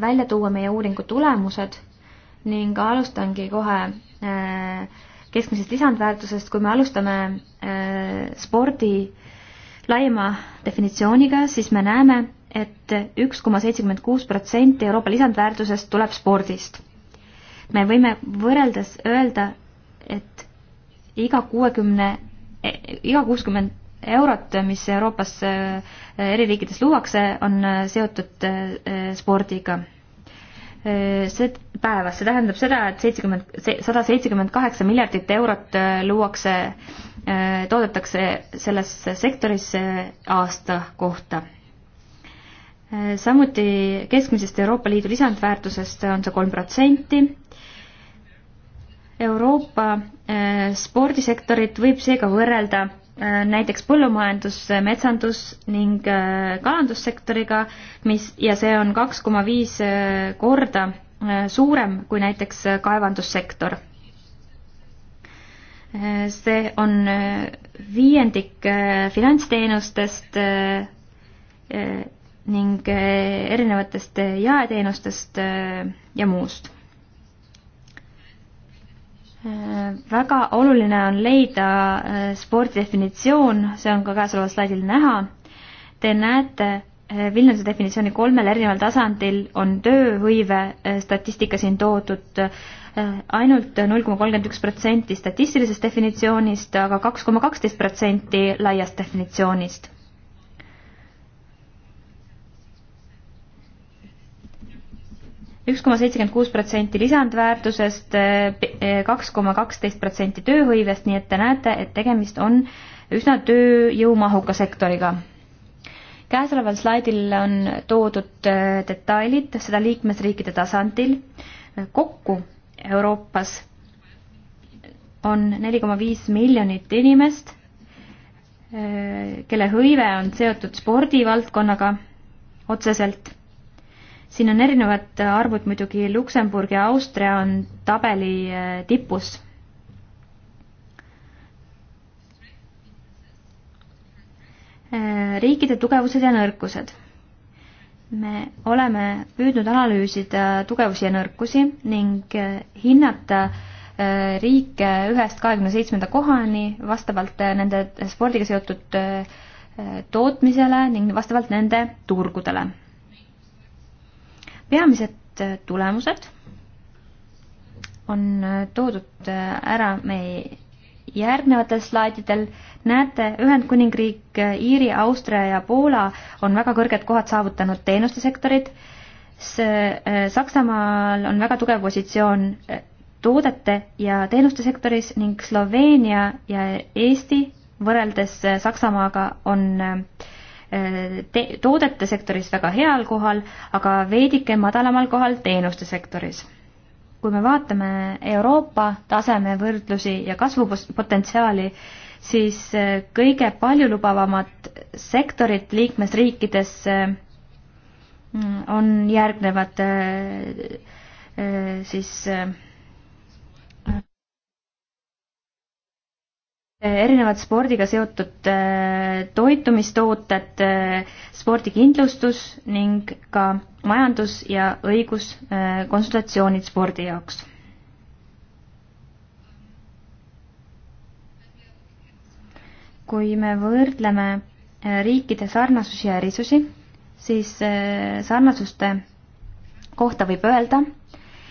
välja tuua meie uuringu tulemused ning alustangi kohe äh, keskmisest lisandväärtusest, kui me alustame äh, spordi laiema definitsiooniga, siis me näeme, et üks koma seitsekümmend kuus protsenti Euroopa lisandväärtusest tuleb spordist. me võime võrreldes öelda, et iga kuuekümne, e, iga kuuskümmend eurot, mis Euroopas äh, eri riikides luuakse, on äh, seotud spordiga Äh, see päevas, see tähendab seda, et seitsekümmend, sada seitsekümmend kaheksa miljardit eurot äh, luuakse, äh, toodetakse selles sektoris aasta kohta. samuti keskmisest Euroopa Liidu lisandväärtusest on see kolm protsenti. Euroopa spordisektorit võib seega võrrelda Äh, näiteks põllumajandus, metsandus ning äh, kalandussektoriga, mis, ja see on kaks koma viis äh, korda suurem kui näiteks kaevandussektor. see on viiendik finantsteenustest ning erinevatest jaeteenustest ja muust väga oluline on leida äh, spordi definitsioon, see on ka käesoleval slaidil näha. Te näete äh, Vilniuse definitsiooni kolmel erineval tasandil on tööhõive äh, statistika siin toodud ainult null koma kolmkümmend üks protsenti statistilisest definitsioonist aga, aga kaks koma kaksteist protsenti laiast definitsioonist. üks koma seitsekümmend kuus protsenti lisandväärtusest, eh, eh, kaks koma kaksteist protsenti tööhõivest, nii et te näete, et tegemist on üsna tööjõumahuka sektoriga. käesoleval slaidil on toodud eh, detailid, seda liikmesriikide tasandil. kokku Euroopas on neli koma viis miljonit inimest, kelle hõive on seotud spordivaldkonnaga otseselt siin on erinevad arvud muidugi, Luksemburg ja Austria on tabeli eh, tipus. Eh, riikide tugevused ja nõrkused. me oleme püüdnud analüüsida tugevusi ja nõrkusi ning eh, hinnata riike ühest kahekümne seitsmenda kohani vastavalt nende spordiga seotud tootmisele ning vastavalt nende turgudele peamised äh, tulemused on äh, toodud äh, ära meie järgnevatel slaididel. näete, Ühendkuningriik, Iiri, Austria ja Poola on väga kõrged kohad saavutanud teenuste sektorid. Saksamaal on väga tugev positsioon toodete ja teenuste sektoris ning Sloveenia ja Eesti võrreldes Saksamaaga on äh, Äh, te-, toodete sektoris väga heal kohal, aga veidike madalamal kohal teenuste sektoris. kui me vaatame Euroopa taseme võrdlusi ja kasvupotentsiaali, siis äh, kõige paljulubavamad sektorid liikmesriikides äh, mm, on järgnevad siis Äh, erinevad spordiga seotud äh, toitumistooted, äh, spordikindlustus ning ka majandus- ja õiguskonsultatsioonid spordi jaoks. kui me võrdleme riikide sarnasusi ja erisusi, siis sarnasuste kohta võib öelda,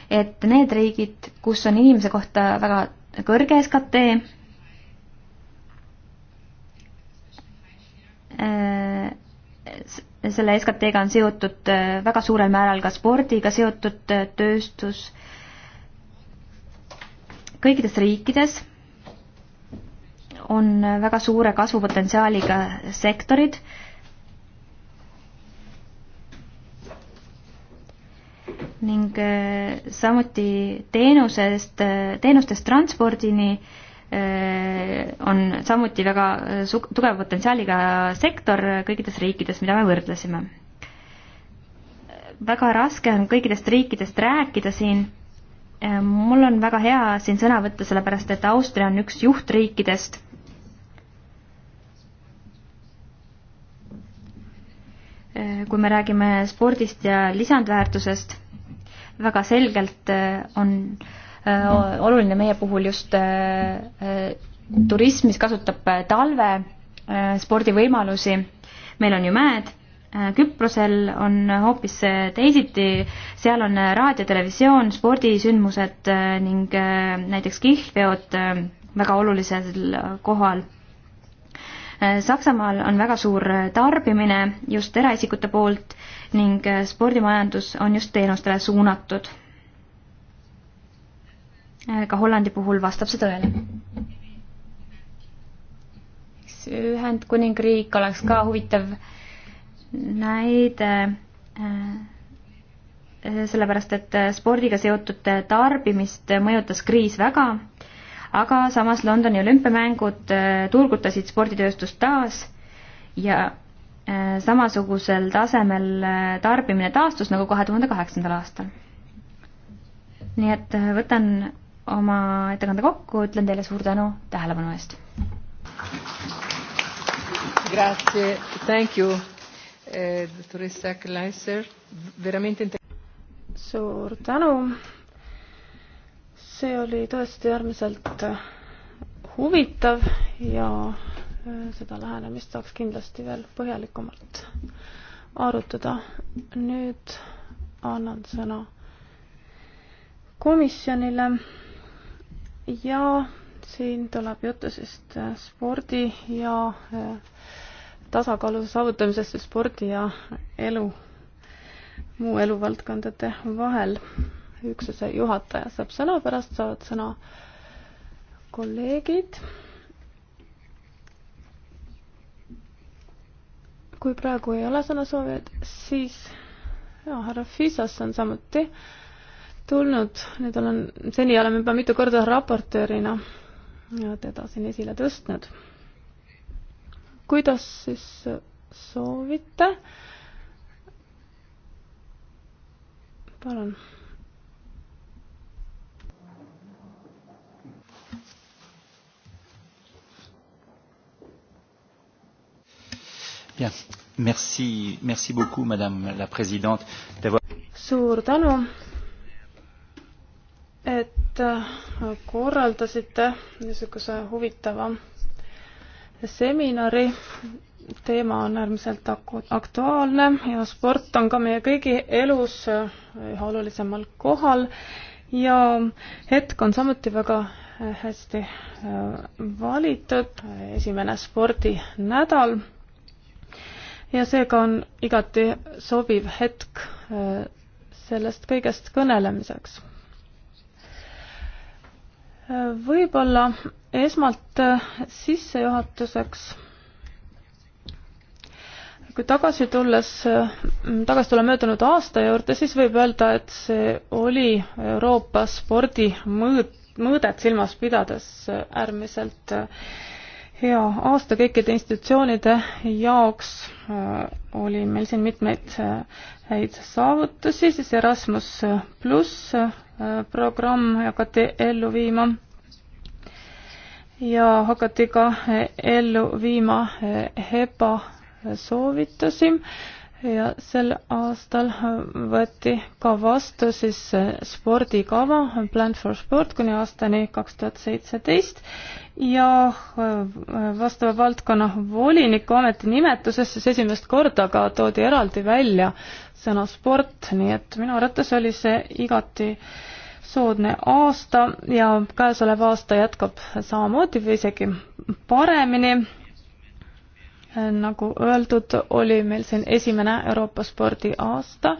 et need riigid, kus on inimese kohta väga kõrge SKT, Äh, selle SKT-ga on seotud äh, väga suurel määral ka spordiga seotud äh, tööstus. kõikides riikides on väga suure kasvupotentsiaaliga sektorid. ning samuti teenusest, teenustest transpordini äh, Äh, on samuti väga äh, su-, tugeva potentsiaaliga sektor kõikides riikides, mida me võrdlesime. väga raske on kõikidest riikidest rääkida siin, äh, mul on väga hea siin sõna võtta, sellepärast et Austria on üks juhtriikidest, kui me räägime spordist ja lisandväärtusest, väga selgelt on äh, Äh, oluline meie puhul just äh, äh, turism, mis kasutab talve spordivõimalusi. meil on ju mäed, Küprosel on hoopis teisiti, seal on raadio, televisioon, spordisündmused ning näiteks kihlveod väga olulisel kohal Saksamaal on väga suur tarbimine just eraisikute poolt ning spordimajandus on just teenustele suunatud Äh, ka Hollandi puhul vastab see tõele. Ühendkuningriik oleks ka huvitav näide, äh, sellepärast et äh, spordiga seotud tarbimist mõjutas kriis väga, aga samas Londoni olümpiamängud turgutasid sporditööstust taas ja samasugusel tasemel tarbimine taastus nagu kahe tuhande kaheksandal aastal. nii et võtan oma ettekande kokku, ütlen teile suur tänu tähelepanu eest. Grazie, thank you eh,, doktoressa Kleiser, veramente. suur tänu. see oli tõesti äärmiselt eh, huvitav ja eh, seda lähenemist saaks kindlasti veel põhjalikumalt arutada. nüüd annan sõna komisjonile ja siin tuleb juttu siis äh, spordi ja äh, tasakaalu saavutamisest spordi ja elu, muu eluvaldkondade vahel. üksuse juhataja saab sõna, pärast saavad sõna kolleegid. kui praegu ei ole sõnasoovijaid, siis ja härra Fisas on samuti äh, tulnud, nüüd olen, seni oleme juba mitu korda raportöörina teda siin esile tõstnud. kuidas siis soovite? palun. Bien. Merci, merci beaucoup, Madame la Présidente, d'avoir. Suur tänu, et äh, korraldasite niisuguse huvitava seminari. teema on äärmiselt aktuaalne ja sport on ka meie kõigi elus äh, üha olulisemal kohal ja hetk on samuti väga äh, hästi valitud, esimene spordinädal. ja seega on igati sobiv hetk sellest kõigest kõnelemiseks võib-olla esmalt äh, sissejuhatuseks, kui tagasi tulles, äh, tagasi tulla möödunud aasta juurde, siis võib öelda, et see oli Euroopa spordimõõt, mõõdet silmas pidades äh, äärmiselt äh, hea aasta kõikide institutsioonide jaoks äh, oli meil siin mitmeid äh, häid saavutusi, siis Erasmus äh, pluss programm hakati ellu viima ja hakati ka ellu viima HEPA soovitusi ja sel aastal võeti ka vastu siis spordikava Plan for Sport kuni aastani kaks tuhat seitseteist ja äh, vastava valdkonna voliniku ametinimetuses siis esimest korda ka toodi eraldi välja sõna sport, nii et minu arvates oli see igati soodne aasta ja käesolev aasta jätkab samamoodi või isegi paremini nagu öeldud, oli meil siin esimene Euroopa spordiaasta,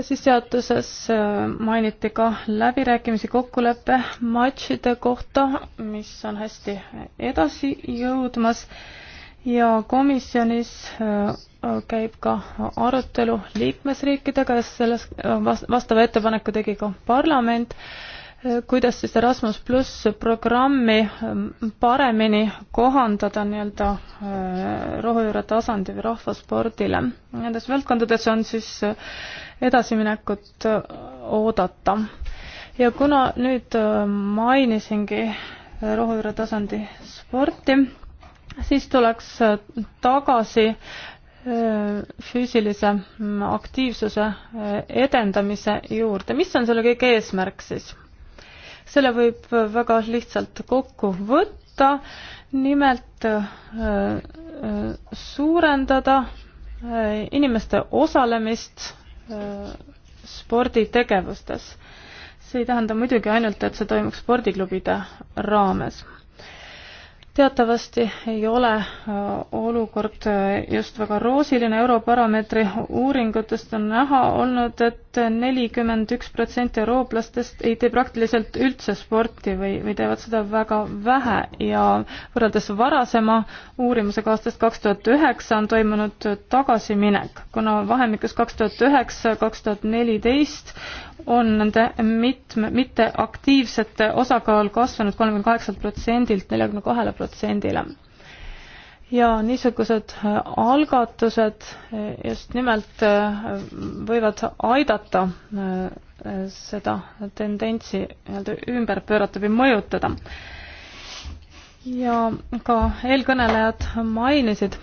siis seaduses äh, mainiti ka läbirääkimisi kokkuleppe matšide kohta, mis on hästi edasi jõudmas ja komisjonis äh, käib ka arutelu liikmesriikidega ja selles äh, vastava ettepaneku tegi ka parlament kuidas siis Erasmus pluss programmi ähm, paremini kohandada nii-öelda äh, rohujuure tasandi või rahvaspordile. Nendes valdkondades on siis äh, edasiminekut äh, oodata. ja kuna nüüd mainisingi rohujuure tasandi sporti, siis tuleks tagasi füüsilise mm, aktiivsuse edendamise juurde. mis on selle kõige eesmärk siis? selle võib väga lihtsalt kokku võtta, nimelt äh, äh, suurendada äh, inimeste osalemist sporditegevustes. see ei tähenda muidugi ainult, et see toimuks spordiklubide raames teatavasti ei ole äh, olukord äh, just väga roosiline, Eurobaromeetri uuringutest on näha olnud et, et nelikümmend üks protsenti eurooplastest ei tee praktiliselt üldse sporti või, või teevad seda väga vähe ja võrreldes varasema uurimusega aastast kaks tuhat üheksa on toimunud tagasiminek, kuna vahemikus kaks tuhat üheksa, kaks tuhat neliteist on nende mitme, mitteaktiivsete osakaal kasvanud kolmekümne kaheksalt protsendilt neljakümne kahele protsendile. ja niisugused äh, algatused äh, just nimelt äh, võivad aidata seda tendentsi nii-öelda ümber pöörata või mõjutada. ja ka eelkõnelejad mainisid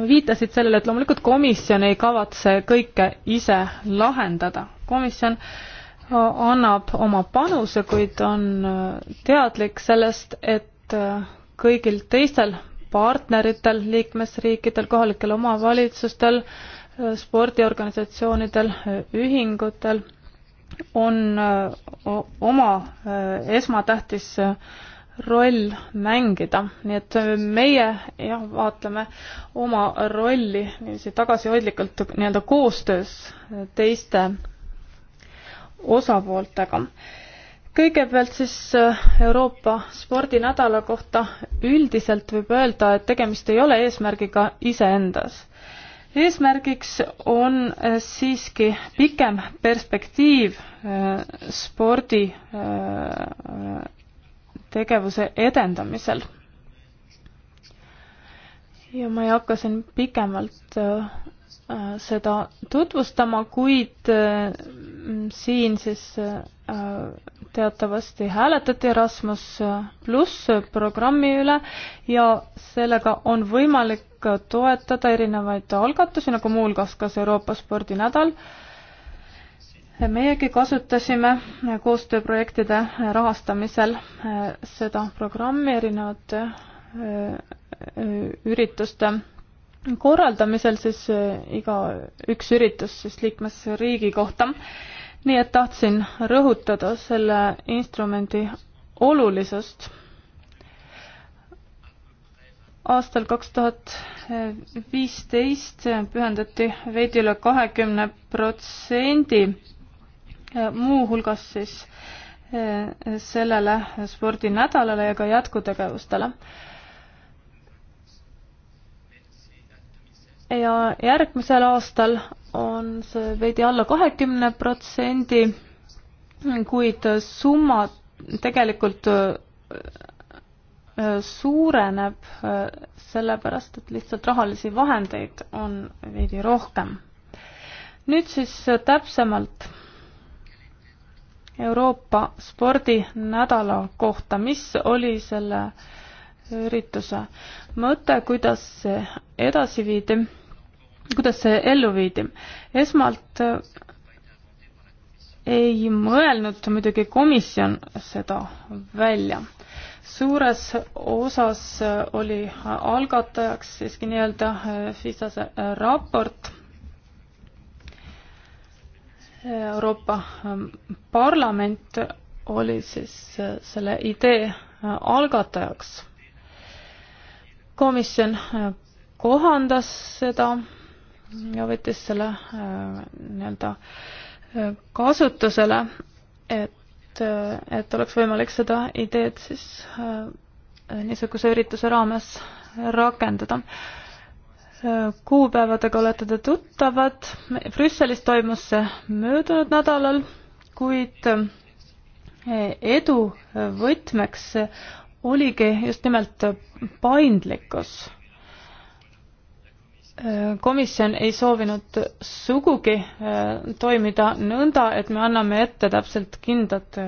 viitasid sellele, et loomulikult komisjon ei kavatse kõike ise lahendada. komisjon äh, annab oma panuse, kuid on äh, teadlik sellest, et äh, kõigil teistel partneritel, liikmesriikidel, kohalikel omavalitsustel, spordiorganisatsioonidel, ühingutel on oma esmatähtis roll mängida, nii et meie jah, vaatleme oma rolli niiviisi tagasihoidlikult nii-öelda koostöös teiste osapooltega. kõigepealt siis äh, Euroopa spordinädala kohta üldiselt võib öelda, et tegemist ei ole eesmärgiga iseendas eesmärgiks on äh, siiski pikem perspektiiv äh, spordi tegevuse edendamisel. ja ma ei hakka siin pikemalt äh, äh, seda tutvustama, kuid äh, siin siis teatavasti hääletati Erasmus pluss programmi üle ja sellega on võimalik toetada erinevaid algatusi, nagu muuhulgas kas Euroopa spordinädal äh,, meiegi kasutasime koostööprojektide rahastamisel äh, seda programmi erinevate äh, äh, ürituste korraldamisel siis iga üks üritus siis liikmesriigi kohta. nii et tahtsin rõhutada selle instrumendi olulisust. aastal kaks tuhat viisteist pühendati veidi üle kahekümne protsendi muuhulgas siis e, sellele spordinädalale ja ka jätkutegevustele. ja järgmisel aastal on see veidi alla kahekümne protsendi, kuid summa tegelikult e, e, suureneb sellepärast, et lihtsalt rahalisi vahendeid on veidi rohkem. nüüd siis täpsemalt Euroopa spordinädala kohta, mis oli selle ürituse mõte, kuidas see edasi viidi, kuidas see ellu viidi? esmalt ei mõelnud muidugi komisjon seda välja. suures osas oli algatajaks siiski nii-öelda FISA see raport Euroopa ähm, Parlament oli siis äh, selle idee äh, algatajaks. komisjon äh, kohandas seda ja võttis selle nii-öelda kasutusele, et, et oleks võimalik seda ideed siis niisuguse ürituse raames rakendada kuupäevadega olete te tuttavad. Brüsselis toimus see möödunud nädalal, kuid eh, edu võtmeks oligi just nimelt paindlikkus. Eh, komisjon ei soovinud sugugi eh, toimida nõnda, et me anname ette täpselt kindlad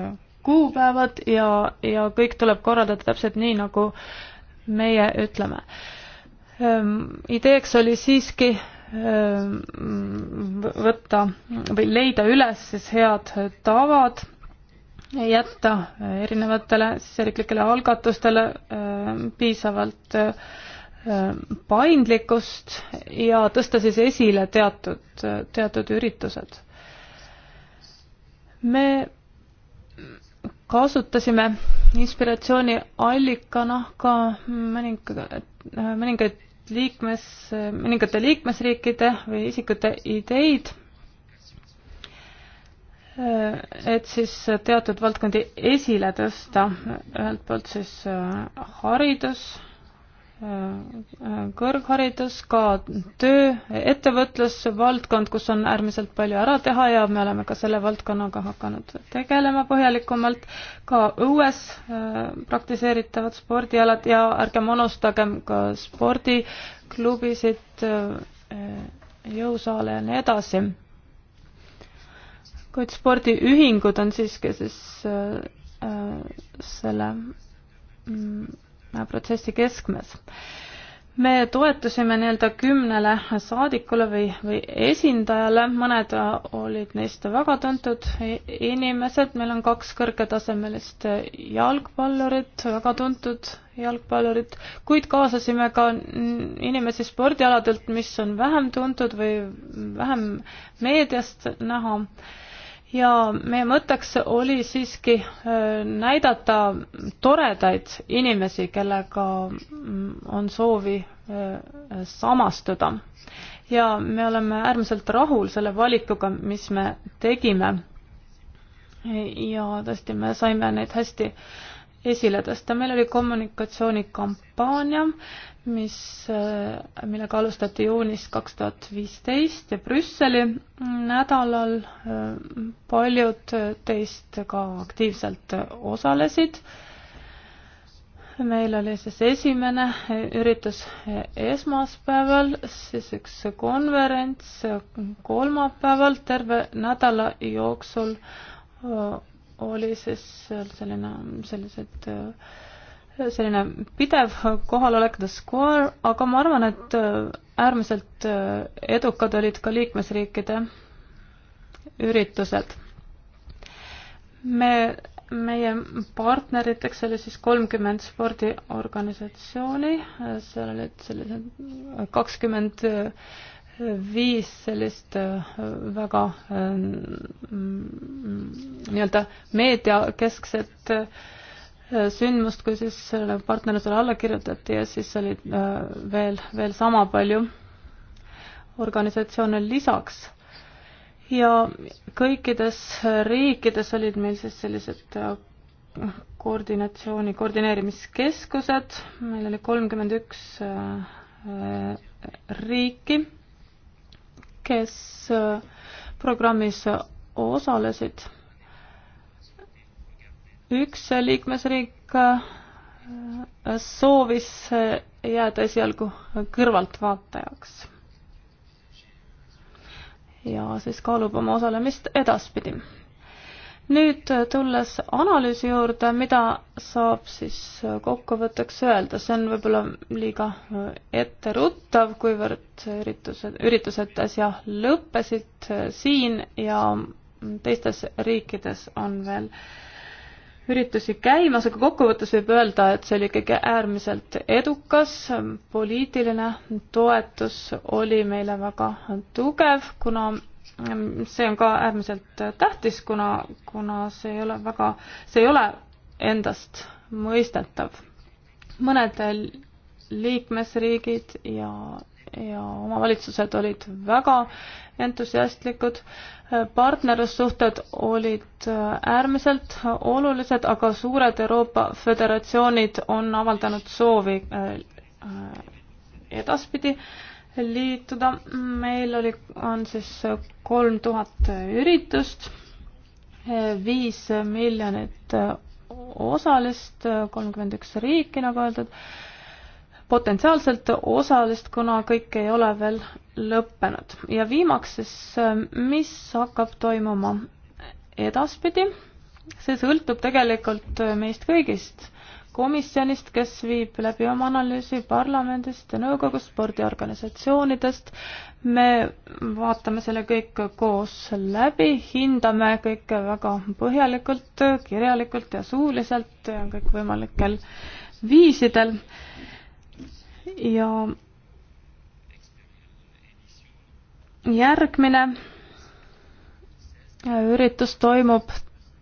kuupäevad ja, ja kõik tuleb korraldada täpselt nii, nagu meie ütleme Ehm, ideeks oli siiski ehm, võtta või leida üles siis head tavad, jätta erinevatele siseriiklikele algatustele ehm, piisavalt paindlikkust ja tõsta siis esile teatud, teatud üritused. me kasutasime inspiratsiooniallikana ka mõningaid, mõningaid liikmes, mõningate liikmesriikide või isikute ideid, et siis teatud valdkondi esile tõsta, ühelt poolt siis äh, haridus, Äh, äh, kõrgharidus, ka töö, ettevõtlusvaldkond, kus on äärmiselt palju ära teha ja me oleme ka selle valdkonnaga hakanud tegelema põhjalikumalt, ka õues äh, praktiseeritavad spordialad ja ärgem unustagem ka spordiklubisid, jõusaale ja nii edasi. kuid spordiühingud on siiski siis selle mm, protsessi keskmes. me toetusime nii-öelda kümnele saadikule või, või esindajale, mõned olid neist väga tuntud inimesed, meil on kaks kõrgetasemelist jalgpallurit, väga tuntud jalgpallurit, kuid kaasasime ka inimesi spordialadelt, mis on vähem tuntud või vähem meediast näha ja meie mõtteks oli siiski äh, näidata toredaid inimesi, kellega mm, on soovi äh, samastuda. ja me oleme äärmiselt rahul selle valikuga, mis me tegime. ja tõesti, me saime neid hästi äh, esile tõsta. meil oli kommunikatsioonikampaania, mis, äh, millega alustati juunis kaks tuhat viisteist ja Brüsseli nädalal äh, paljud teist ka aktiivselt osalesid. meil oli siis esimene üritus esmaspäeval, siis üks konverents kolmapäeval, terve nädala jooksul äh, oli siis selline, sellised, selline pidev kohalolek, the score, aga ma arvan, et äärmiselt edukad olid ka liikmesriikide üritused. me, meie partneriteks oli siis kolmkümmend spordiorganisatsiooni, seal olid sellised kakskümmend 20 viis sellist äh, väga äh, mm, nii-öelda meediakeskset äh, sündmust, kui siis sellele partnerlusele alla kirjutati ja siis oli veel, veel sama palju organisatsioone lisaks. ja kõikides riikides olid meil siis sellised koordinatsiooni, koordineerimiskeskused, meil oli kolmkümmend üks riiki kes äh, programmis osalesid. üks liikmesriik äh, soovis jääda esialgu kõrvaltvaatajaks ja siis kaalub oma osalemist edaspidi nüüd äh, tulles analüüsi juurde, mida saab siis äh, kokkuvõtteks öelda, see on võib-olla liiga äh, etteruttav, kuivõrd üritused, üritused äsja lõppesid siin ja teistes riikides on veel üritusi käimas, aga kokkuvõttes võib öelda, et see oli ikkagi äärmiselt edukas, poliitiline toetus oli meile väga tugev, kuna see on ka äärmiselt tähtis, kuna, kuna see ei ole väga, see ei ole endast mõistetav. mõned liikmesriigid ja, ja omavalitsused olid väga entusiastlikud, partnerlussuhted olid äärmiselt olulised, aga suured Euroopa föderatsioonid on avaldanud soovi äh, äh, edaspidi äh, liituda. meil oli, on siis kolm tuhat üritust, viis miljonit osalist, kolmkümmend üks riiki, nagu öeldud, potentsiaalselt osalist, kuna kõik ei ole veel lõppenud. ja viimaks siis, mis hakkab toimuma edaspidi, see sõltub tegelikult meist kõigist komisjonist, kes viib läbi oma analüüsi parlamendist ja nõukogust, spordiorganisatsioonidest. me vaatame selle kõik koos läbi, hindame kõike väga põhjalikult, kirjalikult ja suuliselt ja kõikvõimalikel viisidel. ja järgmine üritus toimub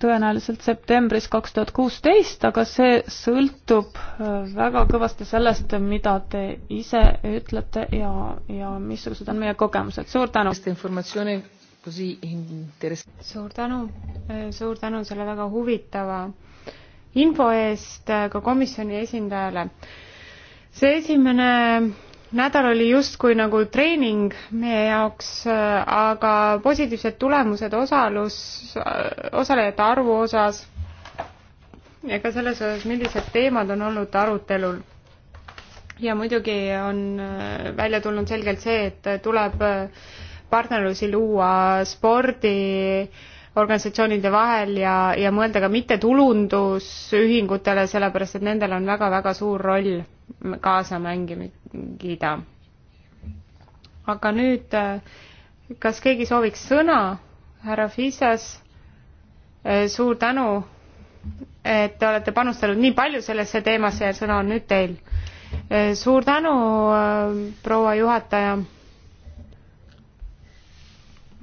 tõenäoliselt septembris kaks tuhat kuusteist, aga see sõltub äh, väga kõvasti sellest, mida te ise ütlete ja, ja missugused on meie kogemused. suur tänu! suur tänu, äh, suur tänu selle väga huvitava info eest äh, ka komisjoni esindajale. see esimene nädal oli justkui nagu treening meie jaoks, aga positiivsed tulemused osalus, osalejate arvu osas ja ka selles osas, millised teemad on olnud arutelul. ja muidugi on äh, välja tulnud selgelt see, et tuleb äh, partnerlusi luua spordi organisatsioonide vahel ja, ja mõelda ka mittetulundusühingutele, sellepärast et nendel on väga-väga suur roll kaasa mängimine mängida. aga nüüd, äh, kas keegi sooviks sõna? härra Fisas, äh, suur tänu, et te olete panustanud nii palju sellesse teemasse ja sõna on nüüd teil. Äh, suur tänu, proua juhataja.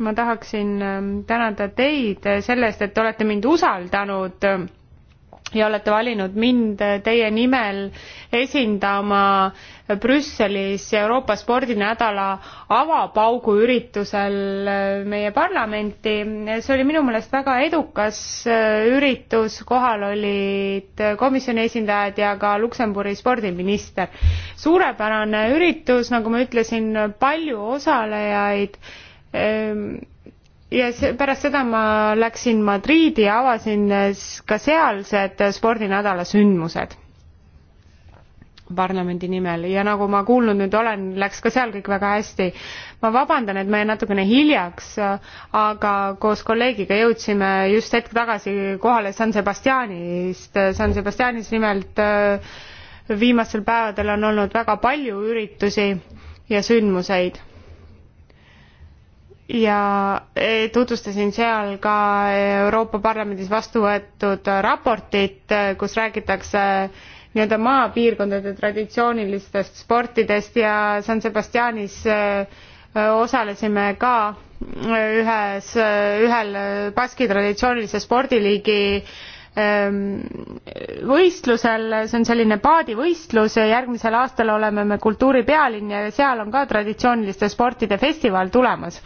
ma tahaksin ähm, tänada teid selle eest, et te olete mind usaldanud ja olete valinud mind teie nimel esindama Brüsselis Euroopa spordinädala avapauguüritusel meie parlamenti. see oli minu meelest väga edukas üritus, kohal olid komisjoni esindajad ja ka Luksemburgi spordiminister. suurepärane üritus, nagu ma ütlesin, palju osalejaid ehm, ja see, pärast seda ma läksin Madriidi ja avasin ka sealsed spordinädala sündmused parlamendi nimel ja nagu ma kuulnud nüüd olen, läks ka seal kõik väga hästi. ma vabandan, et ma jäin natukene hiljaks, aga koos kolleegiga jõudsime just hetk tagasi kohale San Sebastianist. San Sebastianis nimelt äh, viimastel päevadel on olnud väga palju üritusi ja sündmuseid ja eh, tutvustasin seal ka Euroopa Parlamendis vastu võetud raportit, eh, kus räägitakse nii-öelda maapiirkondade traditsioonilistest sportidest ja San Sebastianis eh, osalesime ka ühes, ühel Baski traditsioonilise spordiliigi ehm, võistlusel, see on selline paadivõistlus ja järgmisel aastal oleme me kultuuripealinn ja seal on ka traditsiooniliste sportide festival tulemas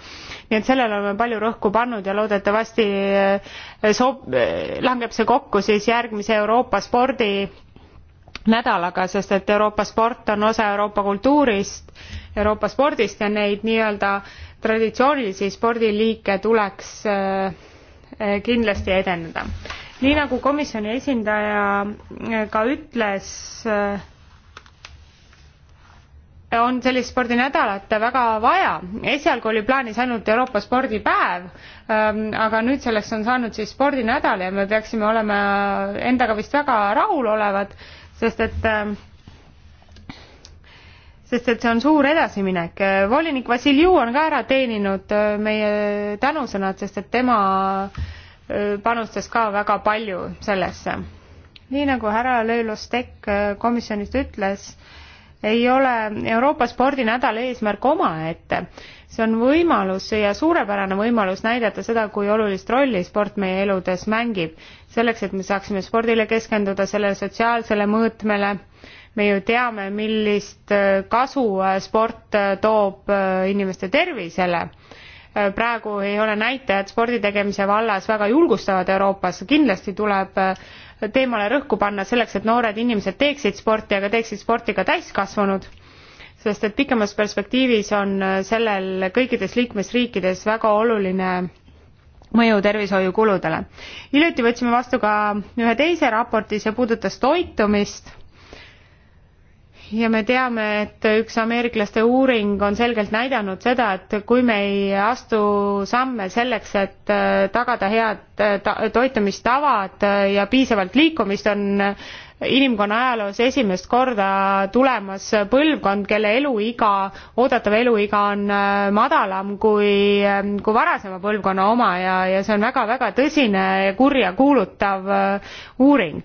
nii et sellele oleme palju rõhku pannud ja loodetavasti eh, soob, eh, langeb see kokku siis järgmise Euroopa spordi nädalaga, sest et Euroopa sport on osa Euroopa kultuurist, Euroopa spordist ja neid nii-öelda traditsioonilisi spordiliike tuleks eh, kindlasti edendada. nii nagu komisjoni esindaja ka ütles, on sellist spordinädalat väga vaja. esialgu oli plaanis ainult Euroopa spordipäev, ähm, aga nüüd selleks on saanud siis spordinädal ja me peaksime olema endaga vist väga rahulolevad, sest et ähm, sest et see on suur edasiminek. volinik Vassiljev on ka ära teeninud äh, meie tänusõnad, sest et tema äh, panustas ka väga palju sellesse. nii nagu härra Lõilus Tekk äh, komisjonist ütles, ei ole Euroopa spordinädala eesmärk omaette. see on võimalus ja suurepärane võimalus näidata seda, kui olulist rolli sport meie eludes mängib. selleks, et me saaksime spordile keskenduda, sellele sotsiaalsele mõõtmele, me ju teame, millist äh, kasu äh, sport äh, toob inimeste tervisele praegu ei ole näitajad spordi tegemise vallas väga julgustavad Euroopas, kindlasti tuleb äh, teemale rõhku panna selleks, et noored inimesed teeksid sporti, aga teeksid sporti ka täiskasvanud, sest et pikemas perspektiivis on äh, sellel kõikides liikmesriikides väga oluline mõju tervishoiukuludele. hiljuti võtsime vastu ka ühe teise raporti, see puudutas toitumist ja me teame, et üks ameeriklaste uuring on selgelt näidanud seda, et kui me ei astu samme selleks, et äh, tagada head äh, toitumistavad äh, ja piisavalt liikumist, on inimkonna ajaloos esimest korda tulemas põlvkond, kelle eluiga, oodatav eluiga on äh, madalam kui, äh, kui varasema põlvkonna oma ja, ja see on väga-väga tõsine ja kurjakuulutav äh, uuring.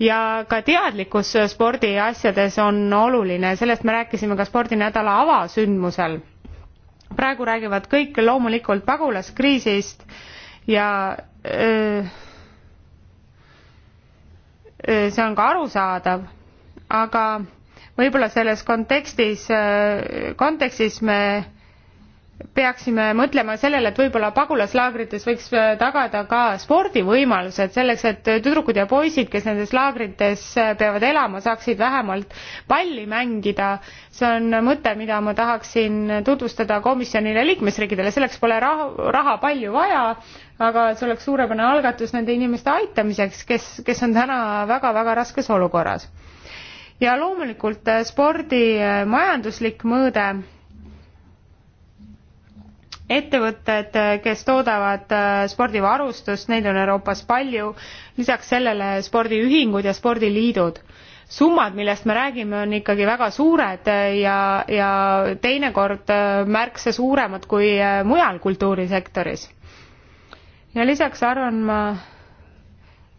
ja ka teadlikkus spordiasjades on oluline, sellest me rääkisime ka spordinädala avasündmusel. praegu räägivad kõik loomulikult pagulaskriisist ja öö, Äh, see on ka arusaadav, aga võib-olla selles kontekstis, äh, kontekstis me peaksime mõtlema sellele, et võib-olla pagulaslaagrites võiks äh, tagada ka spordivõimalused selleks, et tüdrukud ja poisid, kes nendes laagrites peavad elama, saaksid vähemalt palli mängida. see on mõte, mida ma tahaksin tutvustada komisjonile liikmesriikidele, selleks pole raha, raha palju vaja, aga see oleks suurepärane algatus nende inimeste aitamiseks, kes, kes on täna väga-väga raskes olukorras. ja loomulikult äh, spordi äh, majanduslik mõõde, ettevõtted, äh, kes toodavad spordivarustust, neid on Euroopas palju, lisaks sellele spordiühingud ja spordiliidud summad, millest me räägime, on ikkagi väga suured ja, ja teinekord märksa suuremad kui mujal kultuurisektoris ja lisaks arvan ma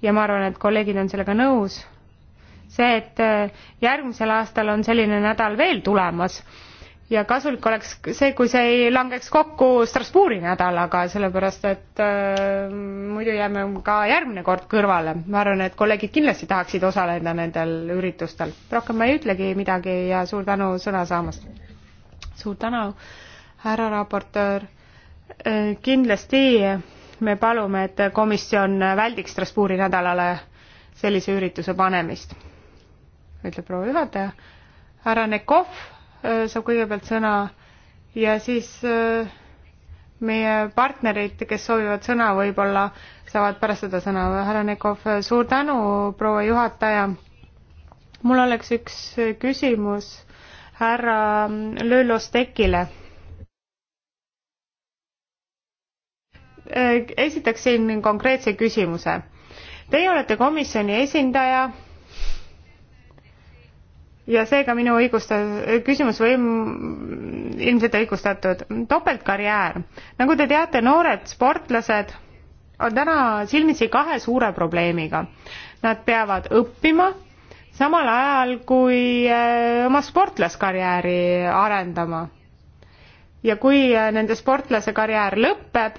ja ma arvan, et kolleegid on sellega nõus, see, et äh, järgmisel aastal on selline nädal veel tulemas ja kasulik oleks see, kui see ei langeks kokku Strasbourgi nädalaga, sellepärast et äh, muidu jääme ka järgmine kord kõrvale. ma arvan, et kolleegid kindlasti tahaksid osaleda nendel üritustel. rohkem ma ei ütlegi midagi ja suur tänu sõna saamast. suur tänu, härra raportöör äh,. kindlasti me palume, et komisjon väldiks Strasbourgi nädalale sellise ürituse panemist, ütleb proua juhataja. härra Nekov äh, saab kõigepealt sõna ja siis äh, meie partnerid, kes soovivad sõna, võib-olla saavad pärast seda sõna. härra Nekov, äh, suur tänu, proua juhataja. mul oleks üks küsimus härra Löölostekile Äh, esitaksin konkreetse küsimuse. Teie olete komisjoni esindaja ja seega minu õigusta-, küsimus või ilmselt õigustatud. topeltkarjäär. nagu te teate, noored sportlased on täna silmitsi kahe suure probleemiga. Nad peavad õppima samal ajal kui äh, oma sportlaskarjääri arendama. ja kui äh, nende sportlase karjäär lõpeb,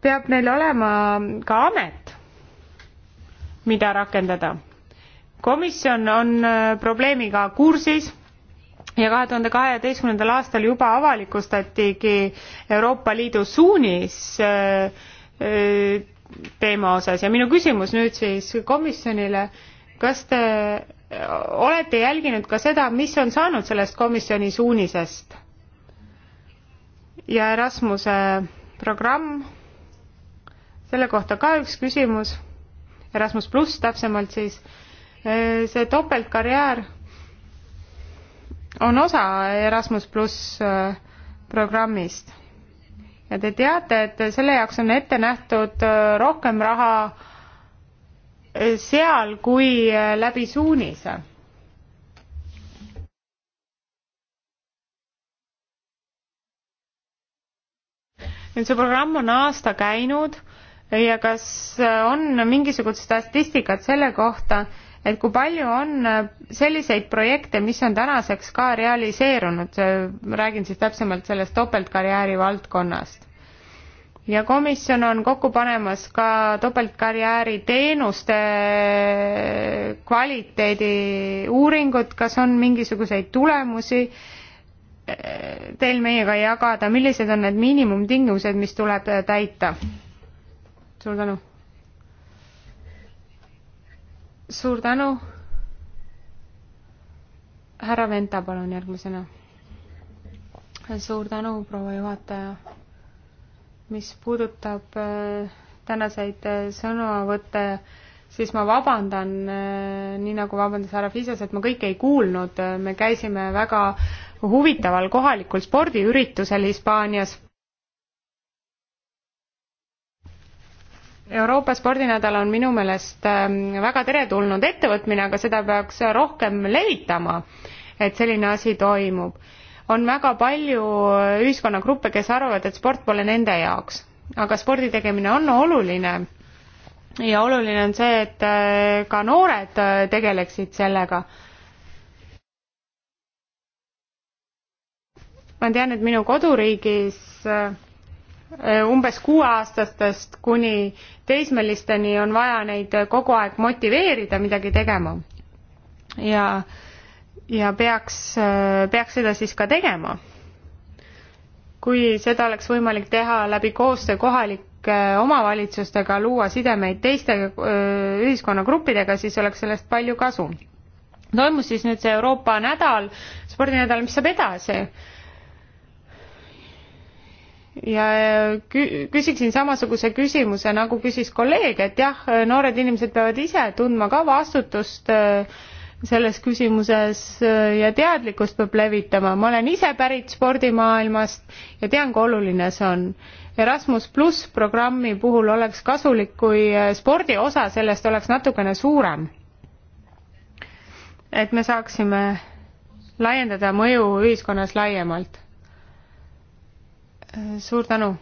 peab neil olema ka amet, mida rakendada. komisjon on äh, probleemiga kursis ja kahe tuhande kaheteistkümnendal aastal juba avalikustatigi Euroopa Liidu suunis äh, äh, teema osas ja minu küsimus nüüd siis komisjonile, kas te olete jälginud ka seda, mis on saanud sellest komisjoni suunisest ja Erasmuse programm selle kohta ka üks küsimus, Erasmus pluss täpsemalt siis, see topeltkarjäär on osa Erasmus pluss programmist. ja te teate, et selle jaoks on ette nähtud rohkem raha seal kui läbi suunise nüüd see programm on aasta käinud ja kas on mingisugust statistikat selle kohta, et kui palju on selliseid projekte, mis on tänaseks ka realiseerunud, räägin siis täpsemalt sellest topeltkarjääri valdkonnast. ja komisjon on kokku panemas ka topeltkarjääri teenuste kvaliteedi uuringut, kas on mingisuguseid tulemusi teil meiega jagada, millised on need miinimumtingimused, mis tuleb täita? suur tänu. suur tänu. härra Venta, palun järgmisena. suur tänu, proua juhataja. mis puudutab äh, tänaseid äh, sõnavõtte, siis ma vabandan, äh, nii nagu vabandas härra Fisas, et ma kõike ei kuulnud, me käisime väga huvitaval kohalikul spordiüritusel Hispaanias Euroopa spordinädal on minu meelest ähm, väga teretulnud ettevõtmine, aga seda peaks rohkem levitama, et selline asi toimub. on väga palju ühiskonnagruppe, kes arvavad, et sport pole nende jaoks, aga spordi tegemine on oluline ja oluline on see, et äh, ka noored äh, tegeleksid sellega. ma tean, et minu koduriigis äh, Äh, umbes kuueaastastest kuni teismelisteni on vaja neid kogu aeg motiveerida midagi tegema. ja, ja peaks, äh, peaks seda siis ka tegema. kui seda oleks võimalik teha läbi koostöö kohalike äh, omavalitsustega, luua sidemeid teiste ühiskonnagruppidega, siis oleks sellest palju kasu. toimus siis nüüd see Euroopa nädal, spordinädal, mis saab edasi? ja äh, küsiksin samasuguse küsimuse, nagu küsis kolleeg, et jah, noored inimesed peavad ise tundma ka vastutust äh, selles küsimuses äh, ja teadlikkust peab levitama. ma olen ise pärit spordimaailmast ja tean, kui oluline see on. Erasmus pluss programmi puhul oleks kasulik, kui spordi osa sellest oleks natukene suurem. et me saaksime laiendada mõju ühiskonnas laiemalt Äh, suur tänu.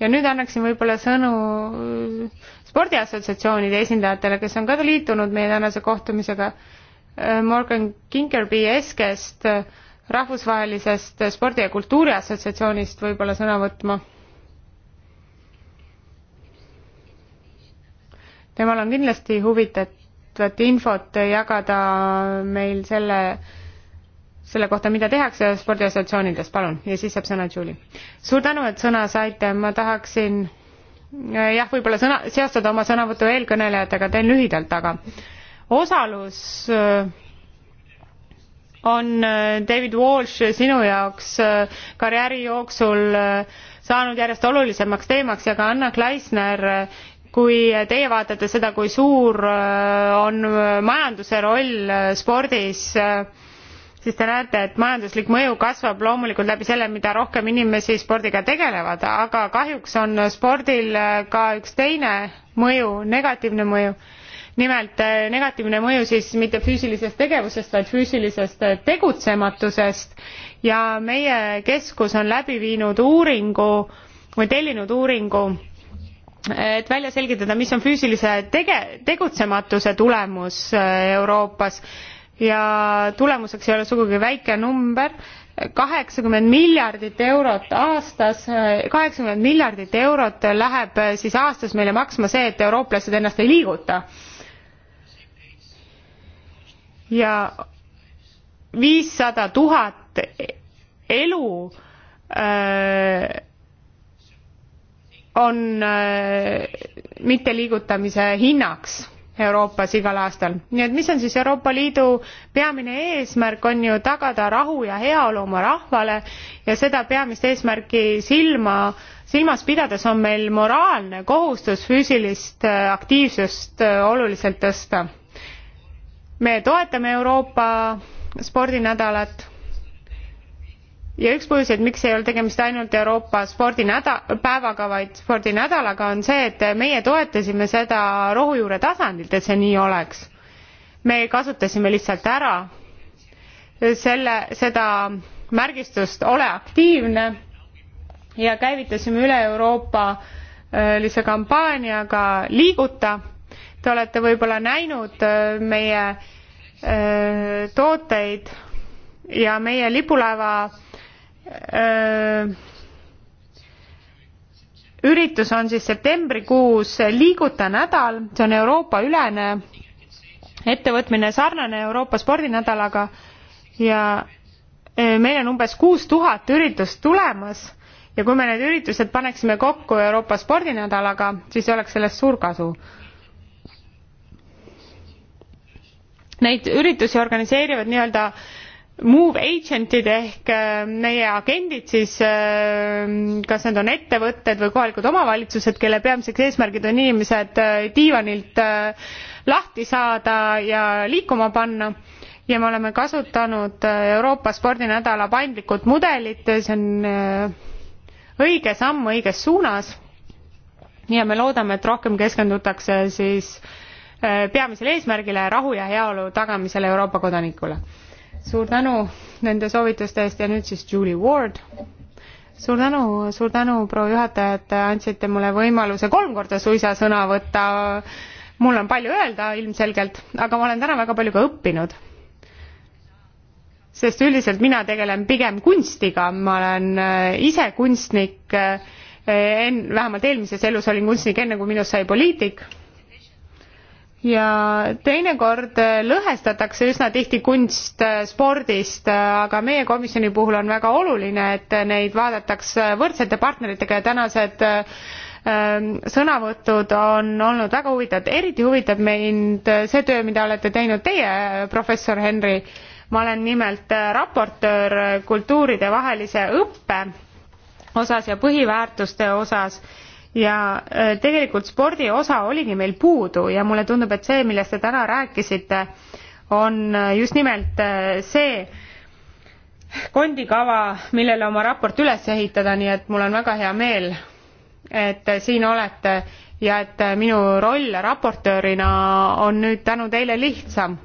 ja nüüd annaksin võib-olla sõnu äh, spordiassotsiatsioonide esindajatele, kes on ka liitunud meie tänase kohtumisega. Äh, Morgan Kingerby Eskest, rahvusvahelisest spordi- ja kultuuriassotsiatsioonist võib-olla sõna võtma temal on kindlasti huvitavat infot jagada meil selle selle kohta, mida tehakse spordiassotsiatsioonides, palun, ja siis saab sõna Julie. suur tänu, et sõna saite, ma tahaksin äh, jah, võib-olla sõna, seostada oma sõnavõtu eelkõnelejatega, teen lühidalt, aga osalus äh, on äh, David Walsh sinu jaoks karjääri jooksul saanud järjest olulisemaks teemaks ja ka Anna Kleisner kui teie vaatate seda, kui suur on majanduse roll spordis äh, siis te näete, et majanduslik mõju kasvab loomulikult läbi selle, mida rohkem inimesi spordiga tegelevad, aga kahjuks on spordil äh, ka üks teine mõju, negatiivne mõju. nimelt äh, negatiivne mõju siis mitte füüsilisest tegevusest, vaid füüsilisest äh, tegutsematusest ja meie keskus on läbi viinud uuringu või tellinud uuringu, et välja selgitada, mis on füüsilise tege-, tegutsematuse tulemus Euroopas ja tulemuseks ei ole sugugi väike number, kaheksakümmend miljardit eurot aastas, kaheksakümmend miljardit eurot läheb siis aastas meile maksma see, et eurooplased ennast ei liiguta. ja viissada tuhat elu öö, äh, on öö, äh, mitteliigutamise hinnaks Euroopas igal aastal. nii et mis on siis Euroopa Liidu peamine eesmärk, on ju tagada rahu ja heaolu oma rahvale ja seda peamist eesmärki silma, silmas pidades on meil moraalne kohustus füüsilist äh, aktiivsust äh, oluliselt tõsta. me toetame Euroopa spordinädalat ja üks põhjuseid, miks ei ole tegemist ainult Euroopa spordinäda-, päevaga, vaid spordinädalaga, on see, et meie toetasime seda rohujuure tasandilt, et see nii oleks. me kasutasime lihtsalt ära selle, seda märgistust Ole aktiivne ja käivitasime üle Euroopa sellise äh, kampaaniaga Liiguta. Te olete võib-olla näinud äh, meie äh, tooteid ja meie lipulaeva Äh, üritus on siis septembrikuus Liiguta nädal, see on Euroopa-ülene ettevõtmine, sarnane Euroopa spordinädalaga ja äh, meil on umbes kuus tuhat üritust tulemas ja kui me need üritused paneksime kokku Euroopa spordinädalaga, siis oleks sellest suur kasu. Neid üritusi organiseerivad nii-öelda äh, move agent'id ehk äh, meie agendid siis äh, kas need on ettevõtted või kohalikud omavalitsused kelle peamiseks eesmärgid on inimesed äh, diivanilt lahti saada ja liikuma panna ja me oleme kasutanud euroopa spordinädala paindlikult mudelit see on õige samm õiges suunas ja me loodame et rohkem keskendutakse siis peamisele eesmärgile rahu ja heaolu tagamisele euroopa kodanikule suur tänu nende soovituste eest ja nüüd siis Julie Ward. suur tänu, suur tänu, proua juhataja, et andsite mulle võimaluse kolm korda suisa sõna võtta. mul on palju öelda ilmselgelt, aga ma olen täna väga palju ka õppinud. sest üldiselt mina tegelen pigem kunstiga, ma olen äh, ise kunstnik, äh, en-, vähemalt eelmises elus olin kunstnik, enne kui minust sai poliitik ja teinekord äh, lõhestatakse üsna tihti kunst äh, spordist, äh, aga meie komisjoni puhul on väga oluline, et neid vaadatakse võrdsete partneritega ja tänased ähm, sõnavõtud on olnud väga huvitavad, eriti huvitab mind see töö, mida olete teinud teie, professor Henri. ma olen nimelt raportöör kultuuridevahelise õppe osas ja põhiväärtuste osas ja äh, tegelikult spordi osa oligi meil puudu ja mulle tundub, et see, millest te täna rääkisite, on äh, just nimelt äh, see kondikava, millele oma raport üles ehitada, nii et mul on väga hea meel, et siin olete ja et minu roll raportöörina on nüüd tänu teile lihtsam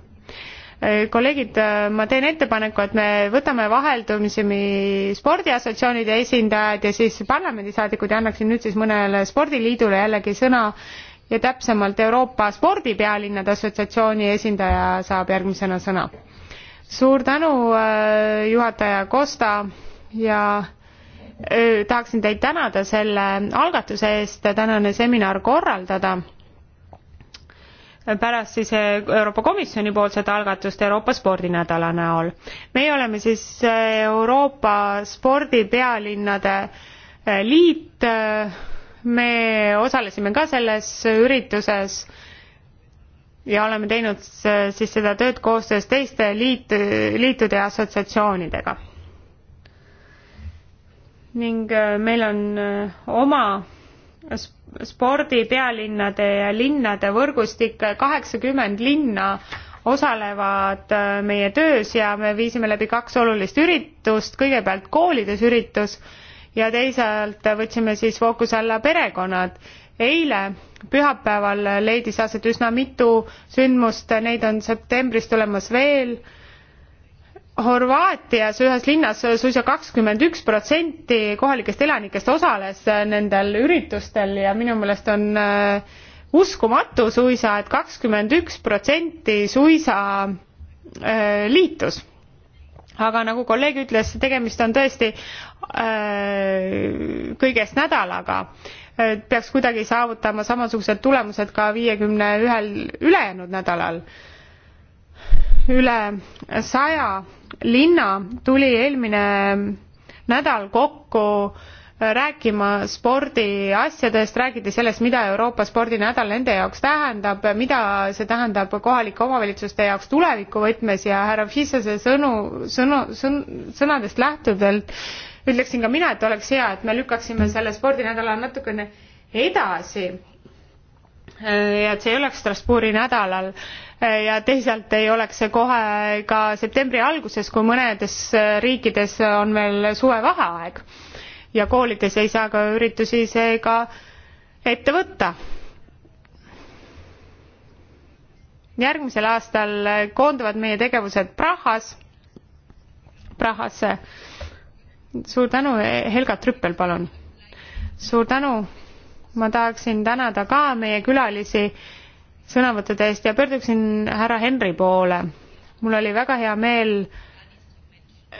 Eh, kolleegid, eh, ma teen ettepaneku, et me võtame vaheldumisi spordiassotsioonide esindajad ja siis parlamendisaadikud ja annaksin nüüd siis mõnele spordiliidule jällegi sõna ja täpsemalt Euroopa Spordipealinnade Assotsiatsiooni esindaja saab järgmisena sõna. suur tänu, eh, juhataja Kosta ja tahaksin teid tänada selle algatuse eest tänane seminar korraldada pärast siis eh, Euroopa Komisjoni poolset algatust Euroopa spordinädala näol. meie oleme siis eh, Euroopa spordipealinnade eh, liit, me osalesime ka selles ürituses ja oleme teinud siis seda tööd koostöös teiste liit, liitude ja assotsiatsioonidega. ning meil on oma spordipealinnade ja linnade võrgustik, kaheksakümmend linna osalevad äh, meie töös ja me viisime läbi kaks olulist üritust, kõigepealt koolides üritus ja teisalt võtsime siis fookuse alla perekonnad. eile, pühapäeval leidis aset üsna mitu sündmust, neid on septembris tulemas veel Horvaatias ühes linnas suisa kakskümmend üks protsenti kohalikest elanikest osales nendel üritustel ja minu meelest on äh, uskumatu suisa et, et kakskümmend üks protsenti suisa äh, liitus. aga nagu kolleeg ütles, tegemist on tõesti äh, kõigest nädalaga peaks kuidagi saavutama samasugused tulemused ka viiekümne ühel ülejäänud nädalal üle saja linna tuli eelmine nädal kokku äh, rääkima spordiasjadest, räägiti sellest, mida Euroopa spordinädal nende jaoks tähendab, mida see tähendab kohalike omavalitsuste jaoks tulevikuvõtmes ja härra Fissase sõnu, sõnu, sõn-, sõnadest lähtuvalt ütleksin ka mina, et oleks hea, et me lükkasime selle spordinädala natukene edasi Äh, ja et see ei oleks Strasbourgi nädalal äh, ja teisalt ei oleks see kohe ka septembri alguses, kui mõnedes äh, riikides on veel suvevaheaeg ja koolides ei saa ka üritusi seega ette võtta. järgmisel aastal koonduvad meie tegevused Prahas, Prahasse. suur tänu, Helga Trüppel, palun. suur tänu ma tahaksin tänada ka meie külalisi sõnavõttude eest ja pöörduksin härra Henri poole. mul oli väga hea meel,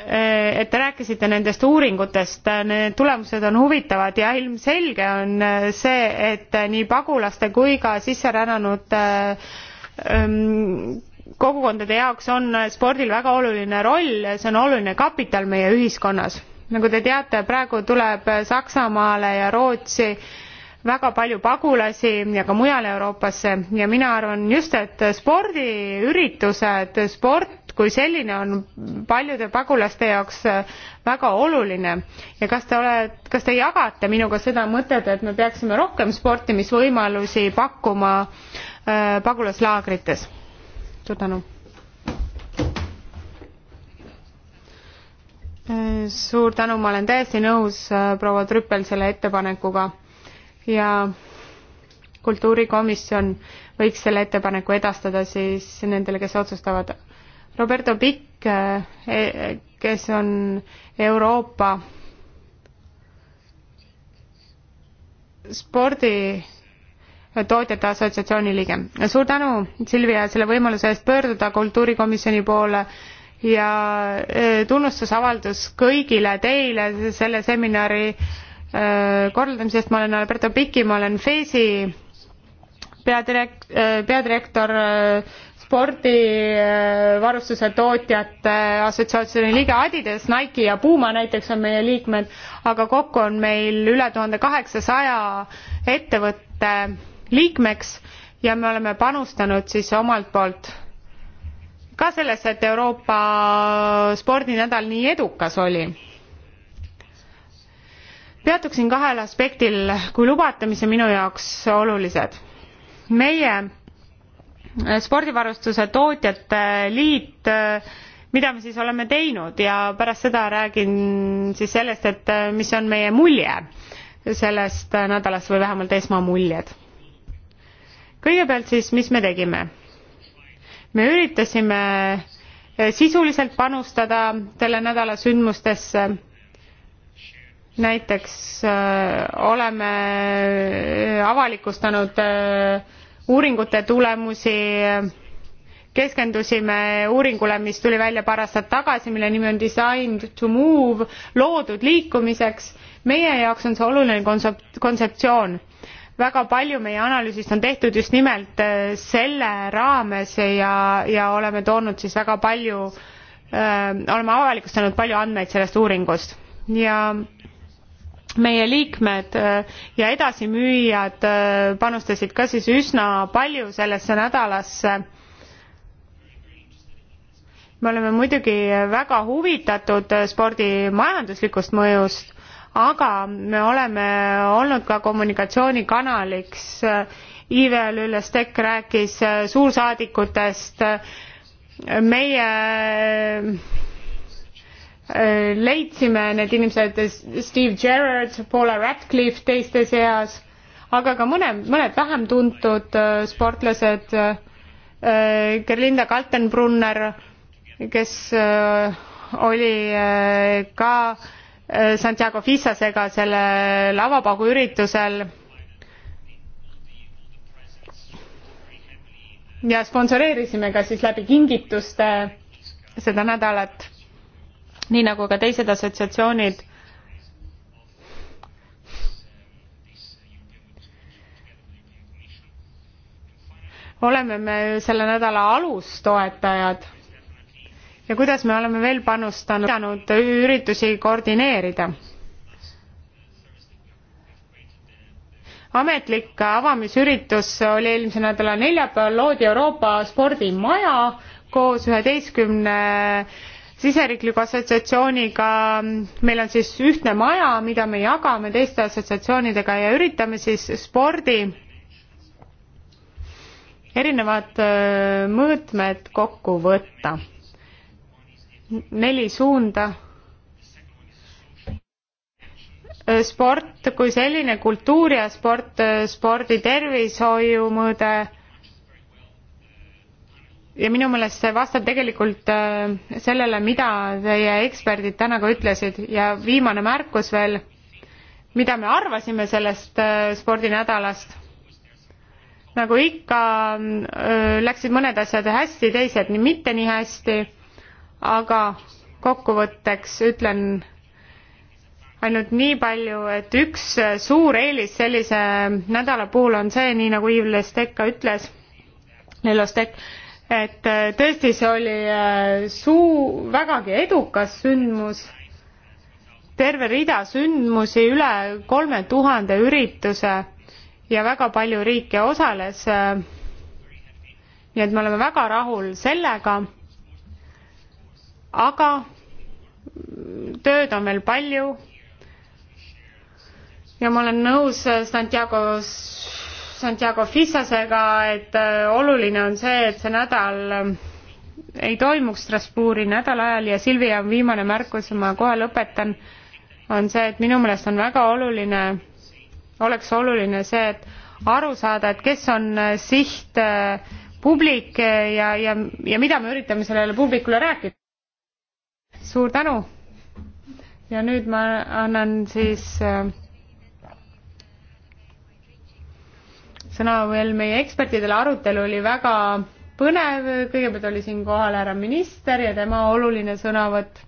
eh, et te rääkisite nendest uuringutest, need tulemused on huvitavad ja ilmselge on eh, see, et nii pagulaste kui ka sisserännanute ehm, kogukondade jaoks on spordil väga oluline roll, see on oluline kapital meie ühiskonnas. nagu te teate, praegu tuleb Saksamaale ja Rootsi äh, väga palju pagulasi ja ka mujale Euroopasse ja mina arvan just, et spordiüritused, sport kui selline on paljude pagulaste jaoks väga oluline ja kas te olete, kas te jagate minuga seda mõtet, et me peaksime rohkem sportimisvõimalusi pakkuma äh, pagulaslaagrites? suur tänu. Äh, suur tänu, ma olen täiesti nõus äh, proua Trüppel selle ettepanekuga ja kultuurikomisjon võiks selle ettepaneku edastada siis nendele, kes otsustavad. Roberto Pikk, eh, kes on Euroopa sporditootjate assotsiatsiooni liige. suur tänu, Silvia, selle võimaluse eest pöörduda kultuurikomisjoni poole ja eh, tunnustusavaldus kõigile teile selle seminari Äh, korraldamisest, ma olen Alberto Piki, ma olen FES-i peadirek-, äh, peadirektor, äh, spordivarustuse tootjate assotsiatsiooni liige Adidas, Nike ja Puma näiteks on meie liikmed, aga kokku on meil üle tuhande kaheksasaja ettevõtte liikmeks ja me oleme panustanud siis omalt poolt ka sellesse, et Euroopa spordinädal nii edukas oli peatuksin kahel aspektil, kui lubate, mis on minu jaoks olulised. meie äh, spordivarustuse tootjate liit, äh, mida me siis oleme teinud ja pärast seda räägin siis sellest, et äh, mis on meie mulje sellest nädalast või vähemalt esmamuljed. kõigepealt siis, mis me tegime? me üritasime sisuliselt panustada selle nädala sündmustesse näiteks äh, oleme äh, avalikustanud äh, uuringute tulemusi keskendusime uuringule mis tuli välja paar aastat tagasi mille nimi on designed to move loodud liikumiseks meie jaoks on see oluline kontseptsioon väga palju meie analüüsist on tehtud just nimelt selle raames ja ja oleme toonud siis väga palju öö, oleme avalikustanud palju andmeid sellest uuringust ja meie liikmed äh, ja edasimüüjad äh, panustasid ka siis üsna palju sellesse nädalasse. me oleme muidugi väga huvitatud äh, spordi majanduslikust mõjust, aga me oleme olnud ka kommunikatsioonikanaliks. Ive Lüllestek rääkis suursaadikutest, meie leidsime need inimesed Steve Gerrard, Paula Radcliffe teiste seas, aga ka mõne, mõned vähem tuntud äh, sportlased, äh, Gerlinda Kaltenbrunner, kes äh, oli ka Santiago Fissasega selle lavapagu üritusel ja sponsoreerisime ka siis läbi kingituste seda nädalat nii nagu ka teised assotsiatsioonid oleme me selle nädala alustoetajad ja kuidas me oleme veel panustanud, pidanud üritusi koordineerida. ametlik avamisüritus oli eelmise nädala neljapäeval, loodi Euroopa spordimaja koos üheteistkümne 11 siseriikliku assotsiatsiooniga, meil on siis ühtne maja, mida me jagame teiste assotsiatsioonidega ja üritame siis spordi erinevad äh, mõõtmed kokku võtta. neli suunda. Äh, sport kui selline, kultuur ja sport, äh, spordi tervishoiu mõõde ja minu meelest see vastab tegelikult äh, sellele, mida teie eksperdid täna ka ütlesid ja viimane märkus veel, mida me arvasime sellest äh, spordinädalast. nagu ikka, äh, läksid mõned asjad hästi, teised nii mitte nii hästi, aga kokkuvõtteks ütlen ainult nii palju, et üks suur eelis sellise nädala puhul on see, nii nagu Yves Lestek ka ütles, Lelostek, et äh, tõesti, see oli äh, suu-, vägagi edukas sündmus, terve rida sündmusi, üle kolme tuhande ürituse ja väga palju riike osales. Äh, nii et me oleme väga rahul sellega, aga tööd on veel palju ja ma olen nõus Santiago Santiago Fissasega, et äh, oluline on see, et see nädal ähm, ei toimuks Strasbourgi nädala ajal ja Silvia, viimane märkus, ma kohe lõpetan, on see, et minu meelest on väga oluline, oleks oluline see, et aru saada, et kes on äh, sihtpublik äh, ja, ja, ja mida me üritame sellele publikule rääkida. suur tänu! ja nüüd ma annan siis äh, sõna veel meie ekspertidele, arutelu oli väga põnev, kõigepealt oli siin kohal härra minister ja tema oluline sõnavõtt.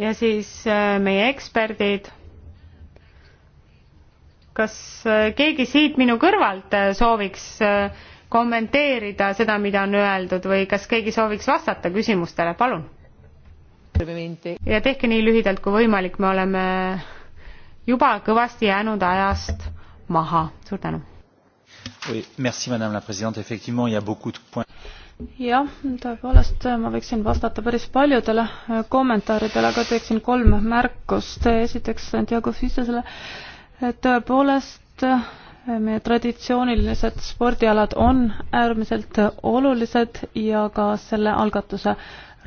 ja siis äh, meie eksperdid. kas äh, keegi siit minu kõrvalt äh, sooviks kommenteerida seda, mida on öeldud või kas keegi sooviks vastata küsimustele, palun? ja tehke nii lühidalt kui võimalik, me oleme juba kõvasti jäänud ajast maha. suur tänu. jah, tõepoolest, ma võiksin vastata päris paljudele äh, kommentaaridele, aga teeksin kolm märkust. esiteks Santiago Fissasele, et äh, tõepoolest äh, meie traditsioonilised spordialad on äärmiselt olulised ja ka selle algatuse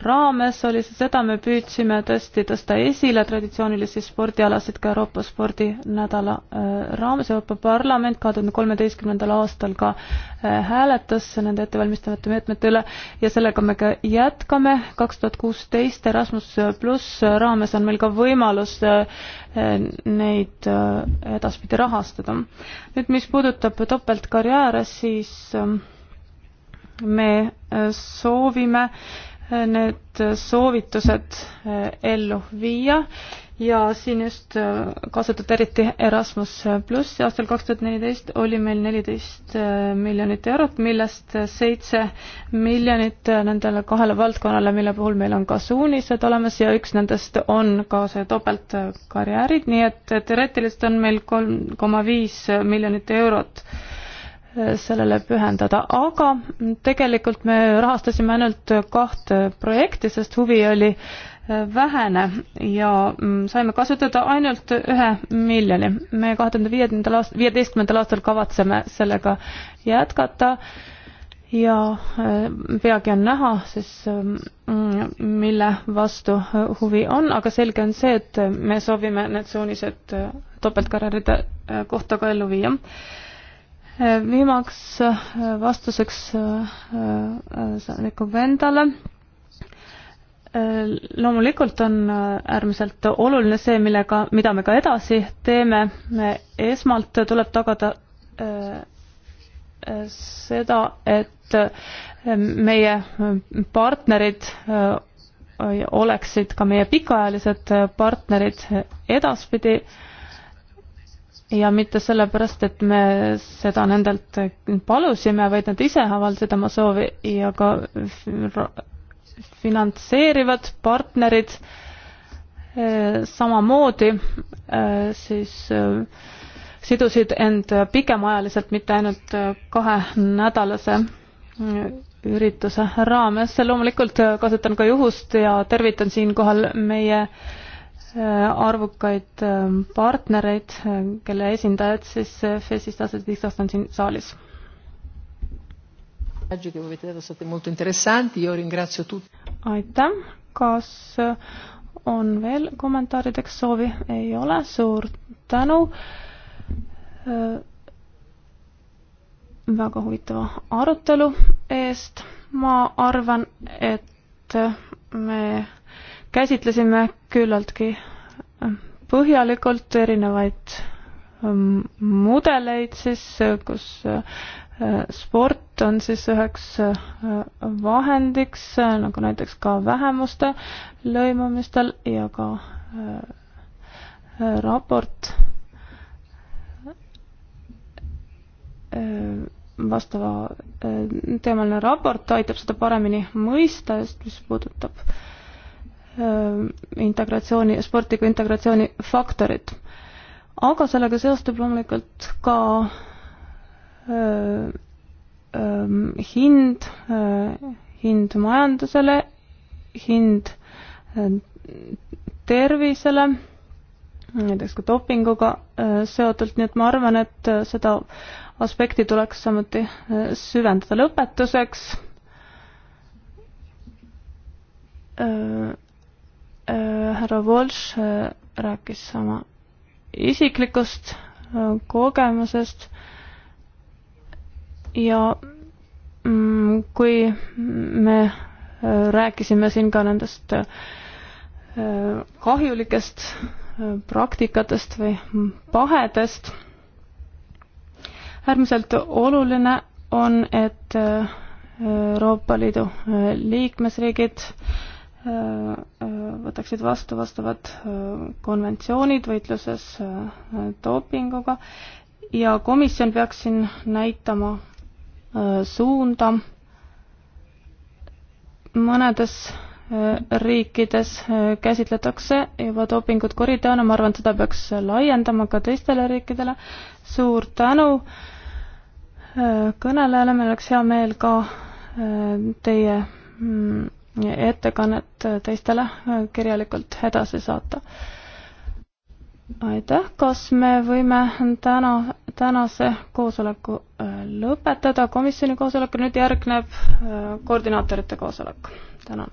raames oli see, seda me püüdsime tõesti tõsta esile traditsioonilisi spordialasid ka Euroopa spordinädala äh, raames. Euroopa Parlament kahe tuhande kolmeteistkümnendal aastal ka äh, hääletas nende ettevalmistavate meetmete üle ja sellega me ka jätkame. kaks tuhat kuusteist Erasmus pluss raames on meil ka võimalus äh, neid edaspidi rahastada. nüüd, mis puudutab topeltkarjääre, siis me soovime äh, need soovitused eh, ellu viia ja siin just eh, kasutati eriti Erasmus pluss ja aastal kaks tuhat neliteist oli meil neliteist eh, miljonit eurot, millest seitse miljonit nendele kahele valdkonnale, mille puhul meil on ka suunised olemas ja üks nendest on ka see topeltkarjäärid, nii et teoreetiliselt on meil kolm koma viis miljonit eurot äh, sellele pühendada, aga tegelikult me rahastasime ainult kahte projekti, sest huvi oli äh, vähene ja mm, saime kasutada ainult ühe miljoni. me kahe tuhande viiendal aast-, viieteistkümnendal aastal kavatseme sellega jätkata ja äh, peagi on näha siis, mm, mille vastu huvi on, aga selge on see, et me soovime need suunised äh, topeltkarjääride kohta ka ellu viia viimaks äh, vastuseks äh, äh, saadiku endale. loomulikult on äärmiselt oluline see, millega, mida me ka edasi teeme. esmalt tuleb tagada seda, et meie partnerid oleksid ka meie pikaajalised partnerid edaspidi äh, ja mitte sellepärast, et me seda nendelt palusime, vaid nad ise avaldasid oma soovi ja ka finantseerivad partnerid samamoodi äh, siis äh, sidusid end pikemaajaliselt, mitte ainult kahenädalase ürituse raames. loomulikult kasutan ka juhust ja tervitan siinkohal meie äh, Äh, arvukaid ähm, partnereid, äh, kelle esindajad siis äh, FES-ist aset lihtsalt on siin saalis. aitäh, kas on veel kommentaarideks soovi? ei ole, suur tänu väga huvitava arutelu eest. ma arvan, et me käsitlesime küllaltki äh, põhjalikult erinevaid ähm, mudeleid siis, äh, kus äh, sport on siis üheks vahendiks, nagu näiteks ka vähemuste lõimumistel ja ka raport vastava teemaline raport aitab seda paremini mõista, just mis puudutab äh, Äh, integratsiooni, sporti kui integratsiooni faktorit. aga sellega seostub loomulikult ka öö, äh, öö, ähm, hind, äh, hind majandusele, hind tervisele, näiteks ka dopinguga seotult, nii et ma arvan, et seda aspekti tuleks samuti süvendada. lõpetuseks öö, Äh, härra Walsh äh, rääkis oma isiklikust äh, kogemusest ja mm, kui me rääkisime siin ka nendest kahjulikest praktikatest või pahedest, äärmiselt oluline on, et Euroopa Liidu liikmesriigid äh, Äh, äh, võtaksid vastu vastavad äh, konventsioonid võitluses dopinguga ja komisjon peaks siin näitama suunda mõnedes riikides käsitletakse juba dopingut kuriteona, ma arvan, et seda peaks laiendama ka teistele riikidele. suur tänu kõnelejale, meil oleks hea meel ka teie mm, ettekannet äh, teistele äh, kirjalikult edasi saata. aitäh, kas me võime täna, tänase koosoleku äh, lõpetada, komisjoni koosolek, nüüd järgneb koordinaatorite koosolek. tänan.